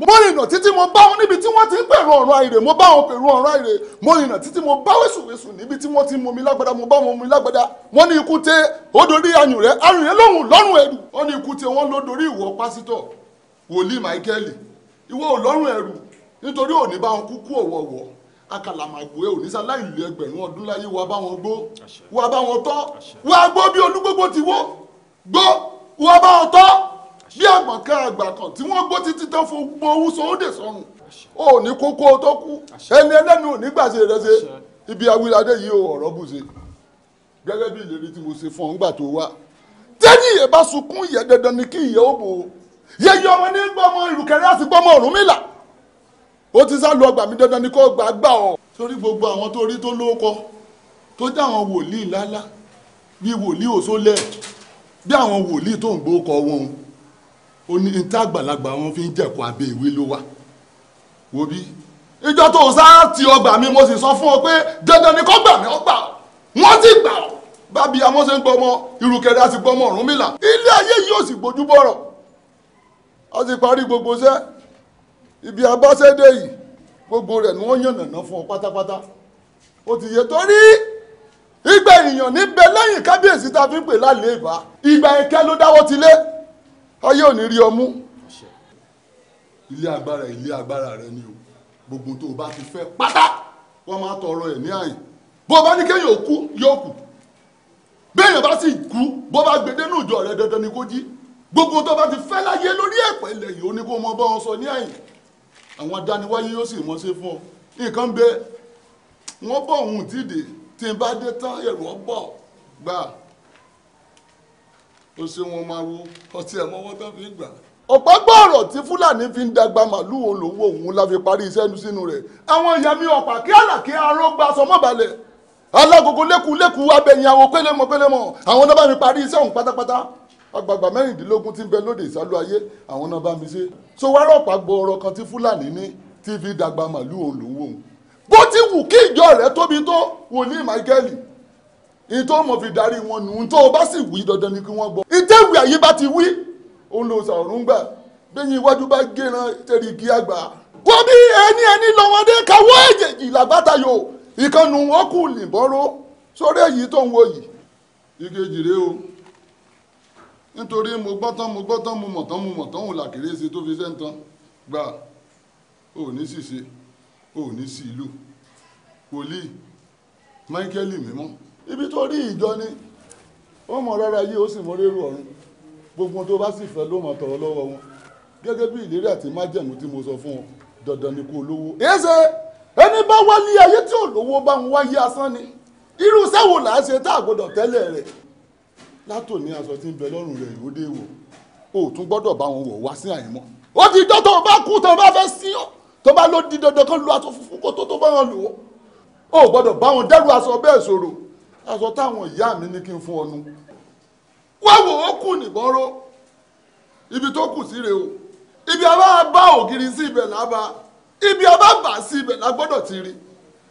mo rìnà títí mo bá wọn níbi tí wọ́n ti ń pèrò ọ̀rọ̀ àìrè mo bá wọn pèrò ọ̀rọ̀ àìrè mo rìnà títí mo bá wẹ̀sùwẹ̀sù níbi tí wọ́n ti mú mi lágbádá mo bá wọn mú mi lágbádá wọ́n ní ikú tẹ ó dorí ayùn rẹ ayùn rẹ lọ́rùn lọ́rùn ẹ̀rù wọ́n ní ikú tẹ wọ́n ló dorí ìwọ pásítọ̀ wòlíì máìkẹ́lì ìwọ ò lọ́rùn ẹ̀rù nítorí òní bá wọn kúkú ọ̀wọ̀ọ̀wọ̀ akàlàmàgbò ẹ òní sáláì lu ẹgbẹ̀rún ọdún láyé wa bá wọn gbó wa bá wọn tọ́ wa gbó bí olúgbógbó ti wó gbó wa bá wọn tọ́ bí àgbọ̀nká àgbà kan tí wọ́n gbó títí tán fún owó sóódè sọnù ó ní kókó tó kú ẹni ẹlẹ́nu ò ní gbàṣe rẹ ṣe ibi awilade yìí ò ọ̀rọ̀ bù ṣe gẹ́gẹ́ bí ìlérí tí mo ṣe fún ọ ńgbà tó wá tẹ́yìn ìyẹn bá sunkún ìyẹn dandan ni kí ìyẹn ó bò ó yẹyẹ ọmọ ní gbọmọ ìrùkẹrẹ àti gbọmọ Ọ̀rúnmìlà ó ti sá lu ọgbà mi dandan ni kó gbà gbà ọ. sórí gbogbo àwọn tó rí tó lóko tó jẹ́ àwọn wòlíì ńláńlá bí wòlíì òṣòlẹ̀ bí àwọn wòlíì tó ń gbókọ̀ wọn ó ní ní tá àgbàlagbà wọn fi ń jẹ̀kọ́ abẹ́ ìwé ló wà wo bí ìjọ tó sáà ti ọgbà mi mo sì sọ fún ọ pé dandan ni kò gbà mí ọgbà wọn ti gbà ọ bábí amọ́sẹ̀ ń gbọmọ irùkẹ̀rẹ̀ àti gbọmọ Ọ̀rúnmìlà ilé ayé yìí ò sì gbójú bọ̀rọ̀ a sì parí gbogbo iṣẹ́ ibi abáṣẹ́dé yìí gbogbo rẹ̀ ni wọ́n yànnàná fún ọ pátápátá ó ti yẹ torí ìgbà ènìyàn níbẹ̀ lẹ́yìn kábíyèsí ta fi ń pè lálẹ́ ìbá ìgbà ẹ̀kẹ́ ló dáwọ́ ti lé ayé ò ní rí ọmú ilé agbára ilé agbára rẹ ni o gbogbo tó o bá ti fẹ́ pátá wọ́n máa tọrọ ẹ̀ ní àyìn bó o bá ní kéèyàn kú yóò kú béèyàn bá sì kú bó o bá gbèdé ní ìjọ rẹ dandan ni kó jí gbogbo tó o bá ti fẹ́ láyé lórí ẹ̀pẹ́ ilẹ̀ yìí ó ní kó o mọ bá wọn sọ ní àyìn àwọn adániwáyé yóò sì mọ ṣe fún ọ nǹkan bẹ wọ́n bọ̀ òun ti tí n bá dé tán ẹ̀rọ bọ̀ gbà o ṣe wọn máa wo ọtí ẹ̀ mọ́wọ́ tó fi ń gbà. ọ̀pá gbọ́ọ̀rọ̀ tí fúlàní fi ń dàgbà màlúù olówó òun la fi parí iṣẹ́ sínú rẹ̀ àwọn ìyá mi ọ̀pá kí àlàkí arán gba sọmọ́ balẹ̀ alágogo lékuléku abẹ̀yìn àwọn pélémọ̀ pélémọ̀ àwọn náà bá mi parí iṣẹ́ òun pátápátá àgbààgbà mẹ́rìndínlógún tí ń bẹ lóde ìsálú ayé àwọn náà bá mi ṣe so wárọ̀ ọ̀pá gbọ́ọ̀rọ̀ kan tí fúlàní ní ìtò mọ̀ fi darí wọn nù ń tó o bá sì wí dandan ni kí wọ́n gbọ́. ìtẹ̀wé àyè bá ti wí òun ló sọ̀rùn gbà bẹ́yìn iwájú bá gẹ̀ràn tẹ̀rí kí àgbà. kó bí ẹni ẹni lọ́wọ́dé káwọ́ èjèèjì làgbàtà yòó ìkànnù wọn kù lìbọ́rọ́ sórí èyí tó ń wò yìí. ìkejì rèé o nítorí mo gbọ́ tán mo gbọ́ tán mo mọ̀ mo mọ̀ òun làkèrè ṣe tó fi ṣẹ́ tán gbà ò ní sì ibi tó rí ìjọ ni ó mọ̀ rárá yìí ó sì mọ̀ rérò ọ̀run gbogbo tó bá sì fẹ́ ló mọ̀ tọ̀rọ̀ lọ́wọ́ wọn gẹ́gẹ́ bí ìlérí àti májẹ̀mú tí mo sọ fún wọn dandan ni kó lówó èéṣe ẹni bá wá ní ayé tí ò lówó bá ń wáyé asán ni irú sẹ́wò là á ṣe tá a gbọ́dọ̀ tẹ́lẹ̀ rẹ̀ látòní aṣọ tí ń bẹ lọ́rùn rẹ̀ yóò dé wọ̀ o tún gbọ́dọ̀ bá wọn wọ̀ wá sí àyìnmọ́ ó ti dán tó bá kú tó bá fẹ́ sí ọ tó bá ló di dandan kan lu aṣọ funfun kó tó tó bá wọn lò ó o gbọ́dọ̀ bá wọn dẹ́rù aṣọ bẹ́ẹ̀ sọ̀rọ̀ aṣọ táwọn ìyá mi ní kí n fún ọnu wá wò ó kù nìbọn ró ibi tó kù sí rèé o ibi a bá bá ògiri sí ibẹ̀ lába ibi a bá bà sí ibẹ̀ la gbọ́dọ̀ ti rí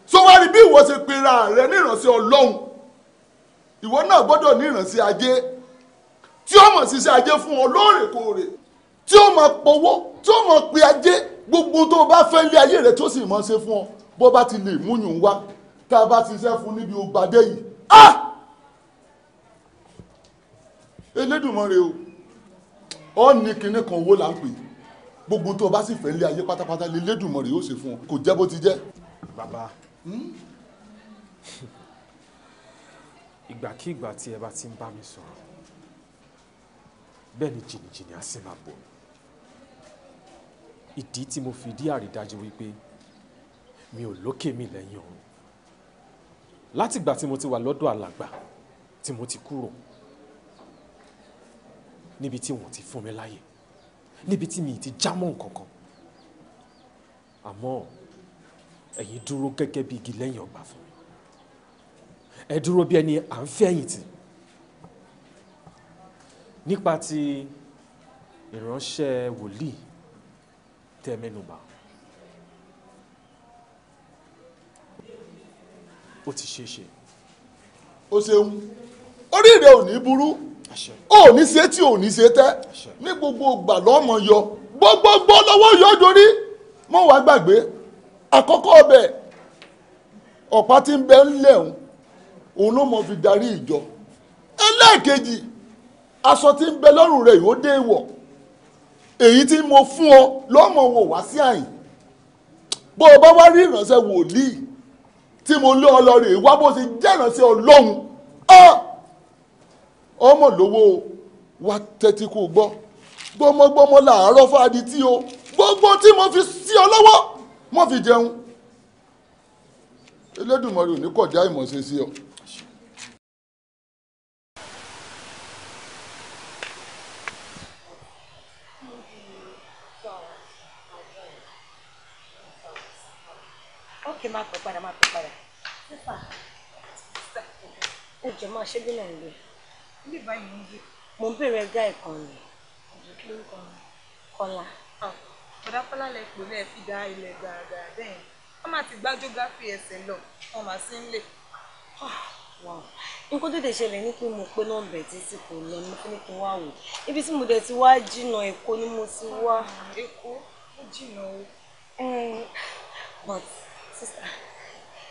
so wá rí bí ìwọ ṣe pera rẹ ní ìrànṣẹ́ ọlọ́run ìwọ náà gbọ́dọ̀ ní ìrànṣẹ́ ajé tí ó mọ̀ ṣiṣẹ́ ajé fún ọ lóòrèkóòrè tí ó mọ̀ pọ̀wọ́ tí ó mọ̀ pe ajé gbogbo tó o bá fẹ́ lé ayé rẹ tó sì mọ̀ ṣe fún ọ bó bá ti lè múyùn wá tá a bá ṣiṣẹ́ fún níbi ògbàdé yìí ah Elédùmarè o ọ ní kinní kan owó là ń pè gbogbo tó o bá sì fẹ́ lé ayé pátápátá lé Elédùmarè yóò ṣe fún ọ kò jẹ́ bó ti jẹ́. bàbá hmm? ìgbàkígbà tí ẹ bá ti ń bá mi sọ̀rọ̀ bẹ́ẹ̀ ni jìnnìjìnnì á sì máa bọ̀ ìdí tí mo fi dí àrídájú wípé mi ò lókè mi lẹ́yìn ọ̀run látìgbà tí mo ti wà lọ́dọ̀ alàgbà tí mo ti kúrò níbi tí wọn ti fún mi láyè níbi tí mi ti já mọ́ nǹkan kan àmọ́ ẹ̀yin dúró gẹ́gẹ́ bí igi lẹ́yìn ọgbà fún mi ẹ dúró bí ẹni à ń fẹ̀yìntì nípa ti ìránṣẹ́ wòlíì tẹ́ mẹ́nubà ó ti ṣe é ṣe. ó ṣeun orí rẹ ò ní burú ó ní ṣe tí ò ní ṣe tẹ́ ní gbogbo ìgbà lọ́mọ yọ gbogbogbò lọ́wọ́ yọ dorí mọ́ wàá gbàgbé àkọ́kọ́ ọbẹ̀ ọ̀pá tí ń bẹ ńlẹ̀ òun òun ló mọ̀ fi darí ìjọ ẹlẹ́ẹ̀kejì aṣọ tí ń bẹ lọ́rùn rẹ̀ yóò dé ìwọ̀ èyí tí mo fún ọ lọ́mọ wò wá sí àyìn bó o bá wá rí ìránṣẹ́ wòlíì tí mo lé ọ lọ rè wá bó ṣe jẹ́rànsẹ́ ọlọ́run ọmọ lówó wa tẹ́tí kò gbọ́ gbọ́mọgbọ́mọ làárọ̀ fáadì tí o gbogbo tí mo fi sí ọ lọ́wọ́ mo fi jẹun Elédùmarè ò ní kọjá ìmọ̀ ṣe sí ọ.
que más prepara, más prepara. Ah. ẹ jọ máa ṣe bí náà lè.
ilé báyìí ń gbé.
mo ń bèrè ẹgá ẹ̀kan ni.
ọ̀dọ̀
kí ló ń kọ́ ni. kọ́lá. Ah, ọ̀dà kọ́lá lẹ pè lẹ́ẹ̀ fi dá ilẹ̀ gàràgàrà bẹ́ẹ̀ yẹn wọ́n máa ti gbá jógáfì ẹsẹ̀ lọ wọ́n máa sí ń lè. Ah,
nǹkan tó dé ṣẹlẹ̀ ní pé mo pé nọ́ọ̀bẹ̀ títí kò lọ ní fún kí n wá wò ibi tí mo dẹ̀ ti wá jìnnà èkó ni mo ti wá.
èkó ó jìnnà o. Eh,
but sister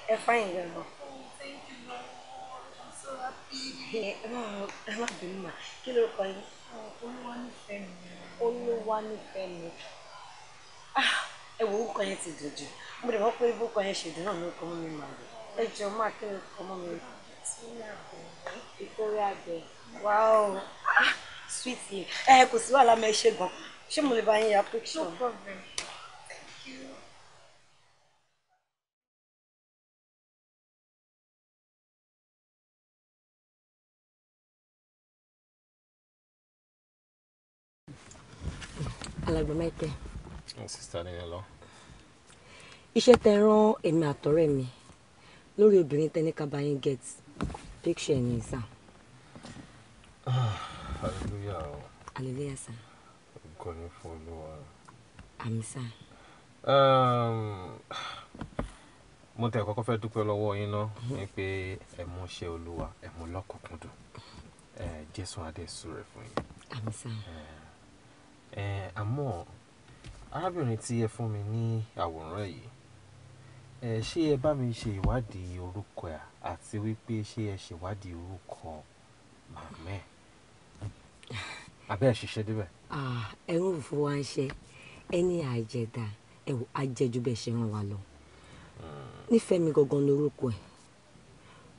ẹ fáyìn gan lọ. ẹ má bínú mà kí ló kọ yín.
olúwa nífẹ̀ẹ́ mi. olúwa
nífẹ̀ẹ́ mi.
ẹ wo orúkọ yẹn ti dùn jù mo dẹ̀ mọ̀ pé orúkọ yẹn ṣèdùn náà ló kọ́ mọ́ mi mà lò ẹ jọ máa kí ni kọ́ mọ́ mi. ìkórè àgbẹ̀. wáò ah, sweet yìí ẹ kò sí wàhálà mẹ́
ṣe gan ṣé mo lè bá yín ya picture. no problem. alàgbà Maite. sísá ni ẹ lọ.
iṣẹ́ tẹ rán èmi àtọ̀rẹ́ mi lórí obìnrin tẹ́ni kábàáyín get picture ẹ̀yìn sàn.
Ah, hallelujah o. hallelujah sàn. nǹkan ní fún olúwa. àmì sàn. Um, mo tẹ̀ kọ́kọ́ fẹ́ dúpẹ́ lọ́wọ́ yín ná mhm. ni pé ẹ mú ṣe olúwa
ẹ mú lọ́kùnkúndùn jésù adé sùúrẹ̀ fún yín.
àmì sàn. Ẹ̀, àmọ́ arábìnrin tí ẹ fún mi ní àwòrán yìí, ẹ ṣé ẹ bá mi ṣe ìwádìí orúkọ ẹ̀ àti wípé ṣé ẹ ṣe ìwádìí orúkọ màmá ẹ̀? Àbí ẹ ṣiṣẹ́ dé ibẹ̀?
Àh, ẹ ń rò fún wa ń ṣẹ. Ẹ ní àìjẹ̀dà, ẹ wò á bẹ́ẹ̀ ṣe rán wa lọ. Hmm. Nífẹ̀mi gangan ni orúkọ ẹ̀.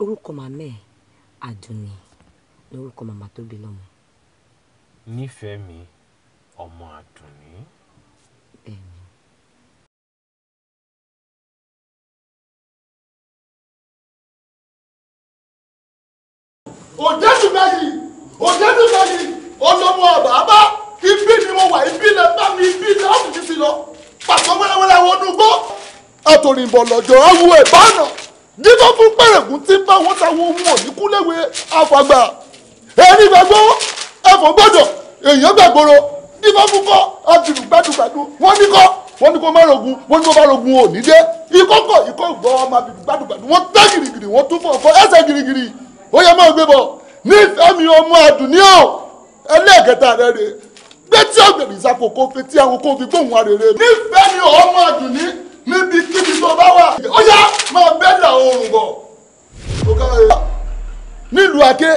Orúkọ màmá Àdùnní ni orúkọ màmá tó bí lọ́mọ. Nífẹ̀mi
ọmọ àdùnní. bẹ́ẹ̀ni. òjẹ́ ṣùgbọ́n yìí òjẹ́ ṣùgbọ́n yìí ọlọ́mọ bàbá ibi
ni mo wà ibi lẹ bá mi ibi lẹ ọ̀sùn ti fi lọ pàṣẹ wẹ́lẹ́wẹ́lẹ́ wọn dùn gbọ́. àtòrìnbọ̀ lọ́jọ́ awo ẹ̀ bá nà dídọ́ fún pẹ̀rẹ̀gùn tí ń bá wọn táwọn ohun ọ̀ní kúléwé àfàgbà ẹni gbàgbọ́ ẹ̀fọ́ gbọ́dọ̀ èèyàn gbàgbọ́rọ̀ ìbọn fún kọ́ àbìrù gbádùgbàdù wọ́n ní kọ́ wọ́n ní kó má rogun wọ́n ní kó bá rogun ò ní dé ìkókò ìkókò ọmọ àbìrù gbádùgbàdù wọ́n tẹ́ girigiri wọ́n tún fọ̀ fọ́ ẹsẹ̀ girigiri ó yẹ máa gbé bọ̀ nífẹ̀ẹ́ mi ọmọ àdùnní ò ẹlẹ́ẹ̀kẹta rẹ̀ rè gbẹ́tí ọ̀gbẹ̀rì ìsàkókò fetí àwọn kò fi gbóhùn arèrè nífẹ̀ẹ́ mi ọmọ àdùnní níbi kíbi tó bá wà ó yá máa bẹ́ẹ̀ là oòrùn bọ̀ nílùú àké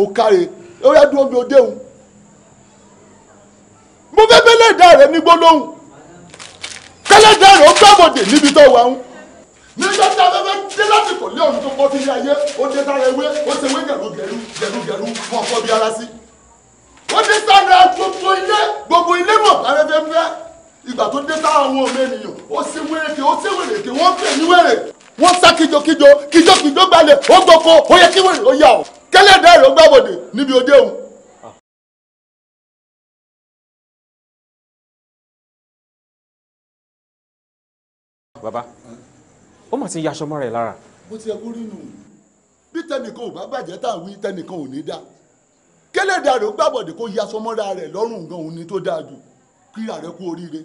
òkàrè ó yá dúró bí ó déhùn mo fẹ́ bẹ́lẹ̀ dá rẹ ní gbólóhùn kẹ́lẹ́ dá rẹ ó gbàbọ̀dè níbi tó wà ń. nígbà tí afẹ́fẹ́ dé láti kò lé ọ̀run tó pọ̀ sí ilé ayé ó dé sára ewé ó ṣe wé gẹ̀rúgẹ̀rú gẹ̀rúgẹ̀rú wọn fọ́ bí ara sí. ó dé sára gbogbo ilé gbogbo ilé mọ̀ afẹ́fẹ́ fẹ́ ìgbà tó dé sára àwọn ọmọ ènìyàn ó ṣe wéreke ó ṣe wéreke wọ́n fẹ̀ ní wéré wọ́n sá kíjokíjo kíjokíjo gbalẹ̀ ó gboko ó yẹ kí
wèrè ó yà ọ́ kẹ́lẹ́ dá rẹ ó gbàbọ̀dè níbi òde òun bàbá ó mà ti yaṣọ mọ́ rẹ̀ lára. bó ti yẹ kó rí nù bí tẹnìkan
ò bá bàjẹ́ tá à ń wí tẹnìkan ò ní dá kéléda rẹ̀ ó gbàbọ̀dé kó yaṣọ mọ́ra rẹ̀ lọ́rùn gan òun ni tó dáa jù kíra rẹ̀ kú oríire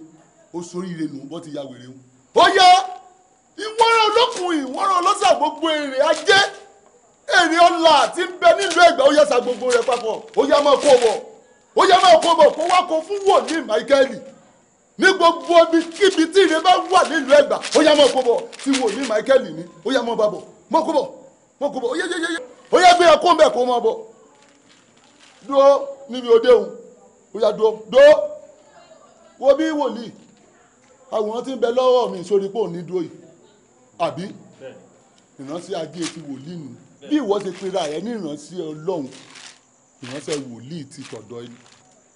ó soríire nù bó ti ya wèrè wọn. ó yá ìwọ́rọ̀ olókùn ìwọ́rọ̀ ọlọ́sà gbogbo èrè ajé èrè ọlà tí ń bẹ nílùú Ẹ̀gbá ó yá sa gbogbo rẹ̀ papọ̀ ó yá máa kó bọ̀ ó yá máa kó bọ̀ kó wá kó fún wòlíì Michael ní gbogbo ibi kíbi tí ìrẹ bá wà nílùú ẹgbà ó yá mọ́ kó bọ̀ tí wò ní michael ní ó yá mọ́ bá bọ̀ mọ́ kó bọ̀ mọ́ kó bọ̀ ó yẹ yẹ yẹ ó yẹ gbé ẹkún bẹ́ẹ̀ kó mọ́ bọ̀ dúró níbi òde òun ó yá dúró dúró wo bí wòlíì àwòrán tí ń bẹ lọ́wọ́ mi sórí pò ní dúró yìí àbí ìránṣẹ́ ajé ti wòlíì nù bí ìwọ ṣe pera ẹ ní ìránṣẹ́ ọlọ́run ìránṣẹ́ wòlíì ti tọ̀dọ̀ ẹni.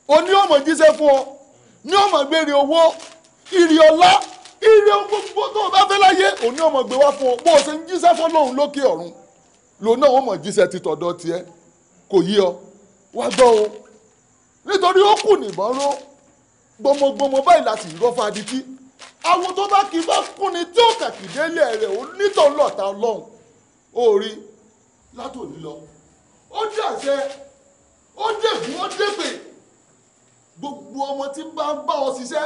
o ní jíṣẹ́ fún ọ ní ọmọ gbére owó ire ọlá ire gbogbo tó o bá fẹ́ láyé òní ọmọ gbé wá fún ọ bó o ṣe ń jíṣẹ́ fọlọ́run lókè ọ̀run lòun náà ó mọ̀ jíṣẹ́ ti tọ̀dọ̀ tiẹ̀ kò yí ọ wá gbọ́ o nítorí ó kù nìbọn ró gbọmọgbọmọ báyìí láti rọ́fà adití àwọn tó bá kí bá kún ni tí ó kàkì délé rẹ̀ ó nítọ̀ lọ́ta ọlọ́run ó rí látòní lọ ó dé àṣẹ ó dé ìgbín ó gbogbo ọmọ tí bá ń bá ọ ṣiṣẹ́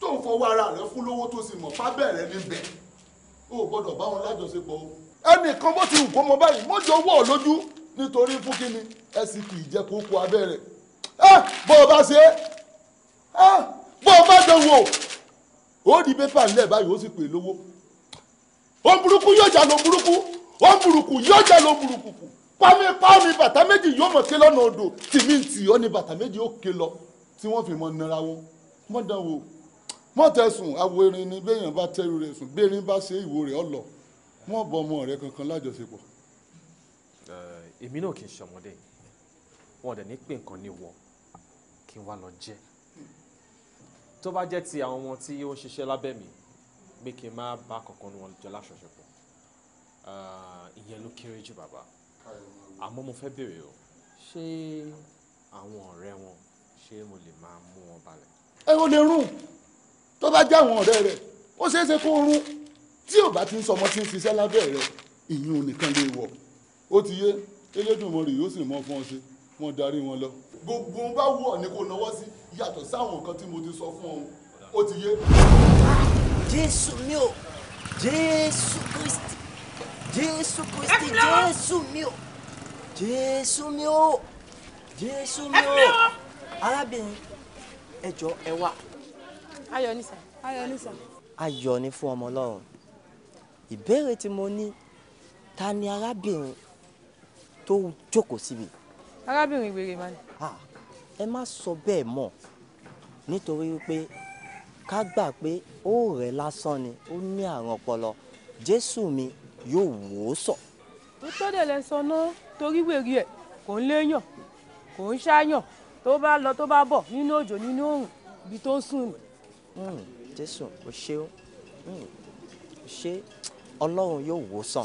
tó ń fọwọ́ ara rẹ fún lówó tó sì mọ̀ fábẹ́rẹ́ níbẹ̀ o ò gbọ́dọ̀ bá wọn lájọṣepọ̀ o. ẹnìkan bó ti wù kó mọ báyìí mo jọ wọ̀ lójú nítorí fún kí ni ẹ sì kì í jẹ́ kó kó abẹ́rẹ́ ẹ bó o bá ṣe ẹ bó o bá ṣe wò ó di pépà ńlẹ̀ báyìí ó sì pè lówó ohun burúkú yóò jà ló burúkú ohun burúkú yóò jà ló burúkú pàmí pàmí bàtà méjì yóò mọ̀ ké lọ́nà odò tìmí ntì ọ́ ni bàtà méjì ó ké lọ tí wọ́n fi mọ nara wọn mọ́ dán wò mọ́ tẹ̀sùn àwọ̀ erin ni béèyàn bá tẹ́rù rẹ̀ sùn béèrin bá ṣe ìwò rẹ̀ ọ̀lọ̀ mọ́ bọ ọmọ rẹ̀ kankan lájọṣepọ̀. èmi náà kì í ṣọmọdé wọn ò dẹ̀ ní pé nǹkan ní wọ kí n wá lọ jẹ́ tó bá jẹ́ ti àwọn ọmọ tí ó ń ṣiṣẹ́ lábẹ́ mi pé kí n má bá kankan wọn jọ láṣọṣepọ̀ ìyẹn ló kéré jù bàbá àmọ́ mo fẹ́ béèrè o ṣé àwọn ọ̀rẹ́ wọn ṣé
mo lè máa mú
wọn balẹ̀. ẹ o lè rún tó bá jẹ́ àwọn ọ̀rẹ́ rẹ̀ ó ṣeé ṣe kó rún tí ò bá ti ń sọmọ tí ń ṣiṣẹ́ lábẹ́ rẹ̀ ìyún nìkan lè wọ̀ ó ti yé elédùnmọ̀rì yóò sì mọ fún ọ ṣe wọ́n darí wọn lọ. gbogbo ń bá wù ọ ní kó náwó sí yàtọ̀ sáwọn nǹkan tí mo ti sọ fún ọ ó ti yé. jésù
mi ò jésù kristi jésù kristi jésù mi ò jésù mi ò jésù mi ò arábìnrin
ẹjọ ẹ wà.
ayọ̀ ni sà. ayọ̀ ni sà.
ayọ̀ ni fún ọmọ ọlọ́run ìbéèrè tí mo ní ta ni arábìnrin tó jókòó síbi.
arábìnrin ìwèrè mà ni.
ẹ má sọ bẹ́ẹ̀ mọ́ nítorí pé ká gbà pé ó lásán ni ó ní àrùn ọpọlọ jésù mi yóò wò ó sọ.
ó tọ́jú ẹ̀ lẹ́sọ̀ náà torí wèrè ẹ̀ kò ń léèyàn kò ń ṣáàyàn tó bá lọ tó bá bọ̀
nínú òjò nínú òrùn ibi tó sùn ni.
Hmm, jésù o ṣeun o hmm, ṣe ọlọ́run yóò wò sàn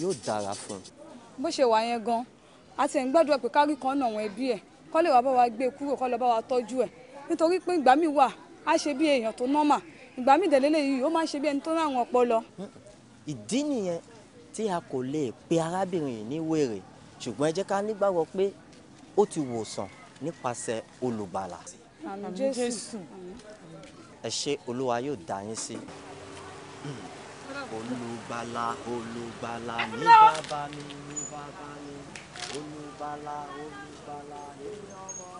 yóò dára fún un.
bó ṣe wà yẹn gan àti ẹ̀ ń gbàdúrà pé kárí kan náà wọn ẹbí ẹ̀ kọ́ lè wá bá wa gbé e kúrò kọ́ lọ bá wa tọ́jú ẹ̀ nítorí pé ìgbà mi wà á ṣe bí èèyàn tó nọ́mà ìgbà mi ìdẹ̀lélẹ̀ yìí ó máa ṣe bí ẹni
tó ráwọn ọpọlọ. Hmm, ìdí nìyẹn tí a kò lè pe arábìnrin yìí ní wèrè ṣùgbọ́n ẹ jẹ́ ká nígbàgbọ́ pé ó ti wòsàn nípasẹ̀ olùgbàlà.
àmín jésù.
ẹ ṣé olúwa yóò dá yín sí. olùgbàlà olùgbàlà ní bàbá mi ní bàbá
mi olùgbàlà olùgbàlà ní ọmọ.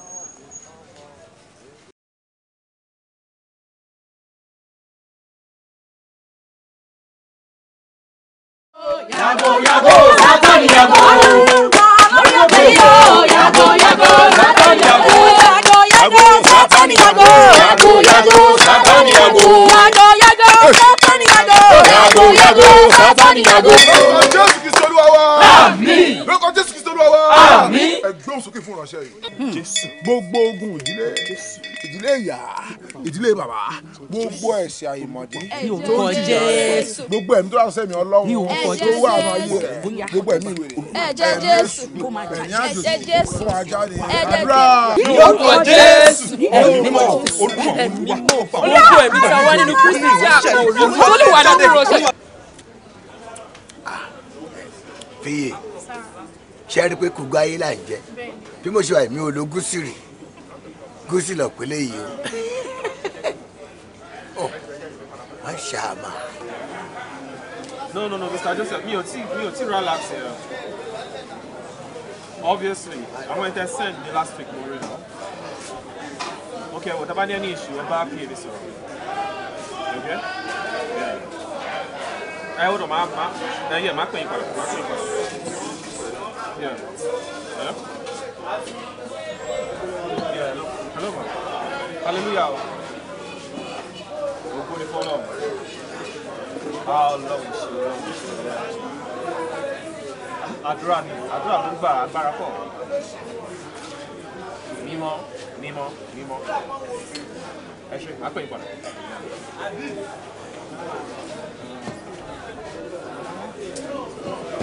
Yàgò yàgò, Sátánì yàgò.
yago Sátánì yago. Yago yago Sátánì yago. Yago yago Sátánì yago. Jésù kìí ṣolúwa wa. Àmín.
Lórúkọ Jésù àmín. ẹ gbóhùn sókè fún ìránṣẹ́ yìí. Hmm. gbogbo ogun ìdílé ìdílé ìyá ìdílé bàbá gbogbo ẹ̀sìn àìmọ̀dé tó ń jìyà gbogbo ẹ̀mí tó ránṣẹ́ mi ọlọ́run tó wà àwọn ayé rẹ̀ gbogbo ẹ̀mí wèrè
ẹ̀jẹ̀ jésù
ẹ̀yìn àjòjì fún ajá àdúrà. lórúkọ jésù
olùmọ̀ olùmọ̀
olùmọ̀ olùkọ́ ẹ̀mí tí a wá nínú kristi tí a kọ̀
òrùn
olùwà lọ́dún rọ̀ṣẹ̀.
fèyè ṣe rí pé kùgbọ́ ayé là ń jẹ bí mo ṣe wà mí ò lo gúúsì rè gúúsì lọ pé léyìí o oh, má ṣàmà.
no no no Mr. Joseph mi ò tí mi ò tí relax here
obviously àwọn ẹ̀tẹ̀ send me last week mo rí náà okay wọ́n tábà ní ẹni ìṣù ẹ bá pa èmi sọ̀rọ̀ okay ẹ wọ́n dọ̀ máa máa ẹ yẹ máa pè é padà máa pè é padà.
Yeah. Hello? Yeah, hello. Hello, man. Hallelujah. Ògo ni fọ́lọ́. Ọlọ́run ṣe ọlọ́run ṣe ọlọ́run. Àdúrà ni àdúrà ló gbà agbára pọ̀. Mímọ́ mímọ́
mímọ́. Ẹ ṣe àpè ìpàdé. Thank you.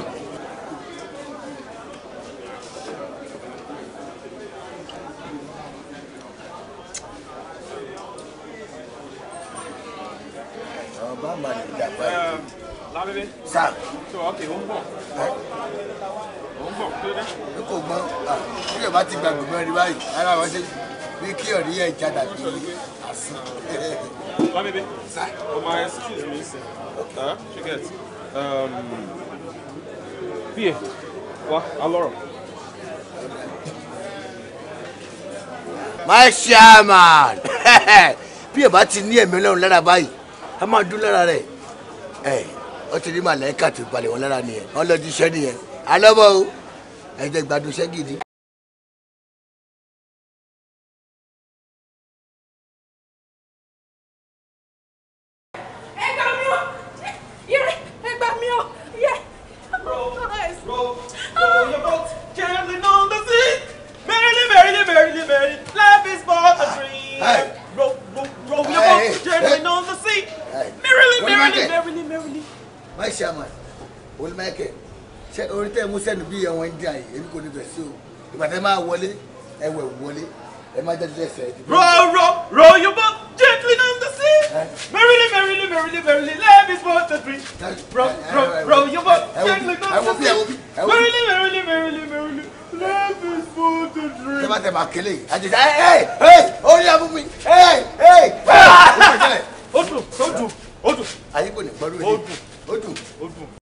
lóde. ok ó ń bọ̀. ó
ń bọ̀ kí ló dé. n kò gbọ́ ah, bí yóò bá ti gbàgbé mọ́ ẹni báyìí ara wọn ṣe bí kí
ọ̀rí yẹn já dàbí àsìn. wá o
máa ẹ sísè mi sí ṣe gẹ̀t píè
wá alọ́rọ̀. my
chairman bí ẹ bá ti ní ẹ̀mí ọlọ́run lára báyìí a máa dún lára rẹ̀
ó ti rí màlẹ́kà tó balẹ̀ wọn lára nìyẹn wọn lọ jíṣẹ́ nìyẹn alọ́bọ̀ o ẹ̀jẹ̀ gbádùn iṣẹ́
chairman olùmọ̀ẹ́kẹ́ orí tẹ́ mú sẹ́nu bí ẹ̀wọ̀n ń dín àyè èmi kò ní bẹ̀ sí o ìbàdàn máa wọlé ẹ̀wẹ̀ wọlé ẹ má jẹ́ dídẹ̀ sẹ́yìn.
row row row your boat gently down the sea merrily merrily merrily merrily let me spot the tree row row row your boat gently down the sea merrily merrily merrily merrily let me spot the tree. ṣé bá tẹ̀ máa
kélé àjèjì ẹ ẹ ẹ
orí abúmi ẹ ẹ ẹ. ó dùn ó dùn ó dùn. ayé kò ní gbọ́dọ̀ yìí. 어두. 어두.